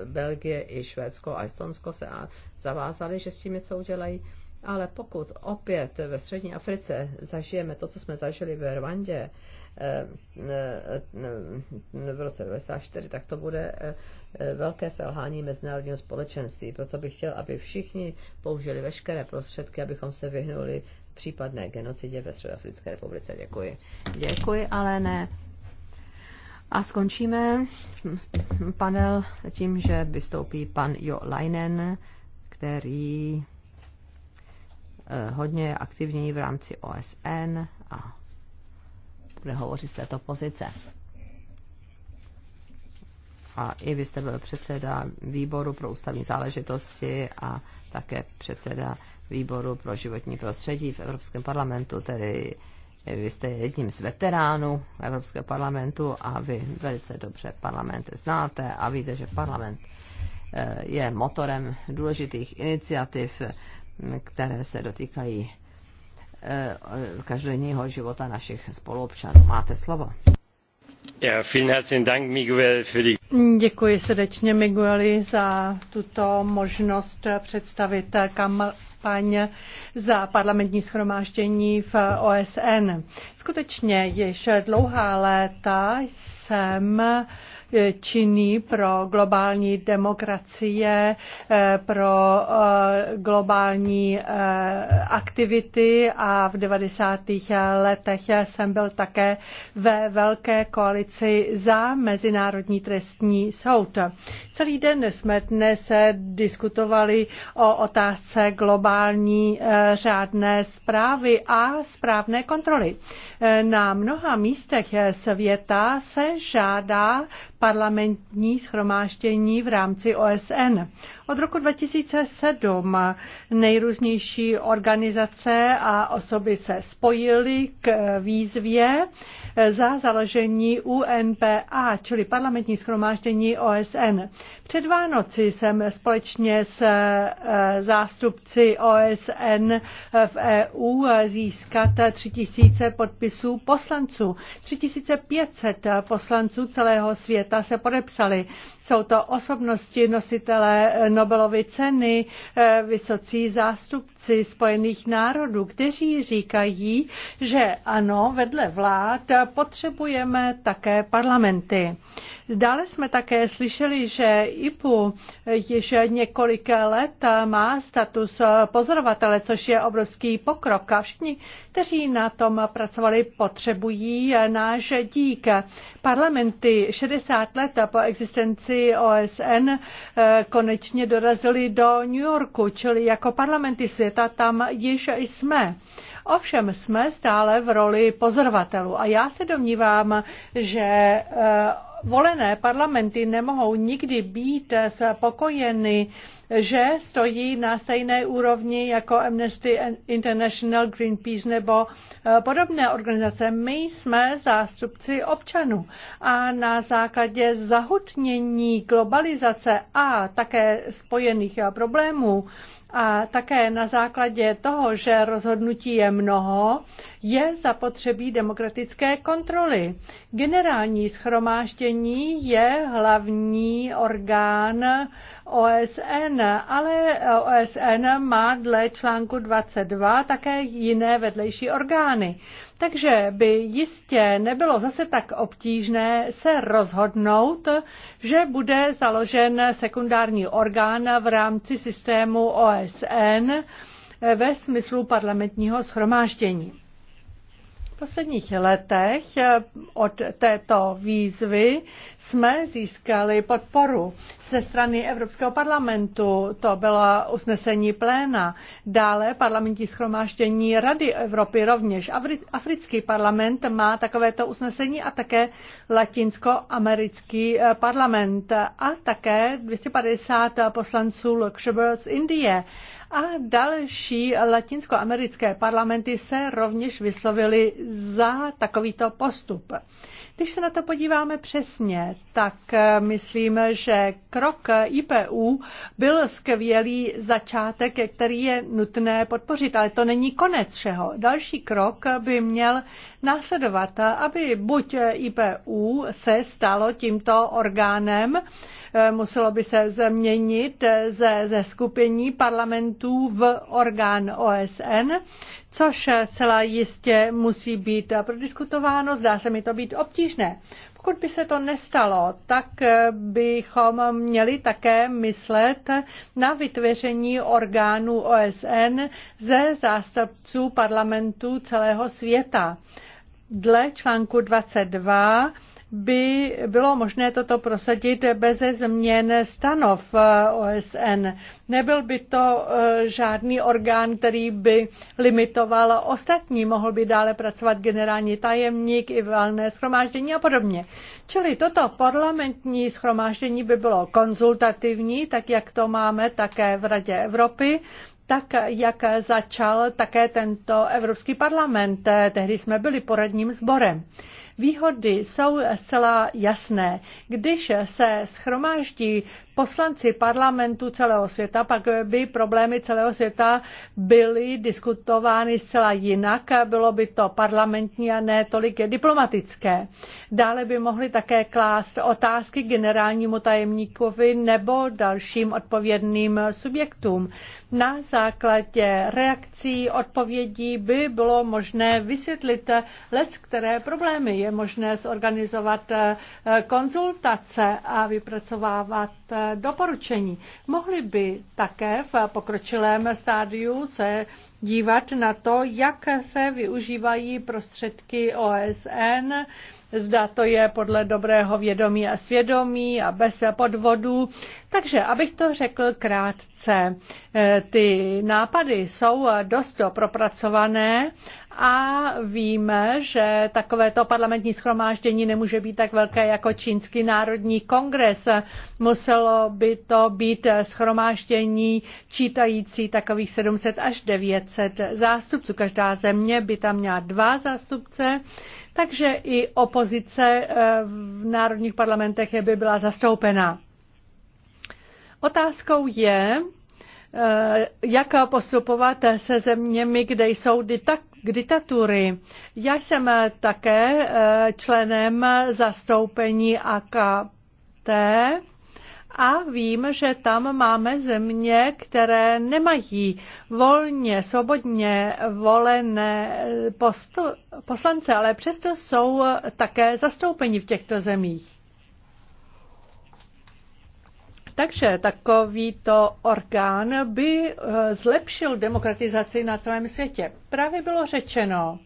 Belgie i Švédsko a Estonsko se a zavázali, že s tím něco udělají ale pokud opět ve střední Africe zažijeme to, co jsme zažili ve Rwandě eh, eh, eh, v roce 2004, tak to bude velké selhání mezinárodního společenství. Proto bych chtěl, aby všichni použili veškeré prostředky, abychom se vyhnuli případné genocidě ve Středoafrické republice. Děkuji. Děkuji, ale ne. A skončíme panel tím, že vystoupí pan Jo Leinen, který Eh, hodně aktivní v rámci OSN a bude hovořit z této pozice. A i vy jste byl předseda výboru pro ústavní záležitosti a také předseda výboru pro životní prostředí v Evropském parlamentu, tedy vy jste jedním z veteránů Evropského parlamentu a vy velice dobře parlament znáte a víte, že parlament eh, je motorem důležitých iniciativ které se dotýkají eh, každodenního života našich spoluobčanů. Máte slovo. Děkuji srdečně Migueli za tuto možnost představit kampaň za parlamentní schromáždění v OSN. Skutečně již dlouhá léta jsem uh, činný pro globální demokracie, eh, pro eh, globální eh, aktivity a v 90. letech jsem byl také ve velké koalici za Mezinárodní trestní soud. Celý den jsme dnes diskutovali o otázce globální eh, řádné zprávy a správné kontroly. Eh, na mnoha místech eh, světa se žádá parlamentní schromáždění v rámci OSN. Od roku 2007 nejrůznější organizace a osoby se spojily k výzvě za založení UNPA, čili parlamentní schromáždění OSN. Před Vánoci jsem společně s eh, zástupci OSN v EU získat 3000 podpisů poslanců. 3500 poslanců celého světa se podepsali. Jsou to osobnosti nositelé eh, Nobelovy ceny eh, vysocí zástupci Spojených národů, kteří říkají, že ano, vedle vlád potřebujeme také parlamenty. Dále jsme také slyšeli, že IPU již několik let má status pozorovatele, což je obrovský pokrok a všichni, kteří na tom pracovali, potřebují náš dík. Parlamenty 60 let po existenci OSN eh, konečně dorazily do New Yorku, čili jako parlamenty světa tam již jsme. Ovšem jsme stále v roli pozorovatelů a já se domnívám, že eh, volené parlamenty nemohou nikdy být spokojeny, že stojí na stejné úrovni jako Amnesty International, Greenpeace nebo eh, podobné organizace. My jsme zástupci občanů a na základě zahutnění globalizace a také spojených eh, problémů a také na základě toho, že rozhodnutí je mnoho, je zapotřebí demokratické kontroly. Generální schromáždění je hlavní orgán OSN, ale OSN má dle článku 22 také jiné vedlejší orgány. Takže by jistě nebylo zase tak obtížné se rozhodnout, že bude založen sekundární orgán v rámci systému OSN ve smyslu parlamentního schromáždění posledních letech eh, od této výzvy jsme získali podporu ze strany Evropského parlamentu. To bylo usnesení pléna. Dále parlamentní schromáždění Rady Evropy rovněž. Africký parlament má takovéto usnesení a také latinskoamerický eh, parlament a také 250 poslanců Luxemburg z Indie a další latinskoamerické parlamenty se rovněž vyslovily za takovýto postup. Když se na to podíváme přesně, tak eh, myslím, že krok IPU byl skvělý začátek, který je nutné podpořit, ale to není konec všeho. Další krok by měl následovat, aby buď IPU se stalo tímto orgánem, eh, muselo by se změnit ze, ze skupení parlamentů v orgán OSN, což celá jistě musí být prodiskutováno. Zdá se mi to být obtížné. Pokud by se to nestalo, tak bychom měli také myslet na vytvoření orgánů OSN ze zástupců parlamentů celého světa. Dle článku 22 by bylo možné toto prosadit bez změn stanov eh, OSN. Nebyl by to eh, žádný orgán, který by limitoval ostatní, mohl by dále pracovat generální tajemník i valné schromáždění a podobně. Čili toto parlamentní schromáždění by bylo konzultativní, tak jak to máme také v Radě Evropy, tak jak začal také tento Evropský parlament. Eh, tehdy jsme byli poradním sborem. Výhody jsou zcela jasné. Když se schromáždí poslanci parlamentu celého světa, pak by problémy celého světa byly diskutovány zcela jinak, bylo by to parlamentní a ne tolik diplomatické. Dále by mohli také klást otázky generálnímu tajemníkovi nebo dalším odpovědným subjektům. Na základě reakcí, odpovědí by bylo možné vysvětlit les, které problémy je možné zorganizovat eh, konzultace a vypracovávat eh, doporučení. Mohli by také v pokročilém stádiu se dívat na to, jak se využívají prostředky OSN, zda to je podle dobrého vědomí a svědomí a bez podvodů. Takže, abych to řekl krátce, eh, ty nápady jsou dost propracované a víme, že takovéto parlamentní schromáždění nemůže být tak velké jako čínský národní kongres. Muselo by to být schromáždění čítající takových 700 až 900 zástupců. Každá země by tam měla dva zástupce, takže i opozice eh, v národních parlamentech by byla zastoupena. Otázkou je, Eh, jak postupovat se zeměmi, kde jsou diktatury. Já jsem také eh, členem zastoupení AKT a vím, že tam máme země, které nemají volně, svobodně volené poslance, ale přesto jsou také zastoupení v těchto zemích. Takže takovýto orgán by eh, zlepšil demokratizaci na celém světě. Právě bylo řečeno,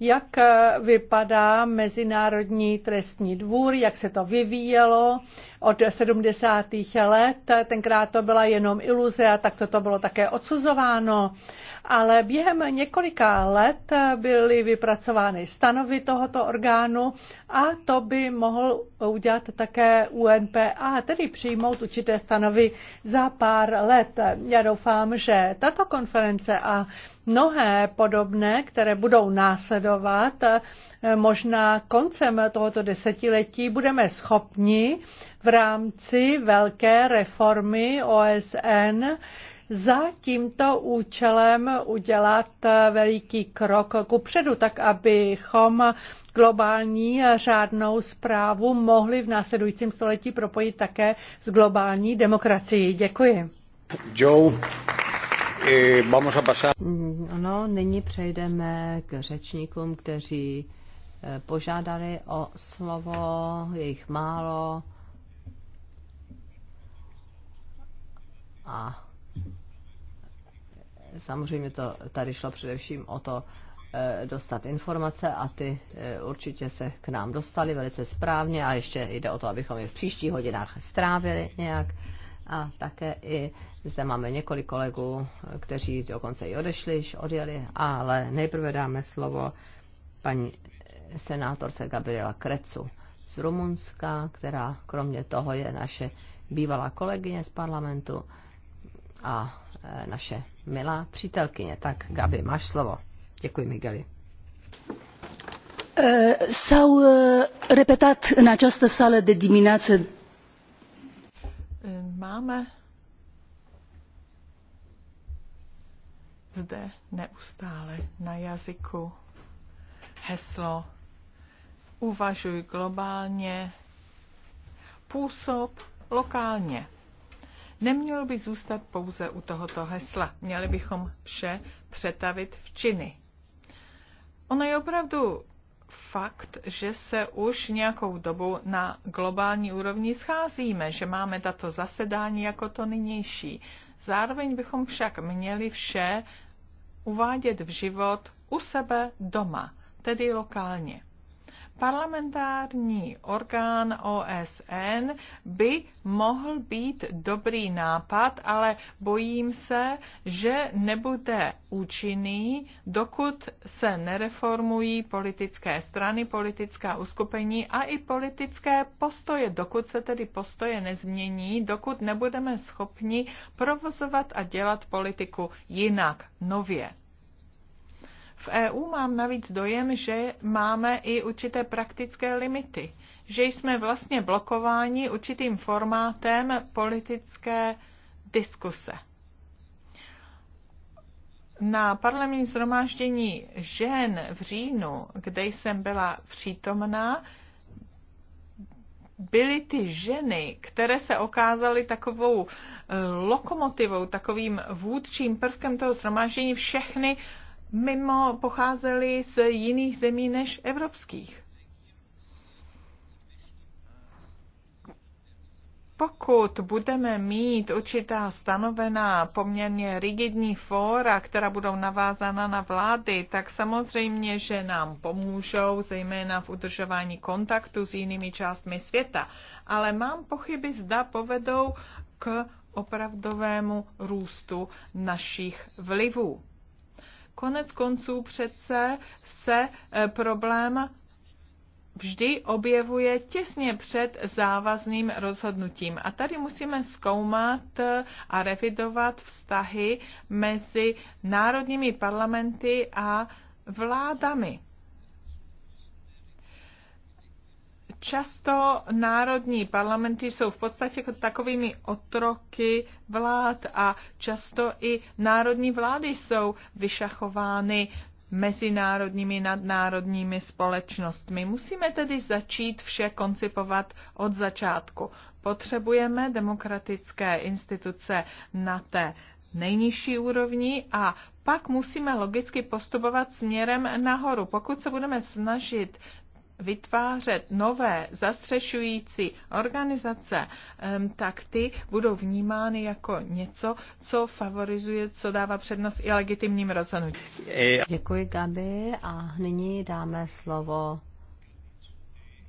jak eh, vypadá Mezinárodní trestní dvůr, jak se to vyvíjelo od 70. let. Tenkrát to byla jenom iluze a tak to bylo také odsuzováno ale během několika let byly vypracovány stanovy tohoto orgánu a to by mohl udělat také UNPA, tedy přijmout určité stanovy za pár let. Já doufám, že tato konference a mnohé podobné, které budou následovat, možná koncem tohoto desetiletí budeme schopni v rámci velké reformy OSN za tímto účelem udělat veliký krok kupředu, tak abychom globální řádnou zprávu mohli v následujícím století propojit také s globální demokracií. Děkuji. Joe. Eh, mm, ano, nyní přejdeme k řečníkům, kteří eh, požádali o slovo, jejich málo. A Samozřejmě to tady šlo především o to eh, dostat informace a ty eh, určitě se k nám dostali velice správně a ještě jde o to, abychom je v příštích hodinách strávili nějak. A také i zde máme několik kolegů, kteří dokonce i odešli, odjeli, ale nejprve dáme slovo paní senátorce Gabriela Krecu z Rumunska, která kromě toho je naše bývalá kolegyně z parlamentu a Eh, naše milá přítelkyně. Tak, Gabi, máš slovo. Děkuji, Migeli. Eh, sau eh, repetat na často sale de dimineață. Máme zde neustále na jazyku heslo Uvažuj globálně, působ lokálně. Nemělo by zůstat pouze u tohoto hesla. Měli bychom vše přetavit v činy. Ono je opravdu fakt, že se už nějakou dobu na globální úrovni scházíme, že máme tato zasedání jako to nynější. Zároveň bychom však měli vše uvádět v život u sebe doma, tedy lokálně. Parlamentární orgán OSN by mohl být dobrý nápad, ale bojím se, že nebude účinný, dokud se nereformují politické strany, politická uskupení a i politické postoje, dokud se tedy postoje nezmění, dokud nebudeme schopni provozovat a dělat politiku jinak, nově. V EU mám navíc dojem, že máme i určité praktické limity, že jsme vlastně blokováni určitým formátem politické diskuse. Na parlamentní zhromáždění žen v říjnu, kde jsem byla přítomná, byly ty ženy, které se okázaly takovou eh, lokomotivou, takovým vůdčím prvkem toho zhromáždění, všechny mimo pocházeli z jiných zemí než evropských. pokud budeme mít určitá stanovená poměrně rigidní fóra, která budou navázána na vlády, tak samozřejmě, že nám pomůžou, zejména v udržování kontaktu s jinými částmi světa. Ale mám pochyby, zda povedou k opravdovému růstu našich vlivů. Konec konců přece se eh, problém vždy objevuje těsně před závazným rozhodnutím. A tady musíme zkoumat eh, a revidovat vztahy mezi národními parlamenty a vládami. Často národní parlamenty jsou v podstatě takovými otroky vlád a často i národní vlády jsou vyšachovány mezinárodními nadnárodními společnostmi. Musíme tedy začít vše koncipovat od začátku. Potřebujeme demokratické instituce na té nejnižší úrovni a pak musíme logicky postupovat směrem nahoru. Pokud se budeme snažit vytvářet nové zastřešující organizace, tak ty budou vnímány jako něco, co favorizuje, co dává přednost i legitimním rozhodnutím. E, děkuji, Gabi, a nyní dáme slovo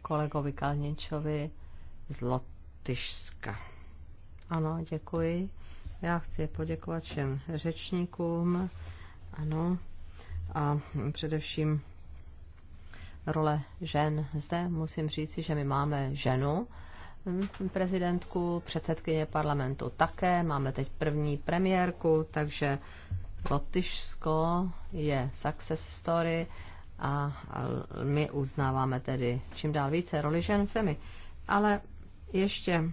kolegovi Kalničovi z Lotyšska. Ano, děkuji. Já chci poděkovat všem řečníkům. Ano. A především role žen. Zde musím říci, že my máme ženu, mm, prezidentku, předsedkyně parlamentu také, máme teď první premiérku, takže Lotyšsko je success story a my uznáváme tedy čím dál více roli žen v zemi. Ale ještě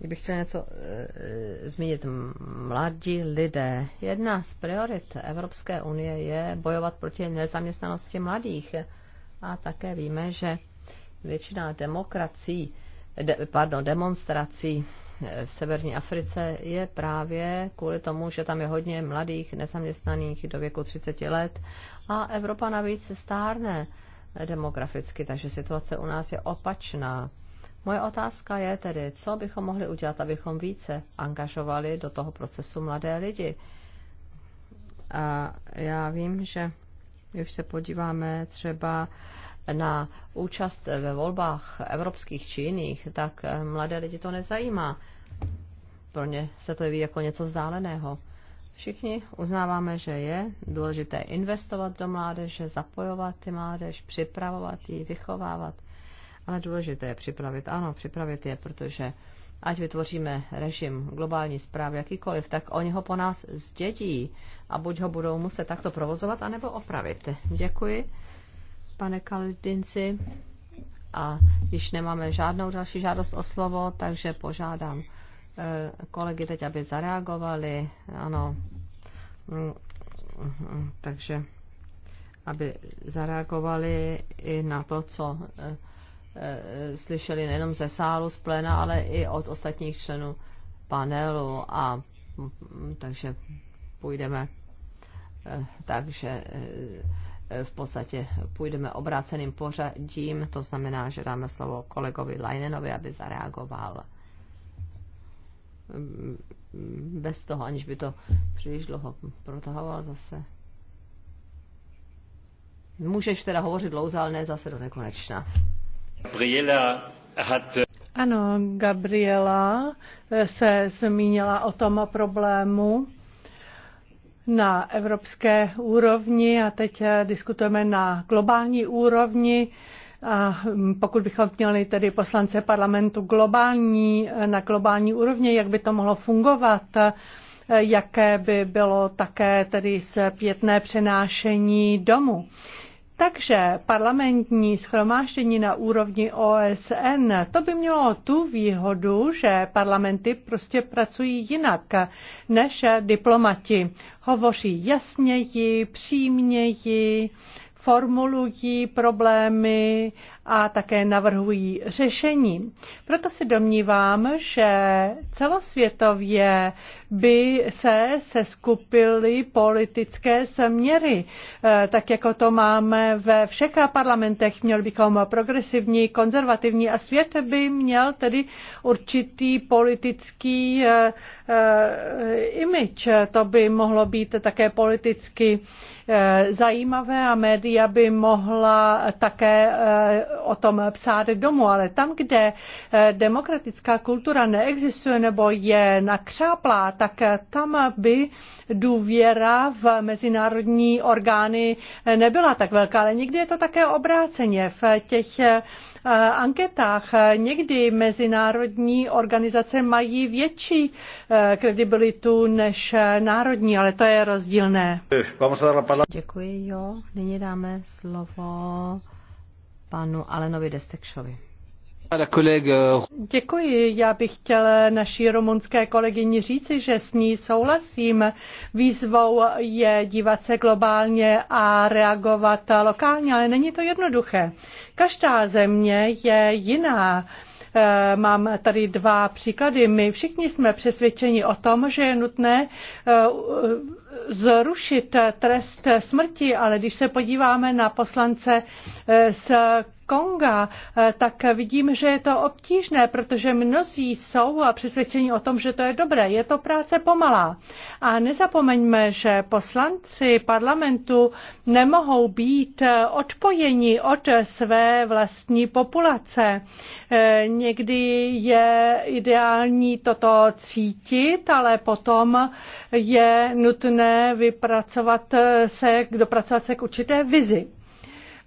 Kdybych chtěl něco e, zmínit, mladí lidé. Jedna z priorit Evropské unie je bojovat proti nezaměstnanosti mladých. A také víme, že většina demokrací, de, pardon, demonstrací eh, v severní Africe je právě kvůli tomu, že tam je hodně mladých nezaměstnaných do věku 30 let a Evropa navíc stárne demograficky, takže situace u nás je opačná. Moje otázka je tedy, co bychom mohli udělat, abychom více angažovali do toho procesu mladé lidi. A já vím, že když se podíváme třeba na účast ve volbách evropských či jiných, tak eh, mladé lidi to nezajímá. Pro ně se to jeví jako něco vzdáleného. Všichni uznáváme, že je důležité investovat do mládeže, zapojovat ty mládež, připravovat ji, vychovávat ale důležité je připravit. Ano, připravit je, protože ať vytvoříme režim globální zprávy jakýkoliv, tak oni ho po nás zdědí a buď ho budou muset takto provozovat, anebo opravit. Děkuji, pane Kaldinci. A již nemáme žádnou další žádost o slovo, takže požádám eh, kolegy teď, aby zareagovali. Ano, mm, mm, mm, takže aby zareagovali i na to, co eh, Eh, slyšeli nejenom ze sálu, z pléna, ale i od ostatních členů panelu a mm, takže půjdeme eh, takže eh, v podstatě půjdeme obráceným pořadím, to znamená, že dáme slovo kolegovi Lajnenovi, aby zareagoval mm, bez toho, aniž by to příliš dlouho protahoval zase. Můžeš teda hovořit dlouze, ale ne zase do nekonečna. Gabriela hat... Eh, ano, Gabriela eh, se zmínila o tom problému na evropské úrovni a teď eh, diskutujeme na globální úrovni. A hm, pokud bychom měli tedy poslance parlamentu globální, na globální úrovni, jak by to mohlo fungovat, jaké by bylo také tedy zpětné přenášení domu. Takže parlamentní schromáždění na úrovni OSN, to by mělo tu výhodu, že parlamenty prostě pracují jinak než diplomati. Hovoří jasněji, přímněji, formulují problémy a také navrhují řešení. Proto si domnívám, že celosvětově by se seskupily politické směry. Eh, tak jako to máme ve všech parlamentech, měl bychom progresivní, konzervativní a svět by měl tedy určitý politický eh, eh, image. To by mohlo být také politicky zajímavé a média by mohla také o tom psát domů, ale tam, kde eh, demokratická kultura neexistuje nebo je nakřáplá, tak eh, tam by důvěra v mezinárodní orgány eh, nebyla tak velká. Ale někdy je to také obráceně. V těch anketách někdy mezinárodní organizace mají větší kredibilitu než národní, ale to je rozdílné. Děkuji, jo. Nyní dáme slovo panu Alenovi Destekšovi. Děkuji. Já bych chtěl naší rumunské kolegyni říci, že s ní souhlasím. Výzvou je dívat se globálně a reagovat lokálně, ale není to jednoduché. Každá země je jiná Eh, mám tady dva příklady. My všichni jsme přesvědčeni o tom, že je nutné eh, zrušit trest smrti, ale když se podíváme na poslance eh, z Konga, eh, tak vidím, že je to obtížné, protože mnozí jsou eh, přesvědčeni o tom, že to je dobré. Je to práce pomalá. A nezapomeňme, že poslanci parlamentu nemohou být eh, odpojeni od své vlastní populace. Někdy je ideální toto cítit, ale potom je nutné vypracovat se, dopracovat se k určité vizi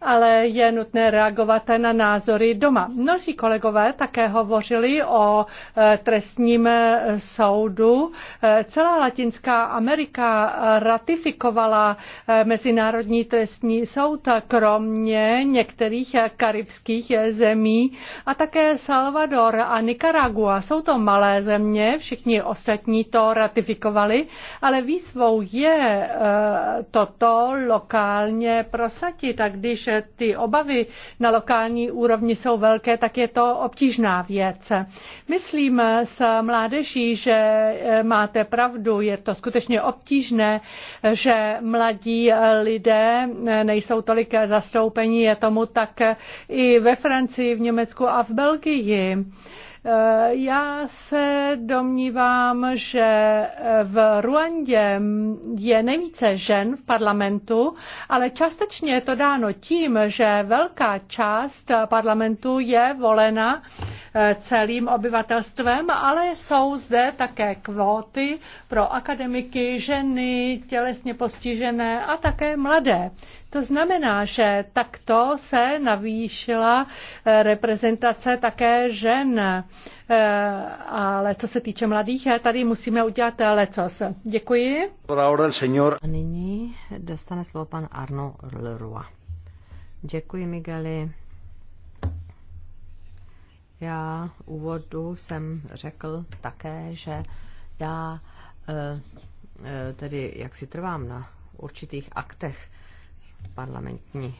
ale je nutné reagovat na názory doma. Mnozí kolegové také hovořili o e, trestním e, soudu. E, celá Latinská Amerika ratifikovala Mezinárodní trestní soud, kromě některých karibských zemí a také Salvador a Nicaragua. Jsou to malé země, všichni ostatní to ratifikovali, ale výzvou je toto lokálně prosadit. A když ty obavy na lokální úrovni jsou velké, tak je to obtížná věc. Myslím s mládeží, že eh, máte pravdu, je to skutečně obtížné, že mladí lidé eh, nejsou tolik zastoupení, je tomu tak eh, i ve Francii, v Německu a v Belgii. Eh, já se domnívám, že eh, v Ruandě je nejvíce žen v parlamentu, ale částečně je to dáno tím, že velká část eh, parlamentu je volena celým obyvatelstvem, ale jsou zde také kvóty pro akademiky, ženy, tělesně postižené a také mladé. To znamená, že takto se navýšila eh, reprezentace také žen. Eh, ale co se týče mladých, eh, tady musíme udělat lecos. Děkuji. A nyní dostane slovo pan Arno Leroy. Děkuji, Migali. Já úvodu jsem řekl také, že já eh, eh, tedy jak si trvám na určitých aktech parlamentní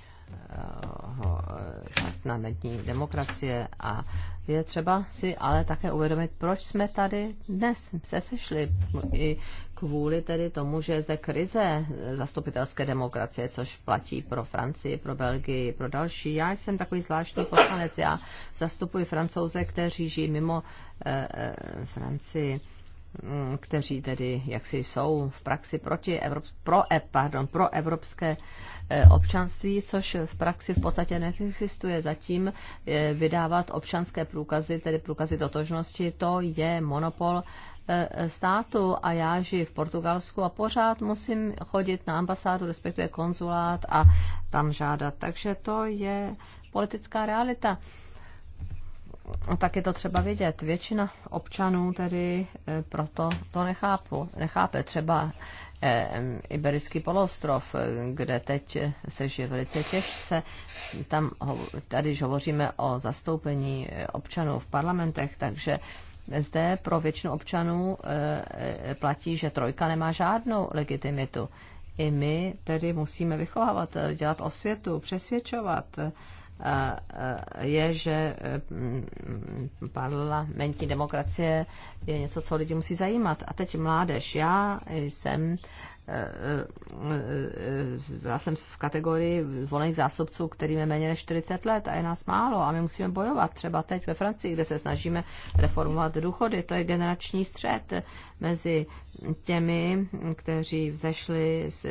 parlamentní eh, demokracie a je třeba si ale také uvědomit, proč jsme tady dnes se sešli i kvůli tedy tomu, že je zde krize zastupitelské demokracie, což platí pro Francii, pro Belgii, pro další. Já jsem takový zvláštní poslanec, já zastupuji francouze, kteří žijí mimo eh, eh, Francii hm, kteří tedy jaksi jsou v praxi proti Evrop, pro, e-, pardon, pro evropské eh, E, občanství, což v praxi v podstatě neexistuje. Zatím e, vydávat občanské průkazy, tedy průkazy totožnosti, to je monopol e, státu a já žiji v Portugalsku a pořád musím chodit na ambasádu, respektive konzulát a tam žádat. Takže to je politická realita. A tak je to třeba vidět. Většina občanů tedy proto to nechápu. Nechápe třeba Iberický polostrov, kde teď se žije velice těžce. Tam, tady, když hovoříme o zastoupení občanů v parlamentech, takže zde pro většinu občanů eh, platí, že trojka nemá žádnou legitimitu. I my tedy musíme vychovávat, dělat osvětu, přesvědčovat Eh, je, že mm, parlamentní demokracie je něco, co lidi musí zajímat. A teď mládež. Já jsem eh, eh, já jsem v kategorii zvolených zásobců, kterým je méně než 40 let a je nás málo a my musíme bojovat. Třeba teď ve Francii, kde se snažíme reformovat důchody, to je generační střed mezi těmi, kteří vzešli z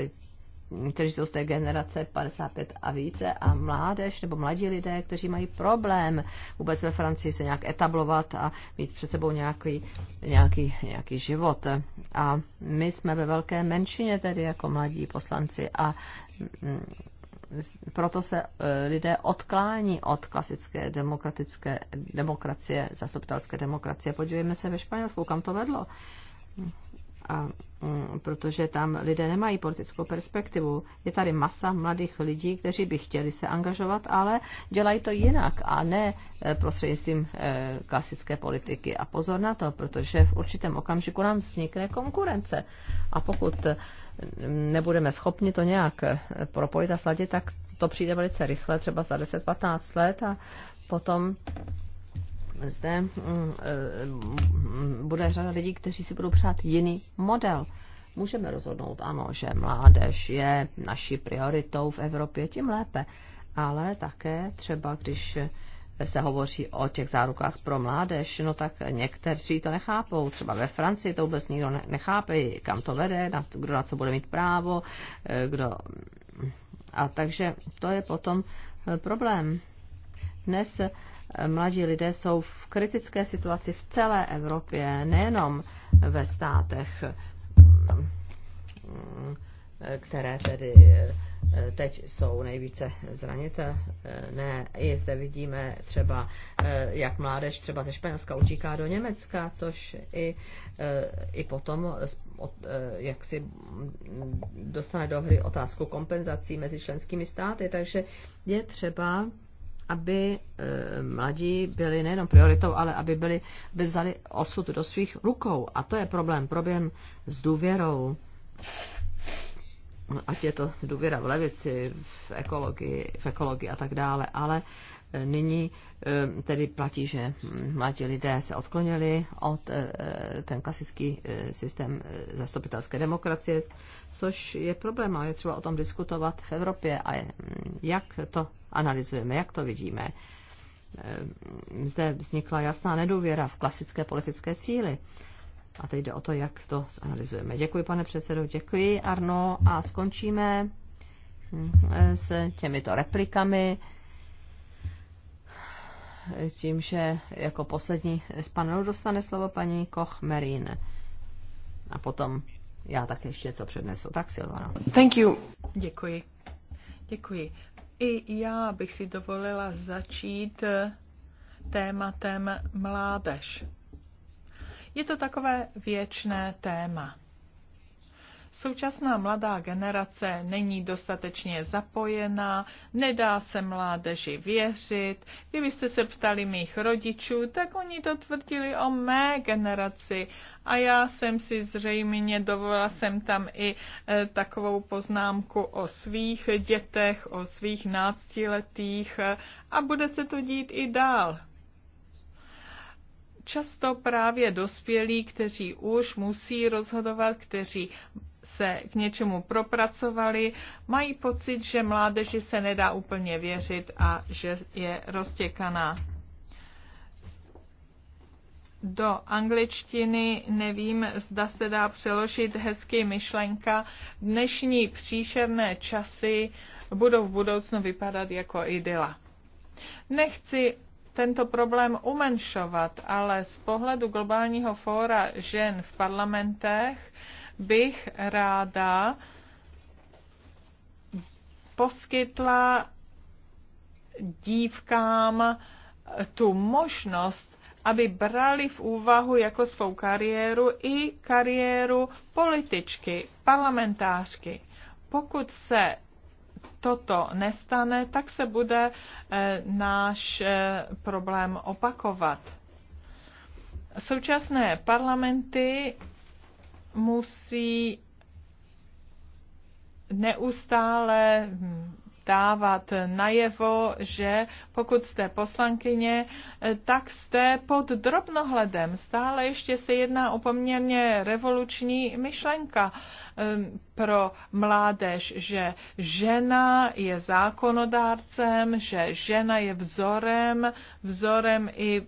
kteří jsou z té generace 55 a více a mládež nebo mladí lidé, kteří mají problém vůbec ve Francii se nějak etablovat a mít před sebou nějaký, nějaký, nějaký život. A my jsme ve velké menšině tedy jako mladí poslanci a proto se e, lidé odklání od klasické demokratické demokracie, zastupitelské demokracie. Podívejme se ve Španělsku, kam to vedlo a, mm, protože tam lidé nemají politickou perspektivu. Je tady masa mladých lidí, kteří by chtěli se angažovat, ale dělají to jinak a ne eh, prostřednictvím eh, klasické politiky. A pozor na to, protože v určitém okamžiku nám vznikne konkurence. A pokud eh, nebudeme schopni to nějak propojit a sladit, tak to přijde velice rychle, třeba za 10-15 let a potom zde mm, eh, bude řada lidí, kteří si budou přát jiný model. Můžeme rozhodnout, ano, že mládež je naší prioritou v Evropě, tím lépe. Ale také třeba, když se hovoří o těch zárukách pro mládež, no tak někteří to nechápou. Třeba ve Francii to vůbec nikdo nechápe, kam to vede, kdo na co bude mít právo, eh, kdo... A takže to je potom eh, problém. Dnes mladí lidé jsou v kritické situaci v celé Evropě, nejenom ve státech, které tedy eh, teď jsou nejvíce zranitelné. I zde vidíme třeba, eh, jak mládež třeba ze Španělska utíká do Německa, což i, eh, i potom jak si dostane do hry otázku kompenzací mezi členskými státy. Takže je třeba aby eh, mladí byli nejenom prioritou, ale aby byli by vzali osud do svých rukou. A to je problém, problém s důvěrou. Ať je to důvěra v levici, v ekologii, v ekologii a tak dále, ale eh, nyní eh, tedy platí, že mladí lidé se odklonili od ten klasický systém zastupitelské demokracie, což je problém a je třeba o tom diskutovat v Evropě a jak to analyzujeme, jak to vidíme. Ehm, zde vznikla jasná nedůvěra v klasické politické síly. A teď jde o to, jak to zanalizujeme. Děkuji, pane předsedo, děkuji, Arno. A skončíme hm, s těmito replikami tím, že jako poslední z panelu dostane slovo paní Koch Merin. A potom já tak ještě co přednesu. Tak Silvana. Thank you. Děkuji. Děkuji. I já bych si dovolila začít eh, tématem mládež. Je to takové věčné téma. Současná mladá generace není dostatečně zapojená, nedá se mládeži věřit. Kdybyste se ptali mých rodičů, tak oni to tvrdili o mé generaci. A já jsem si zřejmě dovolila jsem tam i e, takovou poznámku o svých dětech, o svých náctiletých e, a bude se to dít i dál často právě dospělí, kteří už musí rozhodovat, kteří se k něčemu propracovali, mají pocit, že mládeži se nedá úplně věřit a že je roztěkaná. Do angličtiny nevím, zda se dá přeložit hezký myšlenka. Dnešní příšerné časy budou v budoucnu vypadat jako idyla. Nechci tento problém umenšovat, ale z pohledu globálního fóra žen v parlamentech bych ráda poskytla dívkám tu možnost, aby brali v úvahu jako svou kariéru i kariéru političky, parlamentářky. Pokud se toto nestane, tak se bude eh, náš eh, problém opakovat. Současné parlamenty musí neustále dávat najevo, že pokud jste poslankyně, tak jste pod drobnohledem. Stále ještě se jedná o poměrně revoluční myšlenka ehm, pro mládež, že žena je zákonodárcem, že žena je vzorem, vzorem i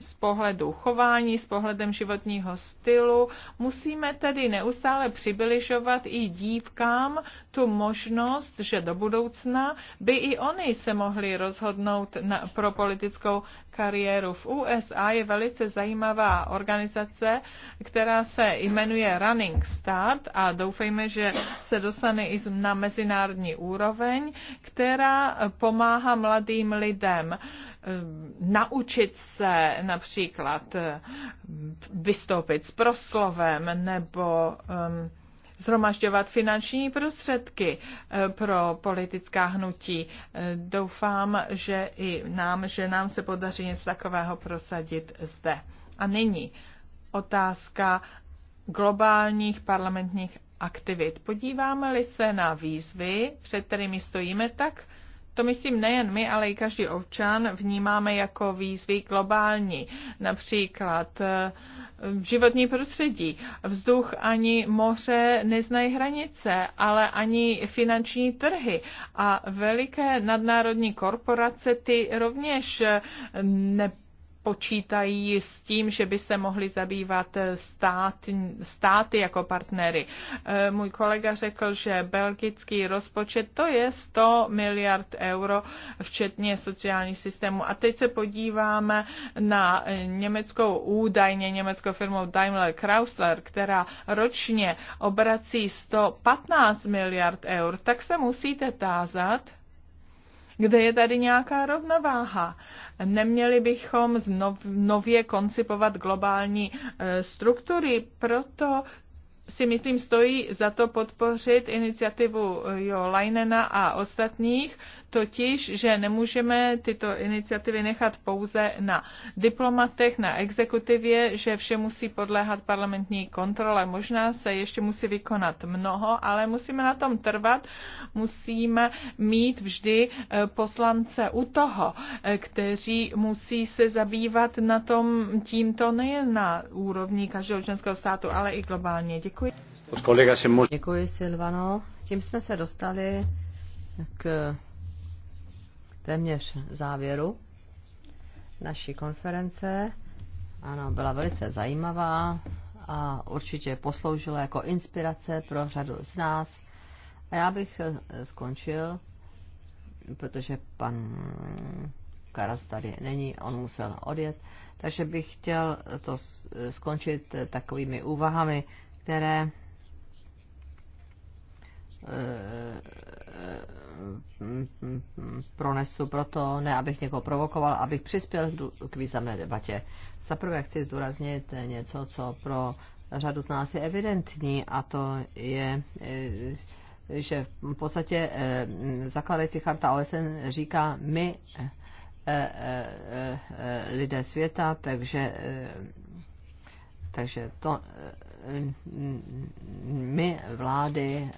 z pohledu chování, s pohledem životního stylu. Musíme tedy neustále přibližovat i dívkám tu možnost, že do budoucna by i oni se mohli rozhodnout na, pro politickou kariéru. V USA je velice zajímavá organizace, která se jmenuje Running Start a doufejme, že se dostane i na mezinárodní úroveň, která pomáhá mladým lidem. Uh, Eh, naučit se například eh, vystoupit s proslovem nebo eh, zhromažďovat finanční prostředky pro politická hnutí. Doufám, že i nám, že nám se podaří něco takového prosadit zde. A nyní otázka globálních parlamentních aktivit. Podíváme-li se na výzvy, před kterými stojíme, tak to myslím nejen my, ale i každý občan vnímáme jako výzvy globální. Například eh, životní prostředí. Vzduch ani moře neznají hranice, ale ani finanční trhy. A veliké nadnárodní korporace ty rovněž eh, ne počítají s tím, že by se mohly zabývat stát, státy jako partnery. E, můj kolega řekl, že belgický rozpočet to je 100 miliard euro, včetně sociálních systémů. A teď se podíváme na německou údajně německou firmou Daimler Chrysler, která ročně obrací 115 miliard eur, tak se musíte tázat, kde je tady nějaká rovnováha. Neměli bychom znov, nově koncipovat globální eh, struktury, proto si myslím stojí za to podpořit iniciativu Jo Leinena a ostatních totiž, že nemůžeme tyto iniciativy nechat pouze na diplomatech, na exekutivě, že vše musí podléhat parlamentní kontrole. Možná se ještě musí vykonat mnoho, ale musíme na tom trvat, musíme mít vždy eh, poslance u toho, eh, kteří musí se zabývat na tom tímto nejen na úrovni každého členského státu, ale i globálně. Děkuji. Děkuji, Silvano. Tím jsme se dostali k téměř závěru naší konference. Ano, byla velice zajímavá a určitě posloužila jako inspirace pro řadu z nás. A já bych eh, skončil, protože pan Karas tady není, on musel odjet, takže bych chtěl to skončit takovými úvahami, které eh, pronesu proto, ne abych někoho provokoval, abych přispěl k významné debatě. Za prvé chci zdůraznit něco, co pro řadu z nás je evidentní, a to je eh, že v podstatě eh, zakladající charta OSN říká, my eh, lidé světa, takže, takže to my vlády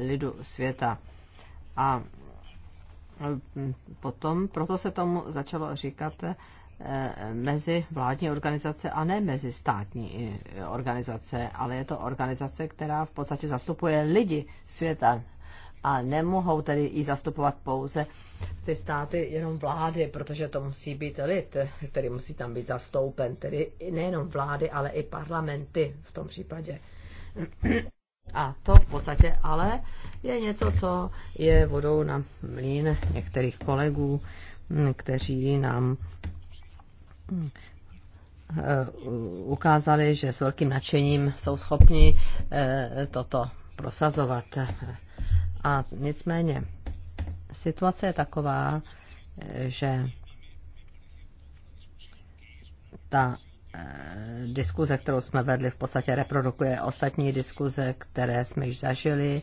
lidu světa. A e, potom, proto se tomu začalo říkat e, mezi vládní organizace a ne mezi státní e, organizace, ale je to organizace, která v podstatě zastupuje lidi světa a nemohou tedy i zastupovat pouze ty státy jenom vlády, protože to musí být lid, který musí tam být zastoupen, tedy nejenom vlády, ale i parlamenty v tom případě. A to v podstatě ale je něco, co je vodou na mlín některých kolegů, kteří nám eh, ukázali, že s velkým nadšením jsou schopni eh, toto prosazovat. A nicméně situace je taková, eh, že ta Eh, diskuze, kterou jsme vedli, v podstatě reprodukuje ostatní diskuze, které jsme již zažili.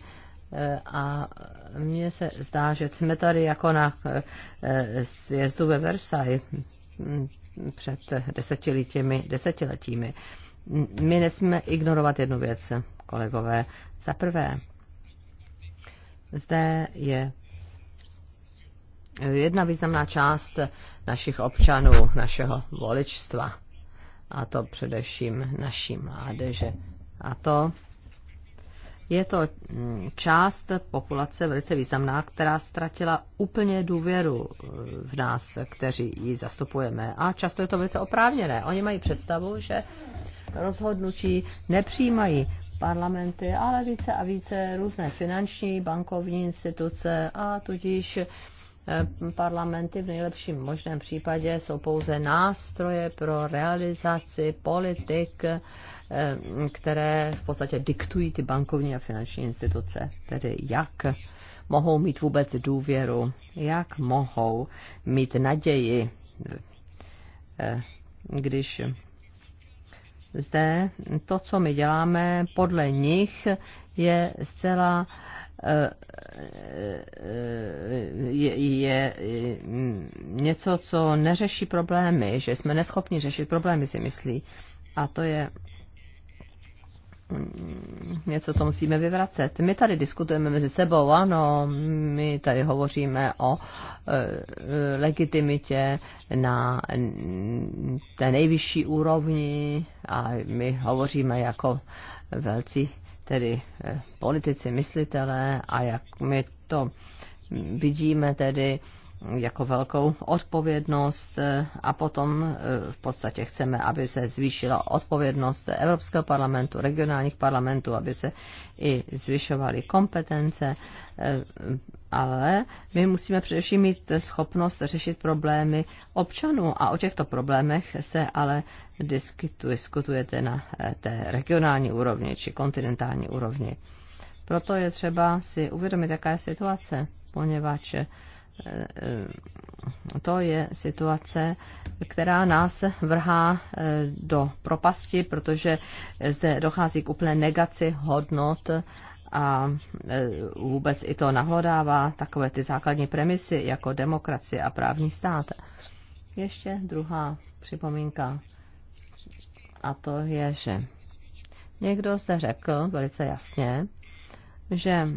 Eh, a mně se zdá, že jsme tady jako na eh, sjezdu ve Versailles hm, před desetiletími, desetiletími. My nesmíme ignorovat jednu věc, kolegové. Za prvé, zde je jedna významná část našich občanů, našeho voličstva a to především naší mládeže. A to je to mm, část populace velice významná, která ztratila úplně důvěru e, v nás, kteří ji zastupujeme. A často je to velice oprávněné. Oni mají představu, že rozhodnutí nepřijímají parlamenty, ale více a více různé finanční, bankovní instituce a tudíž Eh, parlamenty v nejlepším možném případě jsou pouze nástroje pro realizaci politik, eh, které v podstatě diktují ty bankovní a finanční instituce. Tedy jak mohou mít vůbec důvěru, jak mohou mít naději, eh, když zde to, co my děláme podle nich, je zcela Eh, eh, eh, je, je něco, co neřeší problémy, že jsme neschopni řešit problémy, si myslí. A to je něco, co musíme vyvracet. My tady diskutujeme mezi sebou, ano, my tady hovoříme o e, legitimitě na té nejvyšší úrovni a my hovoříme jako velcí tedy eh, politici, myslitelé a jak my to vidíme tedy jako velkou odpovědnost eh, a potom eh, v podstatě chceme, aby se zvýšila odpovědnost Evropského parlamentu, regionálních parlamentů, aby se i zvyšovaly kompetence, eh, ale my musíme především mít schopnost řešit problémy občanů a o těchto problémech se ale diskutujete na té regionální úrovni či kontinentální úrovni. Proto je třeba si uvědomit, jaká je situace, poněvadž Eh, eh, to je situace, která nás vrhá eh, do propasti, protože zde dochází k úplné negaci hodnot a vůbec i to nahlodává takové ty základní premisy jako demokracie a právní stát. Ještě druhá připomínka a to je, že někdo zde řekl velice jasně, že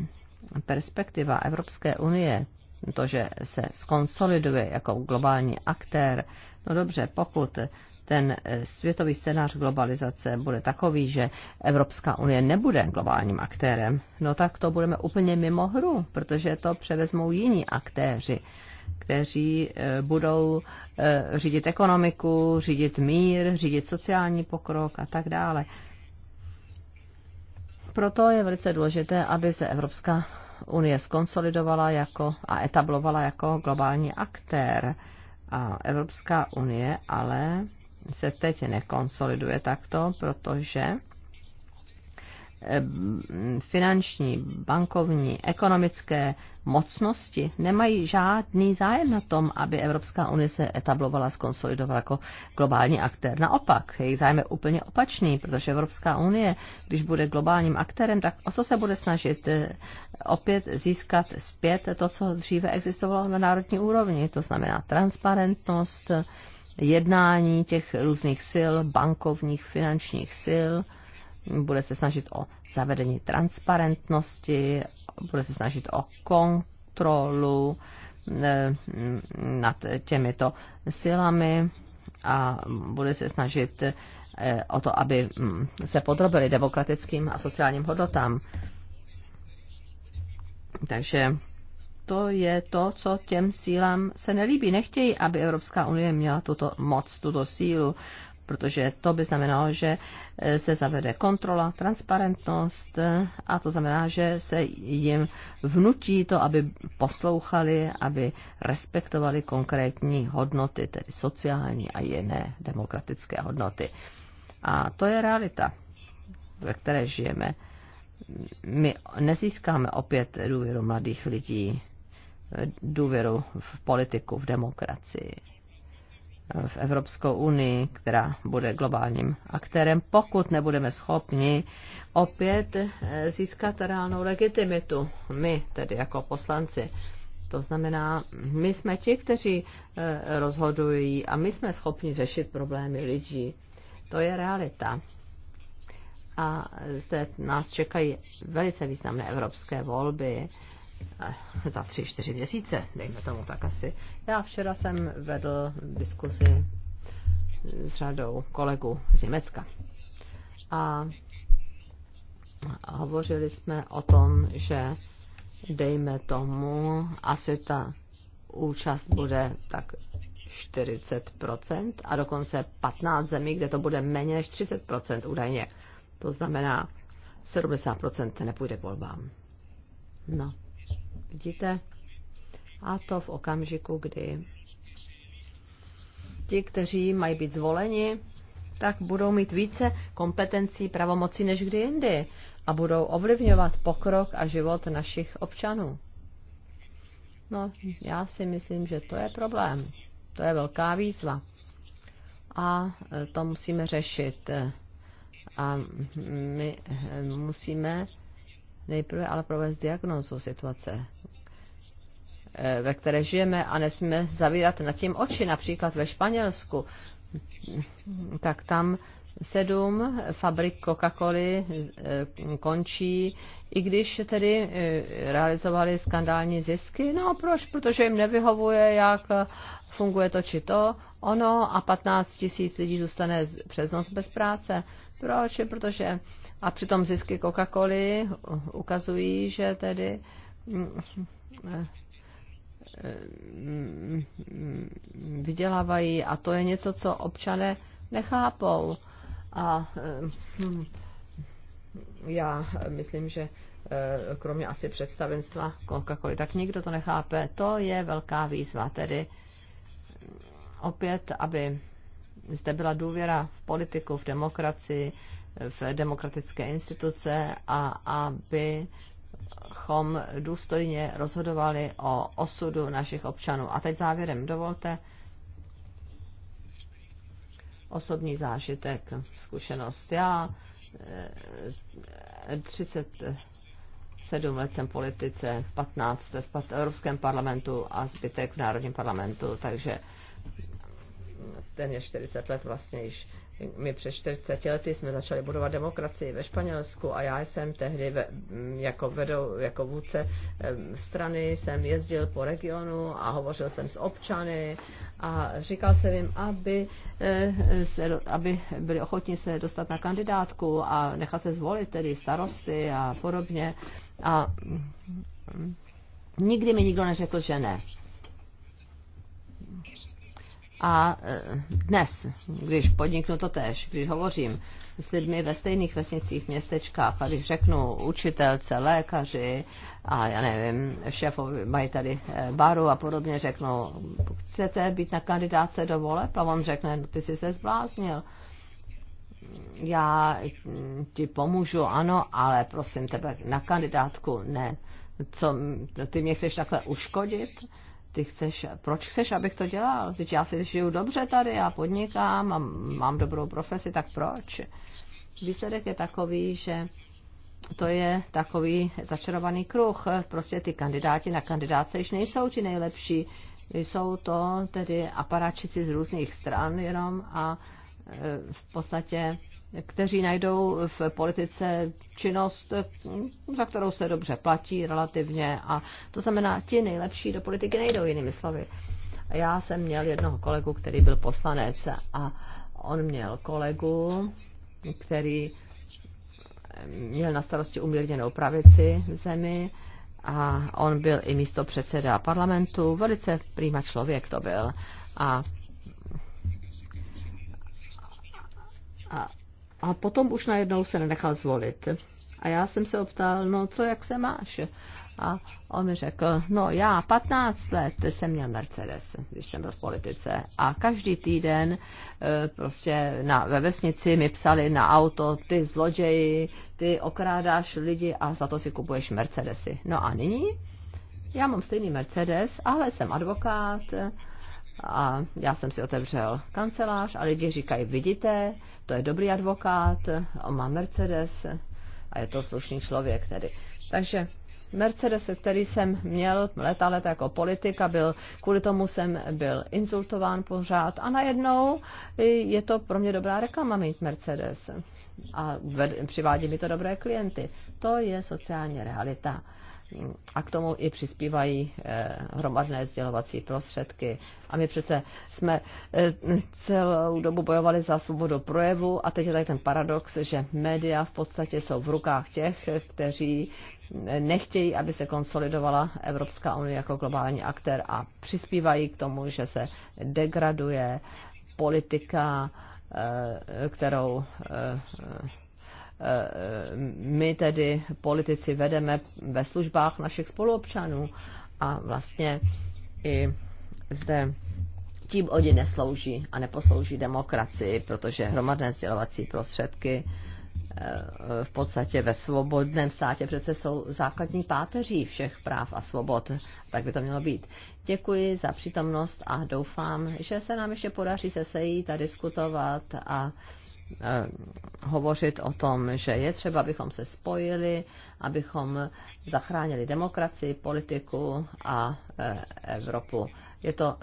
perspektiva Evropské unie to, že se skonsoliduje jako globální aktér. No dobře, pokud ten eh, světový scénář globalizace bude takový, že Evropská unie nebude globálním aktérem, no tak to budeme úplně mimo hru, protože to převezmou jiní aktéři, kteří eh, budou eh, řídit ekonomiku, řídit mír, řídit sociální pokrok a tak dále. Proto je velice důležité, aby se Evropská Unie skonsolidovala jako a etablovala jako globální aktér. A Evropská unie ale se teď nekonsoliduje takto, protože Eh, finanční, bankovní, ekonomické mocnosti nemají žádný zájem na tom, aby Evropská unie se etablovala, skonsolidovala jako globální aktér. Naopak, jejich zájem je úplně opačný, protože Evropská unie, když bude globálním aktérem, tak o co se bude snažit? Eh, opět získat zpět to, co dříve existovalo na národní úrovni, to znamená transparentnost, jednání těch různých sil, bankovních, finančních sil, bude se snažit o zavedení transparentnosti, bude se snažit o kontrolu eh, nad těmito silami a bude se snažit eh, o to, aby mm, se podrobili demokratickým a sociálním hodnotám. Takže to je to, co těm sílám se nelíbí. Nechtějí, aby Evropská unie měla tuto moc, tuto sílu protože to by znamenalo, že eh, se zavede kontrola, transparentnost eh, a to znamená, že se jim vnutí to, aby poslouchali, aby respektovali konkrétní hodnoty, tedy sociální a jiné demokratické hodnoty. A to je realita, ve které žijeme. My nezískáme opět důvěru mladých lidí, eh, důvěru v politiku, v demokracii v Evropskou unii, která bude globálním aktérem, pokud nebudeme schopni opět eh, získat reálnou legitimitu, my tedy jako poslanci. To znamená, my jsme ti, kteří eh, rozhodují a my jsme schopni řešit problémy lidí. To je realita. A zde nás čekají velice významné evropské volby Eh, za tři, čtyři měsíce, dejme tomu tak asi. Já včera jsem vedl diskuzi s řadou kolegů z Německa. A hovořili jsme o tom, že dejme tomu, asi ta účast bude tak 40% a dokonce 15 zemí, kde to bude méně než 30% údajně. To znamená, 70% nepůjde k volbám. No. Vidíte? A to v okamžiku, kdy ti, kteří mají být zvoleni, tak budou mít více kompetencí, pravomocí než kdy jindy a budou ovlivňovat pokrok a život našich občanů. No, já si myslím, že to je problém. To je velká výzva. A e, to musíme řešit. E, a my e, musíme nejprve ale provést diagnózu situace. Eh, ve které žijeme a nesmíme zavírat nad tím oči, například ve Španělsku, tak tam sedm fabrik Coca-Coly eh, končí, i když tedy eh, realizovali skandální zisky. No proč? Protože jim nevyhovuje, jak funguje to či to, ono a 15 tisíc lidí zůstane přes noc bez práce. Proč? Protože a přitom zisky Coca-Coly ukazují, že tedy mm, vydělávají a to je něco, co občané nechápou. A eh, já myslím, že eh, kromě asi představenstva Coca-Cola, tak nikdo to nechápe. To je velká výzva, tedy eh, opět, aby zde byla důvěra v politiku, v demokracii, v demokratické instituce a aby abychom důstojně rozhodovali o osudu našich občanů. A teď závěrem dovolte osobní zážitek, zkušenost. Já 37 eh, let jsem politice, 15 v Evropském parlamentu a zbytek v Národním parlamentu, takže ten je 40 let vlastně již my před 40 lety jsme začali budovat demokracii ve Španělsku a já jsem tehdy ve, mm, jako, vedou, jako vůdce strany jsem jezdil po regionu a hovořil jsem s občany a říkal jsem jim, aby, eh, se, aby byli ochotní se dostat na kandidátku a nechat se zvolit tedy starosty a podobně. A mm, mm, nikdy mi nikdo neřekl, že ne. A e, dnes, když podniknu to tež, když hovořím s lidmi ve stejných vesnicích, městečkách, a když řeknu učitelce, lékaři a já nevím, šéfovi mají tady e, baru a podobně, řeknu, chcete být na kandidáce do voleb? A on řekne, no, ty jsi se zbláznil. Já ti pomůžu, ano, ale prosím tebe na kandidátku ne. Co, ty mě chceš takhle uškodit? ty chceš, proč chceš, abych to dělal? Teď já si žiju dobře tady, já podnikám a mám dobrou profesi, tak proč? Výsledek je takový, že to je takový začarovaný kruh. Prostě ty kandidáti na kandidáce již nejsou ti nejlepší. Jsou to tedy aparáčici z různých stran jenom a e, v podstatě kteří najdou v politice činnost, za kterou se dobře platí relativně. A to znamená, ti nejlepší do politiky nejdou, jinými slovy. Já jsem měl jednoho kolegu, který byl poslanec a on měl kolegu, který měl na starosti umírněnou pravici v zemi a on byl i místo předseda parlamentu, velice prýma člověk to byl. A, a, a potom už najednou se nenechal zvolit. A já jsem se optal, no co, jak se máš? A on mi řekl, no já 15 let jsem měl Mercedes, když jsem byl v politice. A každý týden e, prostě na, ve vesnici mi psali na auto, ty zloději, ty okrádáš lidi a za to si kupuješ Mercedesy. No a nyní? Já mám stejný Mercedes, ale jsem advokát, a já jsem si otevřel kancelář a lidi říkají, vidíte, to je dobrý advokát, on má Mercedes a je to slušný člověk tedy. Takže Mercedes, který jsem měl leta let jako politika, byl, kvůli tomu jsem byl insultován pořád a najednou je to pro mě dobrá reklama mít Mercedes a přivádí mi to dobré klienty. To je sociální realita a k tomu i přispívají eh, hromadné sdělovací prostředky. A my přece jsme eh, celou dobu bojovali za svobodu projevu a teď je tady ten paradox, že média v podstatě jsou v rukách těch, kteří nechtějí, aby se konsolidovala Evropská unie jako globální aktér a přispívají k tomu, že se degraduje politika, eh, kterou Eh, eh, my tedy politici vedeme ve službách našich spoluobčanů a vlastně i zde tím oni neslouží a neposlouží demokracii, protože hromadné sdělovací prostředky eh, v podstatě ve svobodném státě přece jsou základní páteří všech práv a svobod. Tak by to mělo být. Děkuji za přítomnost a doufám, že se nám ještě podaří se sejít a diskutovat a Eh, hovořit o tom, že je třeba, abychom se spojili, abychom zachránili demokracii, politiku a eh, Evropu. Je to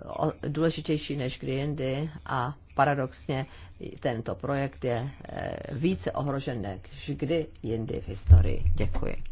důležitější než kdy jindy a paradoxně tento projekt je eh, více ohrožen než kdy jindy v historii. Děkuji.